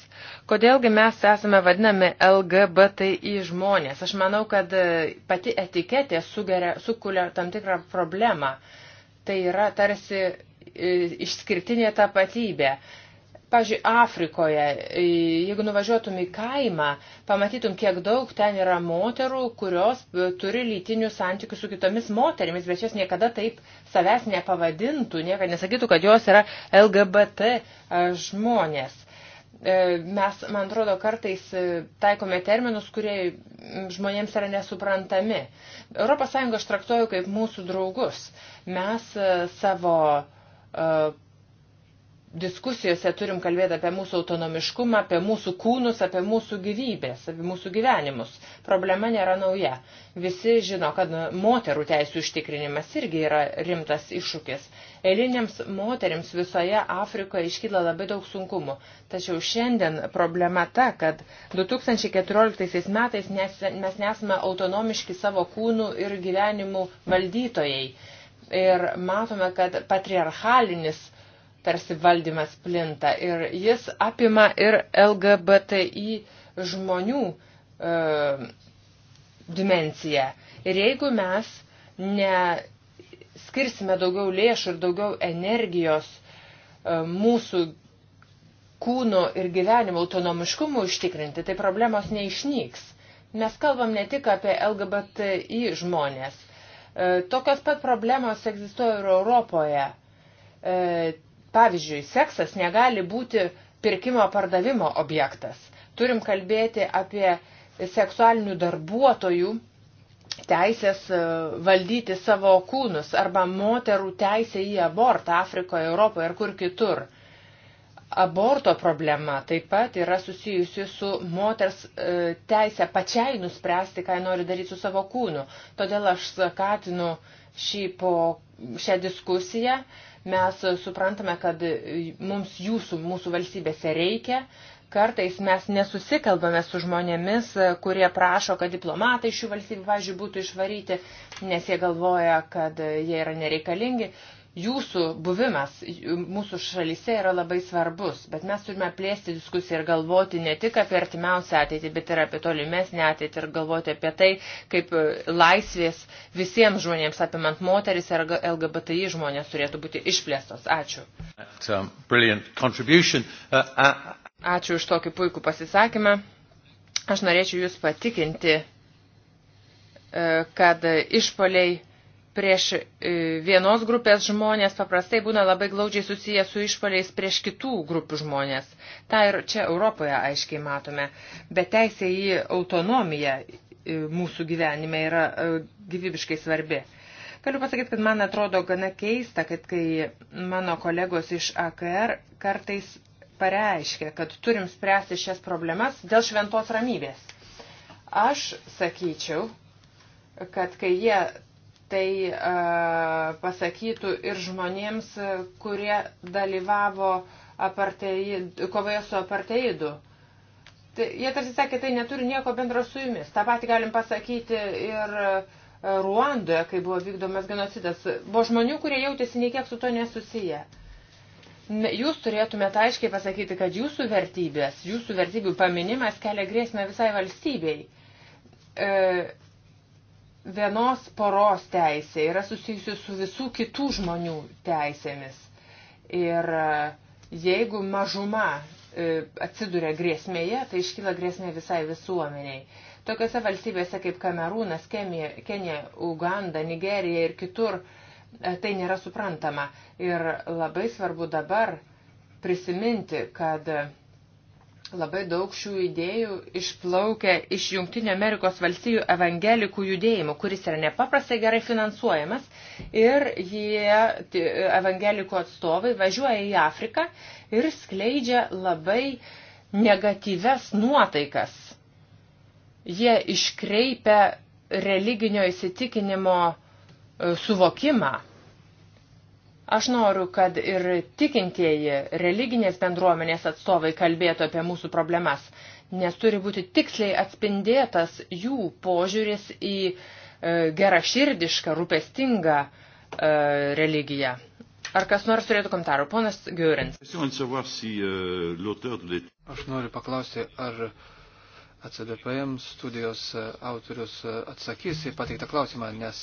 Kodėlgi mes esame vadinami LGBTI žmonės? Aš manau, kad e, pati etiketė sugeria, sukulia tam tikrą problemą. Tai yra tarsi e, išskirtinė tapatybė. Pavyzdžiui, Afrikoje, jeigu nuvažiuotum į kaimą, pamatytum, kiek daug ten yra moterų, kurios e, turi lytinių santykių su kitomis moterimis, bet jos niekada taip savęs nepavadintų, niekada nesakytų, kad jos yra LGBT e, žmonės. E, mes, man atrodo, kartais taikome terminus, kurie žmonėms yra nesuprantami. ES aš traktuoju kaip mūsų draugus. Mes savo diskusijose turim kalbėti apie mūsų autonomiškumą, apie mūsų kūnus, apie mūsų gyvybės, apie mūsų gyvenimus. Problema nėra nauja. Visi žino, kad moterų teisų užtikrinimas irgi yra rimtas iššūkis. Eiliniams moteriams visoje Afrikoje iškyla labai daug sunkumų. Tačiau šiandien problema ta, kad 2014 metais mes nesame autonomiški savo kūnų ir gyvenimų valdytojai. Ir matome, kad patriarchalinis tarsi valdymas plinta ir jis apima ir LGBTI žmonių e, dimenciją. Ir jeigu mes neskirsime daugiau lėšų ir daugiau energijos e, mūsų kūno ir gyvenimo autonomiškumų užtikrinti, tai problemos neišnyks. Mes kalbam ne tik apie LGBTI žmonės. E, tokios pat problemos egzistuoja ir Europoje. E, Pavyzdžiui, seksas negali būti pirkimo pardavimo objektas. Turim kalbėti apie seksualinių darbuotojų teisės e, valdyti savo kūnus arba moterų teisę į abortą Afrikoje, Europoje ir kur kitur. Aborto problema taip pat yra susijusi su moters e, teisė pačiai nuspręsti, ką nori daryti su savo kūnu. Todėl aš skatinu šį po šią diskusiją Mes suprantame, kad mums jūsų, mūsų valstybėse reikia. Kartais mes nesusikalbame su žmonėmis, kurie prašo, kad diplomatai šių valstybių, pavyzdžiui, būtų išvaryti, nes jie galvoja, kad jie yra nereikalingi jūsų buvimas mūsų šalyse yra labai svarbus, bet mes turime plėsti diskusiją ir galvoti ne tik apie artimiausią ateitį, bet ir apie tolimesnį ateitį ir galvoti apie tai, kaip e, laisvės visiems žmonėms, apimant moteris ir LGBTI žmonės, turėtų būti išplėstos. Ačiū. Um, uh, uh, Ačiū už tokį puikų pasisakymą. Aš norėčiau Jūs patikinti, e, kad išpoliai prieš e, vienos grupės žmonės paprastai būna labai glaudžiai susiję su išpaliais prieš kitų grupių žmonės. Ta ir čia Europoje aiškiai matome. Bet teisė į autonomiją e, mūsų gyvenime yra e, gyvybiškai svarbi. Galiu pasakyti, kad man atrodo gana keista, kad kai mano kolegos iš AKR kartais pareiškia, kad turim spręsti šias problemas dėl šventos ramybės. Aš sakyčiau, kad kai jie tai e, pasakytų ir žmonėms, kurie dalyvavo aparteid, kovoje su aparteidu. Tai, jie tarsi sakė, tai neturi nieko bendro su jumis. Ta pati galim pasakyti ir e, Ruandoje, kai buvo vykdomas genocidas. Buvo žmonių, kurie jautėsi niekiek su to nesusiję. Jūs turėtumėte aiškiai pasakyti, kad jūsų vertybės, jūsų vertybių paminimas kelia grėsmę visai valstybei. E, vienos poros teisė yra susijusi su visų kitų žmonių teisėmis. Ir e, jeigu mažuma e, atsiduria grėsmėje, tai iškyla grėsmė visai visuomeniai. Tokiose valstybėse kaip Kamerūnas, Kenija, Uganda, Nigerija ir kitur e, tai nėra suprantama. Ir labai svarbu dabar prisiminti, kad Labai daug šių idėjų išplaukia iš Junktinio Amerikos valstijų evangelikų judėjimų, kuris yra nepaprastai gerai finansuojamas ir jie, evangelikų atstovai, važiuoja į Afriką ir skleidžia labai negatyves nuotaikas. Jie iškreipia religinio įsitikinimo e, suvokimą. Aš noriu, kad ir tikintieji religinės bendruomenės atstovai kalbėtų apie mūsų problemas, nes turi būti tiksliai atspindėtas jų požiūris į e, geraširdišką, rūpestingą e, religiją. Ar kas nors turėtų komentarų? Ponas Giurins. E, aš noriu paklausti, ar ACDPM studijos e, autorius e, atsakys į pateiktą klausimą, nes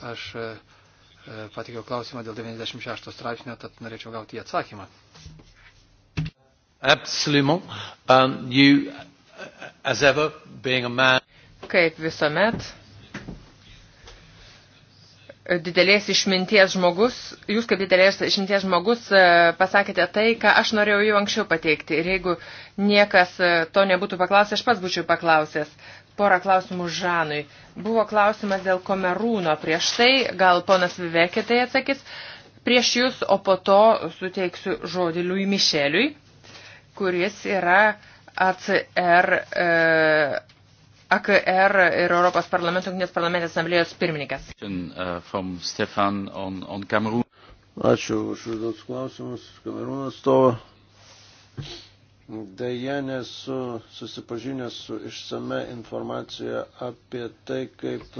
aš. E, E, patikiau klausimą dėl 96 straipsnio, tad norėčiau gauti į atsakymą. Absolument. Um, you, as ever, being a man... Kaip visuomet, didelės išminties žmogus, jūs kaip didelės išminties žmogus e, pasakėte tai, ką aš norėjau jau anksčiau pateikti. Ir jeigu niekas e, to nebūtų paklausęs, aš pats būčiau paklausęs. Porą klausimų Žanui. Buvo klausimas dėl Komerūno prieš tai, gal ponas Vivekė tai atsakys. Prieš jūs, o po to suteiksiu žodį Liui Mišeliui, kuris yra ACR, e, AKR ir Europos parlamento, Junktinės parlamentės asamblėjos pirmininkas. E, Ačiū už užduotus klausimus, Kamerūno atstovą. Deja nesu susipažinęs su išsame informacija apie tai, kaip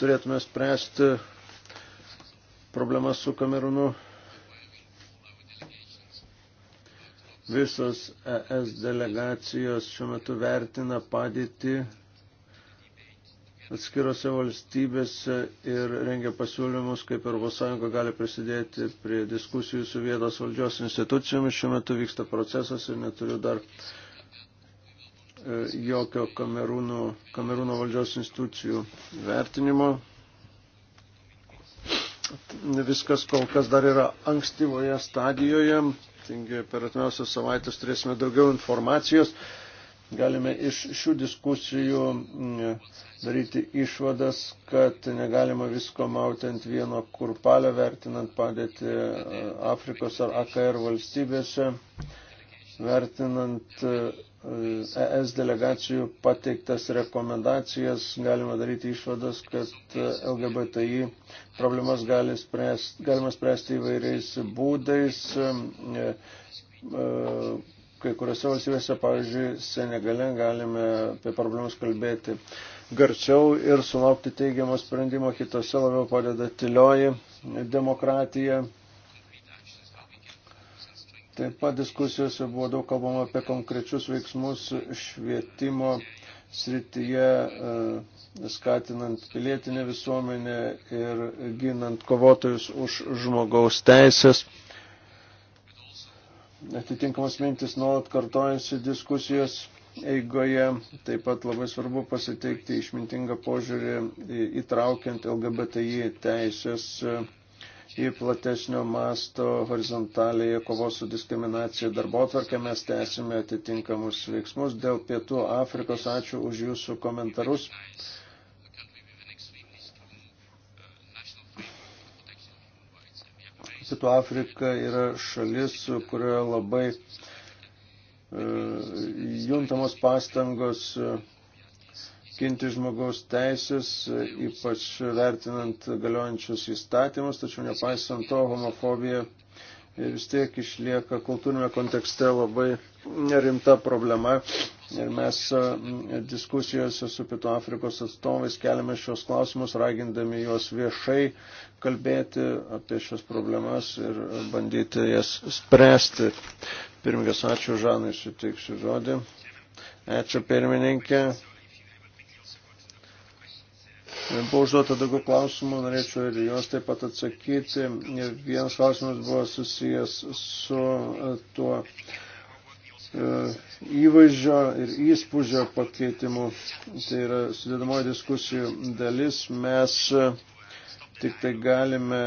turėtume spręsti problemas su Kamerunu. Visos ES delegacijos šiuo metu vertina padėtį atskirose valstybėse ir rengia pasiūlymus, kaip ES gali prisidėti prie diskusijų su vietos valdžios institucijomis. Šiuo metu vyksta procesas ir neturiu dar e, jokio kamerūno, kamerūno valdžios institucijų vertinimo. Viskas kol kas dar yra ankstyvoje stadijoje, taigi per atmiausias savaitės turėsime daugiau informacijos. Galime iš šių diskusijų mm, daryti išvadas, kad negalima visko mauti ant vieno kurpalio, vertinant padėti e, Afrikos ar AKR valstybėse, vertinant ES e delegacijų pateiktas rekomendacijas, galima daryti išvadas, kad e, LGBTI problemas gali spręsti, galima spręsti įvairiais būdais kai kuriuose valstybėse, pavyzdžiui, Senegale galime apie problemus kalbėti garčiau ir sulaukti teigiamo sprendimo, kitose labiau padeda tylioji demokratija. Taip pat diskusijose buvo daug kalbama apie konkrečius veiksmus švietimo srityje, e, skatinant pilietinę visuomenę ir ginant kovotojus už žmogaus teisės atitinkamas mintis nuolat kartojasi diskusijos eigoje. Taip pat labai svarbu pasiteikti išmintingą požiūrį įtraukiant LGBTI teisės e, į platesnio masto horizontalėje kovos su diskriminacija darbo atvarkę. Mes tęsime atitinkamus veiksmus. Dėl Pietų Afrikos ačiū už jūsų komentarus. Pietų Afrika yra šalis, kurioje labai e, juntamos pastangos e, ginti žmogaus teisės, e, ypač vertinant galiojančius įstatymus, tačiau nepaisant to homofobija ir vis tiek išlieka kultūrinėme kontekste labai rimta problema. Ir mes diskusijose su Pietų Afrikos atstovais keliame šios klausimus, ragindami juos viešai kalbėti apie šios problemas ir bandyti jas spręsti. Pirmininkas, ačiū Žanai, suteiksiu žodį. Ačiū pirmininkė. Buvo užduota daugiau klausimų, norėčiau ir juos taip pat atsakyti. Vienas klausimas buvo susijęs su e, tuo e, įvaizdžio ir įspūdžio pakeitimu. Tai yra sudėdamoji diskusijų dalis. Mes e, tik tai galime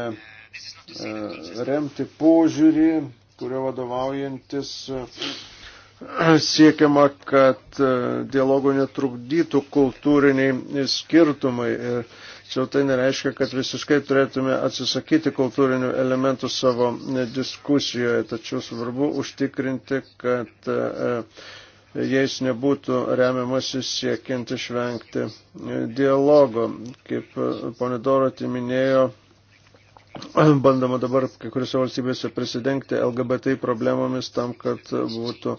remti požiūrį, kurio vadovaujantis siekiama, kad e, dialogų netrukdytų kultūriniai skirtumai. Ir čia tai nereiškia, kad visiškai turėtume atsisakyti kultūrinių elementų savo e, diskusijoje, tačiau svarbu užtikrinti, kad e, jais nebūtų remiamasi siekiant išvengti dialogo. Kaip ponidoro tai minėjo, bandoma dabar kai kuriuose valstybėse prisidengti LGBT problemomis tam, kad būtų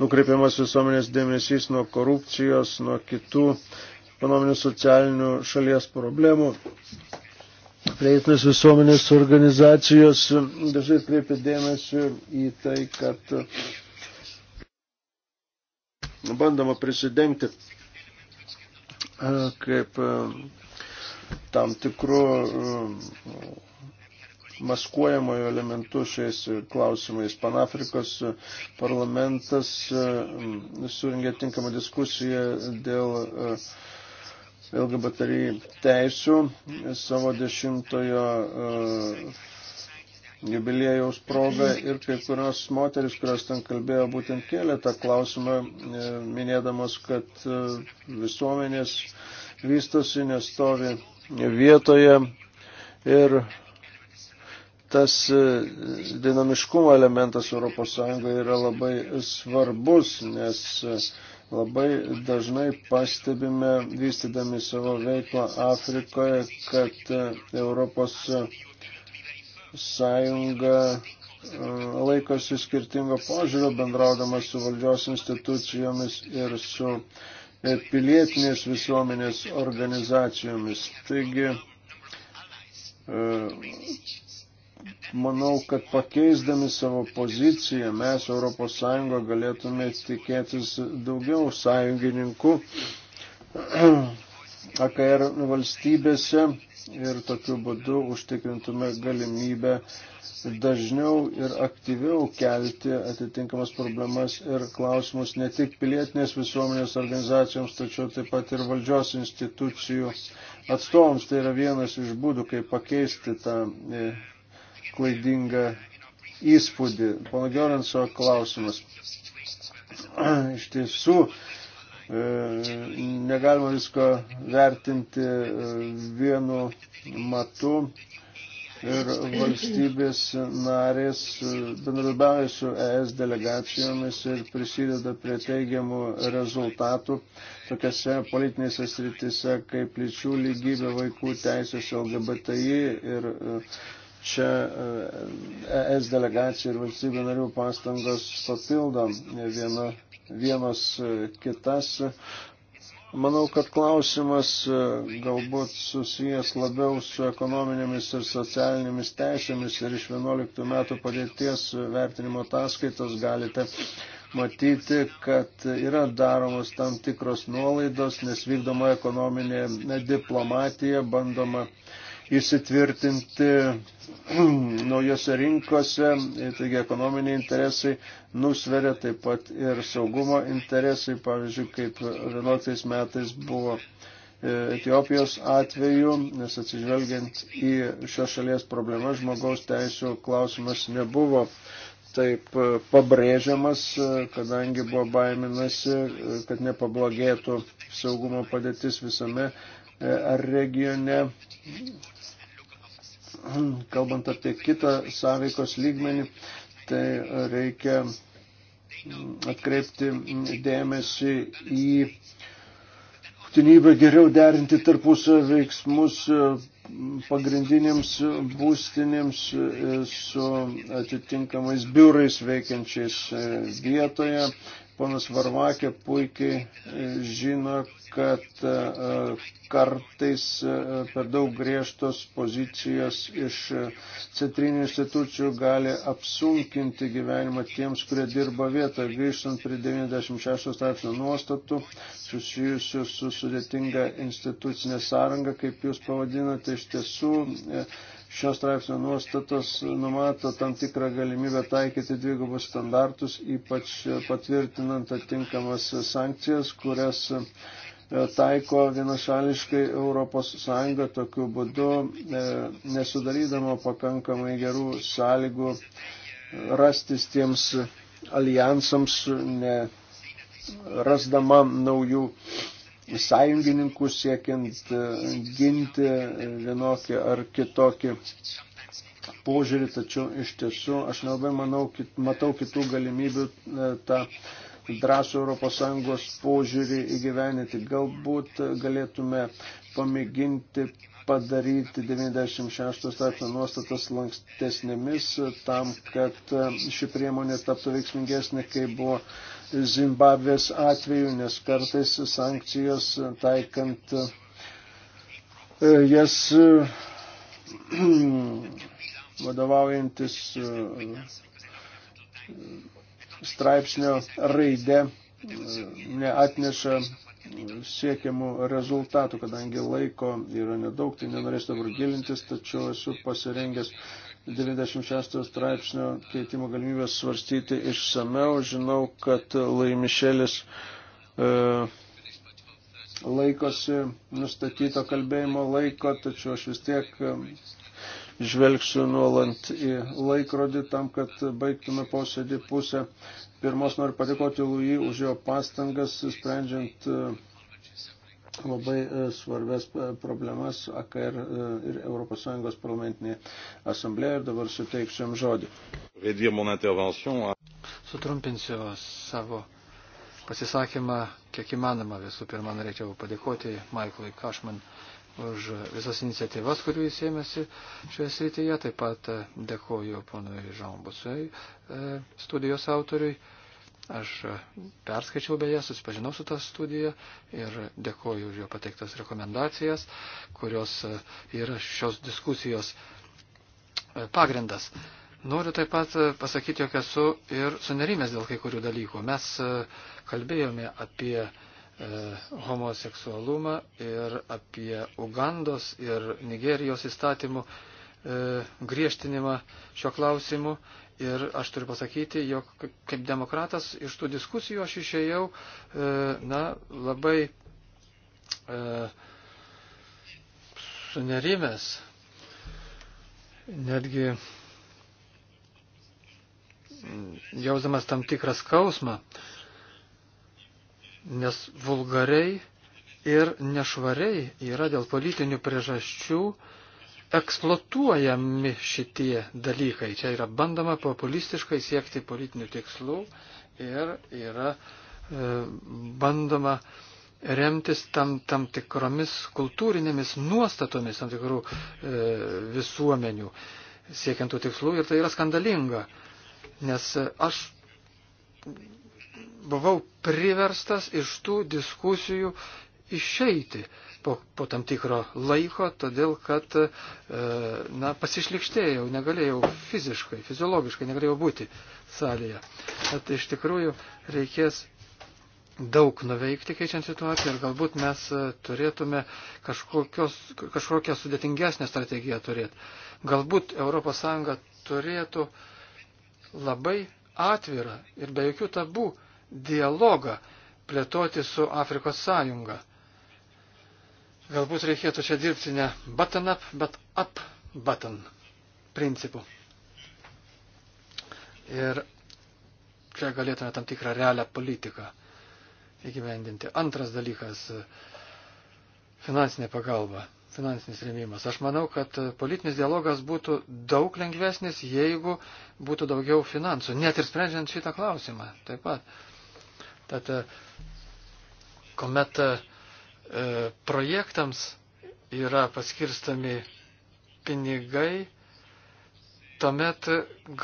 nukreipiamas visuomenės dėmesys nuo korupcijos, nuo kitų ekonominių socialinių šalies problemų. Prieitinės visuomenės organizacijos dažnai kreipia dėmesį į tai, kad bandoma prisidengti e, kaip e, tam tikrų e, maskuojamojo elementu šiais klausimais. Panafrikos parlamentas e, suringė tinkamą diskusiją dėl e, LGBTI teisų savo dešimtojo e, jubiliejaus proga ir kai kurios moteris, kurios ten kalbėjo, būtent kėlė tą klausimą, minėdamas, kad visuomenės vystosi, nestovi vietoje ir tas e, dinamiškumo elementas ES yra labai svarbus, nes e, labai dažnai pastebime, vystydami savo veiklą Afrikoje, kad ES e, laikosi skirtingo požiūrio bendraudama su valdžios institucijomis ir su pilietinės visuomenės organizacijomis. Taigi, manau, kad pakeisdami savo poziciją mes ES galėtume tikėtis daugiau sąjungininkų AKR (clears throat) valstybėse ir tokiu būdu užtikrintume galimybę dažniau ir aktyviau kelti atitinkamas problemas ir klausimus ne tik pilietinės visuomenės organizacijoms, tačiau taip pat ir valdžios institucijų atstovams. Tai yra vienas iš būdų, kaip pakeisti tą e, klaidingą įspūdį. Pono Giorenso klausimas. (clears throat) Iš tiesų, e, negalima visko vertinti e, vienu matu ir valstybės narės e, bendradarbiauja su ES delegacijomis ir prisideda prie teigiamų rezultatų tokiose politinėse sritise kaip lyčių lygybė, vaikų teisės, LGBTI ir uh, čia ES e delegacija ir valstybių narių pastangos papildo viena, vienos e, kitas. Manau, kad klausimas e, galbūt susijęs labiau su ekonominėmis ir socialinėmis teisėmis ir iš 11 metų padėties vertinimo ataskaitos galite matyti, kad yra daromos tam tikros nuolaidos, nes vykdoma ekonominė diplomatija, bandoma uh, įsitvirtinti (clears throat) naujose rinkose, taigi ekonominiai interesai nusveria taip pat ir saugumo interesai, pavyzdžiui, kaip 11 metais buvo e, Etijopijos atveju, nes atsižvelgiant į šios šalies problemas žmogaus teisų klausimas nebuvo taip e, pabrėžiamas, e, kadangi buvo baiminasi, kad nepablogėtų saugumo padėtis visame ar regione kalbant apie kitą sąveikos lygmenį, tai reikia atkreipti dėmesį į būtinybę geriau derinti tarpusą veiksmus pagrindinėms būstinėms su atitinkamais biurais veikiančiais vietoje. Ponas Varvakė puikiai žino, kad e, e, kartais e, per daug griežtos pozicijos iš centrinių institucijų gali apsunkinti gyvenimą tiems, kurie dirba vietą. Grįžtant prie 96 straipsnio nuostatų susijusių su sudėtinga institucinė sąranga, kaip jūs pavadinate, iš tiesų šios straipsnio nuostatos numato tam tikrą galimybę taikyti dvigubus standartus, ypač patvirtinant atitinkamas sankcijas, kurias E, taiko vienašališkai ES tokiu būdu, e, nesudarydama pakankamai gerų sąlygų rastis tiems alijansams, nerasdama naujų sąjungininkų siekiant e, ginti vienokį ar kitokį požiūrį, tačiau iš tiesų aš nelabai manau, kit, matau kitų galimybių tą drąsų ES požiūrį įgyveninti. Galbūt galėtume pamėginti padaryti 96 straipsnio nuostatas lankstesnėmis tam, kad ši priemonė taptų veiksmingesnė, kai buvo Zimbabvės atveju, nes kartais sankcijos taikant e, jas e, (clears throat) vadovaujantis e, straipsnio raidė e, neatneša siekiamų rezultatų, kadangi laiko yra nedaug, tai nenorėsiu dabar gilintis, tačiau esu pasirengęs 96 straipsnio keitimo galimybės svarstyti išsameu. Žinau, kad Laimišėlis e, laikosi nustatyto kalbėjimo laiko, tačiau aš vis tiek žvelgsiu nuolant į laikrodį tam, kad baigtume posėdį pusę. Pirmos noriu padėkoti Lui už jo pastangas, sprendžiant e, labai e, svarbės e, problemas AKR ir ES parlamentinėje asamblėje ir dabar suteiksiu jam žodį. Sutrumpinsiu savo pasisakymą kiek įmanoma. Visų pirma, norėčiau padėkoti Michaelui Kašman už visas iniciatyvas, kurių jis ėmėsi šioje srityje. Taip pat e, dėkoju ponui Žambusui, e, studijos autoriui. Aš e, perskaičiau beje, susipažinau su tą studiją ir dėkoju už jo pateiktas rekomendacijas, kurios yra šios diskusijos pagrindas. Noriu taip pat pasakyti, jog esu ir sunerimęs dėl kai kurių dalykų. Mes kalbėjome apie E, homoseksualumą ir apie Ugandos ir Nigerijos įstatymų e, griežtinimą šio klausimu. Ir aš turiu pasakyti, jog kaip demokratas iš tų diskusijų aš išėjau e, na, labai sunerimęs. Netgi jausdamas tam tikrą skausmą. E, nes vulgariai ir nešvariai yra dėl politinių priežasčių eksploatuojami šitie dalykai. Čia yra bandoma populistiškai siekti politinių tikslų ir yra e, bandoma remtis tam, tam tikromis kultūrinėmis nuostatomis tam tikrų e, visuomenių siekiantų tikslų ir tai yra skandalinga. Nes aš buvau priverstas iš tų diskusijų išeiti po, po tam tikro laiko, todėl kad e, na, pasišlikštėjau, negalėjau fiziškai, fiziologiškai negalėjau būti salėje. Tad iš tikrųjų reikės daug nuveikti keičiant situaciją ir galbūt mes e, turėtume kažkokią sudėtingesnę strategiją turėti. Galbūt ES turėtų labai atvirą ir be jokių tabų dialogą plėtoti su Afrikos sąjunga. Galbūt reikėtų čia dirbti ne button up, bet up button principu. Ir čia galėtume tam tikrą realią politiką įgyvendinti. Antras dalykas - finansinė pagalba, finansinis rėmimas. Aš manau, kad politinis dialogas būtų daug lengvesnis, jeigu būtų daugiau finansų, net ir sprendžiant šitą klausimą. Taip pat. Tad, e, kuomet e, projektams yra paskirstami pinigai, tuomet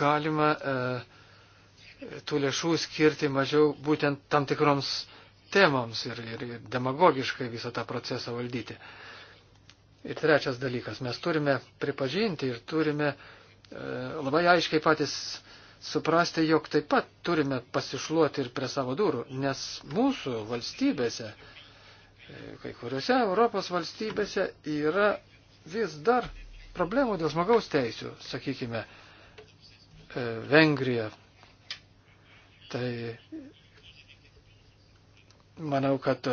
galima e, tų lėšų skirti mažiau būtent tam tikroms temams ir, ir demagogiškai visą tą procesą valdyti. Ir trečias dalykas, mes turime pripažinti ir turime e, labai aiškiai patys suprasti, jog taip pat turime pasišluoti ir prie savo durų, nes mūsų valstybėse, e, kai kuriuose Europos valstybėse yra vis dar problemų dėl žmogaus teisių, sakykime, e, Vengrija. Tai manau, kad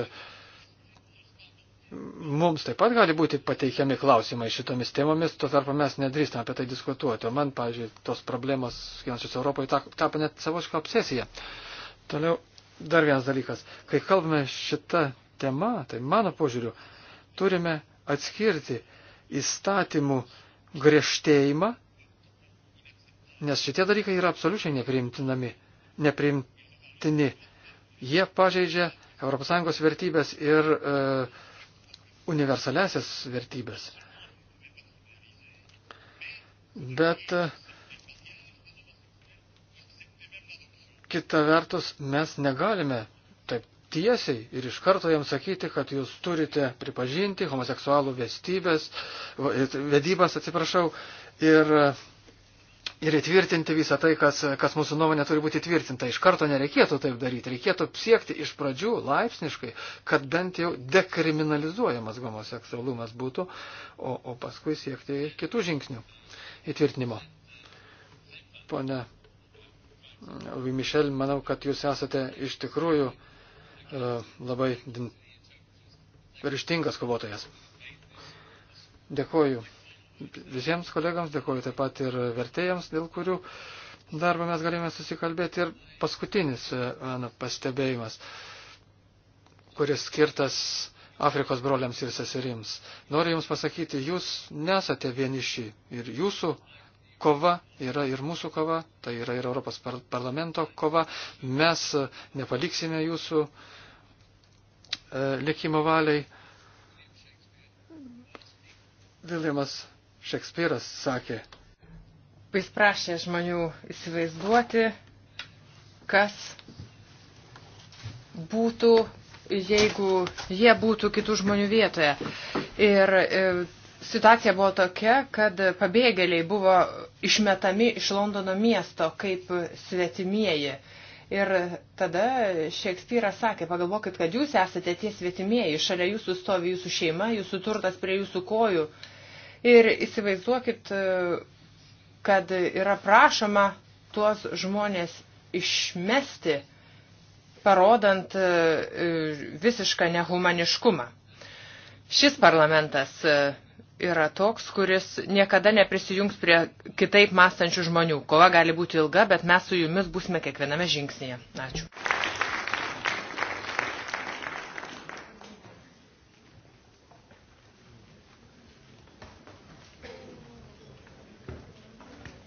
mums taip pat gali būti pateikiami klausimai šitomis temomis, tuo tarpu mes nedrįstame apie tai diskutuoti. O man, pažiūrėjau, tos problemos kilančios Europoje tapo net savošką obsesiją. Toliau dar vienas dalykas. Kai kalbame šitą temą, tai mano požiūriu, turime atskirti įstatymų griežtėjimą, nes šitie dalykai yra absoliučiai nepriimtinami, nepriimtini. Jie pažeidžia ES vertybės ir e, universalesias vertybės. Bet kita vertus mes negalime taip tiesiai ir iš karto jam sakyti, kad jūs turite pripažinti homoseksualų vestybės, vedybas, atsiprašau, ir ir įtvirtinti visą tai, kas, kas mūsų nuomonė turi būti įtvirtinta. Iš karto nereikėtų taip daryti, reikėtų siekti iš pradžių laipsniškai, kad bent jau dekriminalizuojamas homoseksualumas būtų, o, o paskui siekti kitų žingsnių įtvirtinimo. Pone Louis Michel, manau, kad jūs esate iš tikrųjų e, labai ryštingas kovotojas. Dėkoju visiems kolegams, dėkoju taip pat ir vertėjams, dėl kurių darbą mes galėjome susikalbėti. Ir paskutinis e, mano pastebėjimas, kuris skirtas Afrikos broliams ir seserims. Noriu Jums pasakyti, Jūs nesate vieniši ir Jūsų kova yra ir mūsų kova, tai yra ir Europos parlamento kova. Mes e, nepaliksime Jūsų e, likimo valiai. Viljamas Šekspyras sakė. Jis prašė žmonių įsivaizduoti, kas būtų, jeigu jie būtų kitų žmonių vietoje. Ir e, situacija buvo tokia, kad pabėgėliai buvo išmetami iš Londono miesto kaip svetimieji. Ir tada Šekspyras sakė, pagalvokit, kad jūs esate tie svetimieji, šalia jūsų stovi jūsų šeima, jūsų turtas prie jūsų kojų. Ir įsivaizduokit, kad yra prašoma tuos žmonės išmesti, parodant e, visišką nehumaniškumą. Šis parlamentas e, yra toks, kuris niekada neprisijungs prie kitaip mąstančių žmonių. Kova gali būti ilga, bet mes su jumis būsime kiekviename žingsnėje. Ačiū.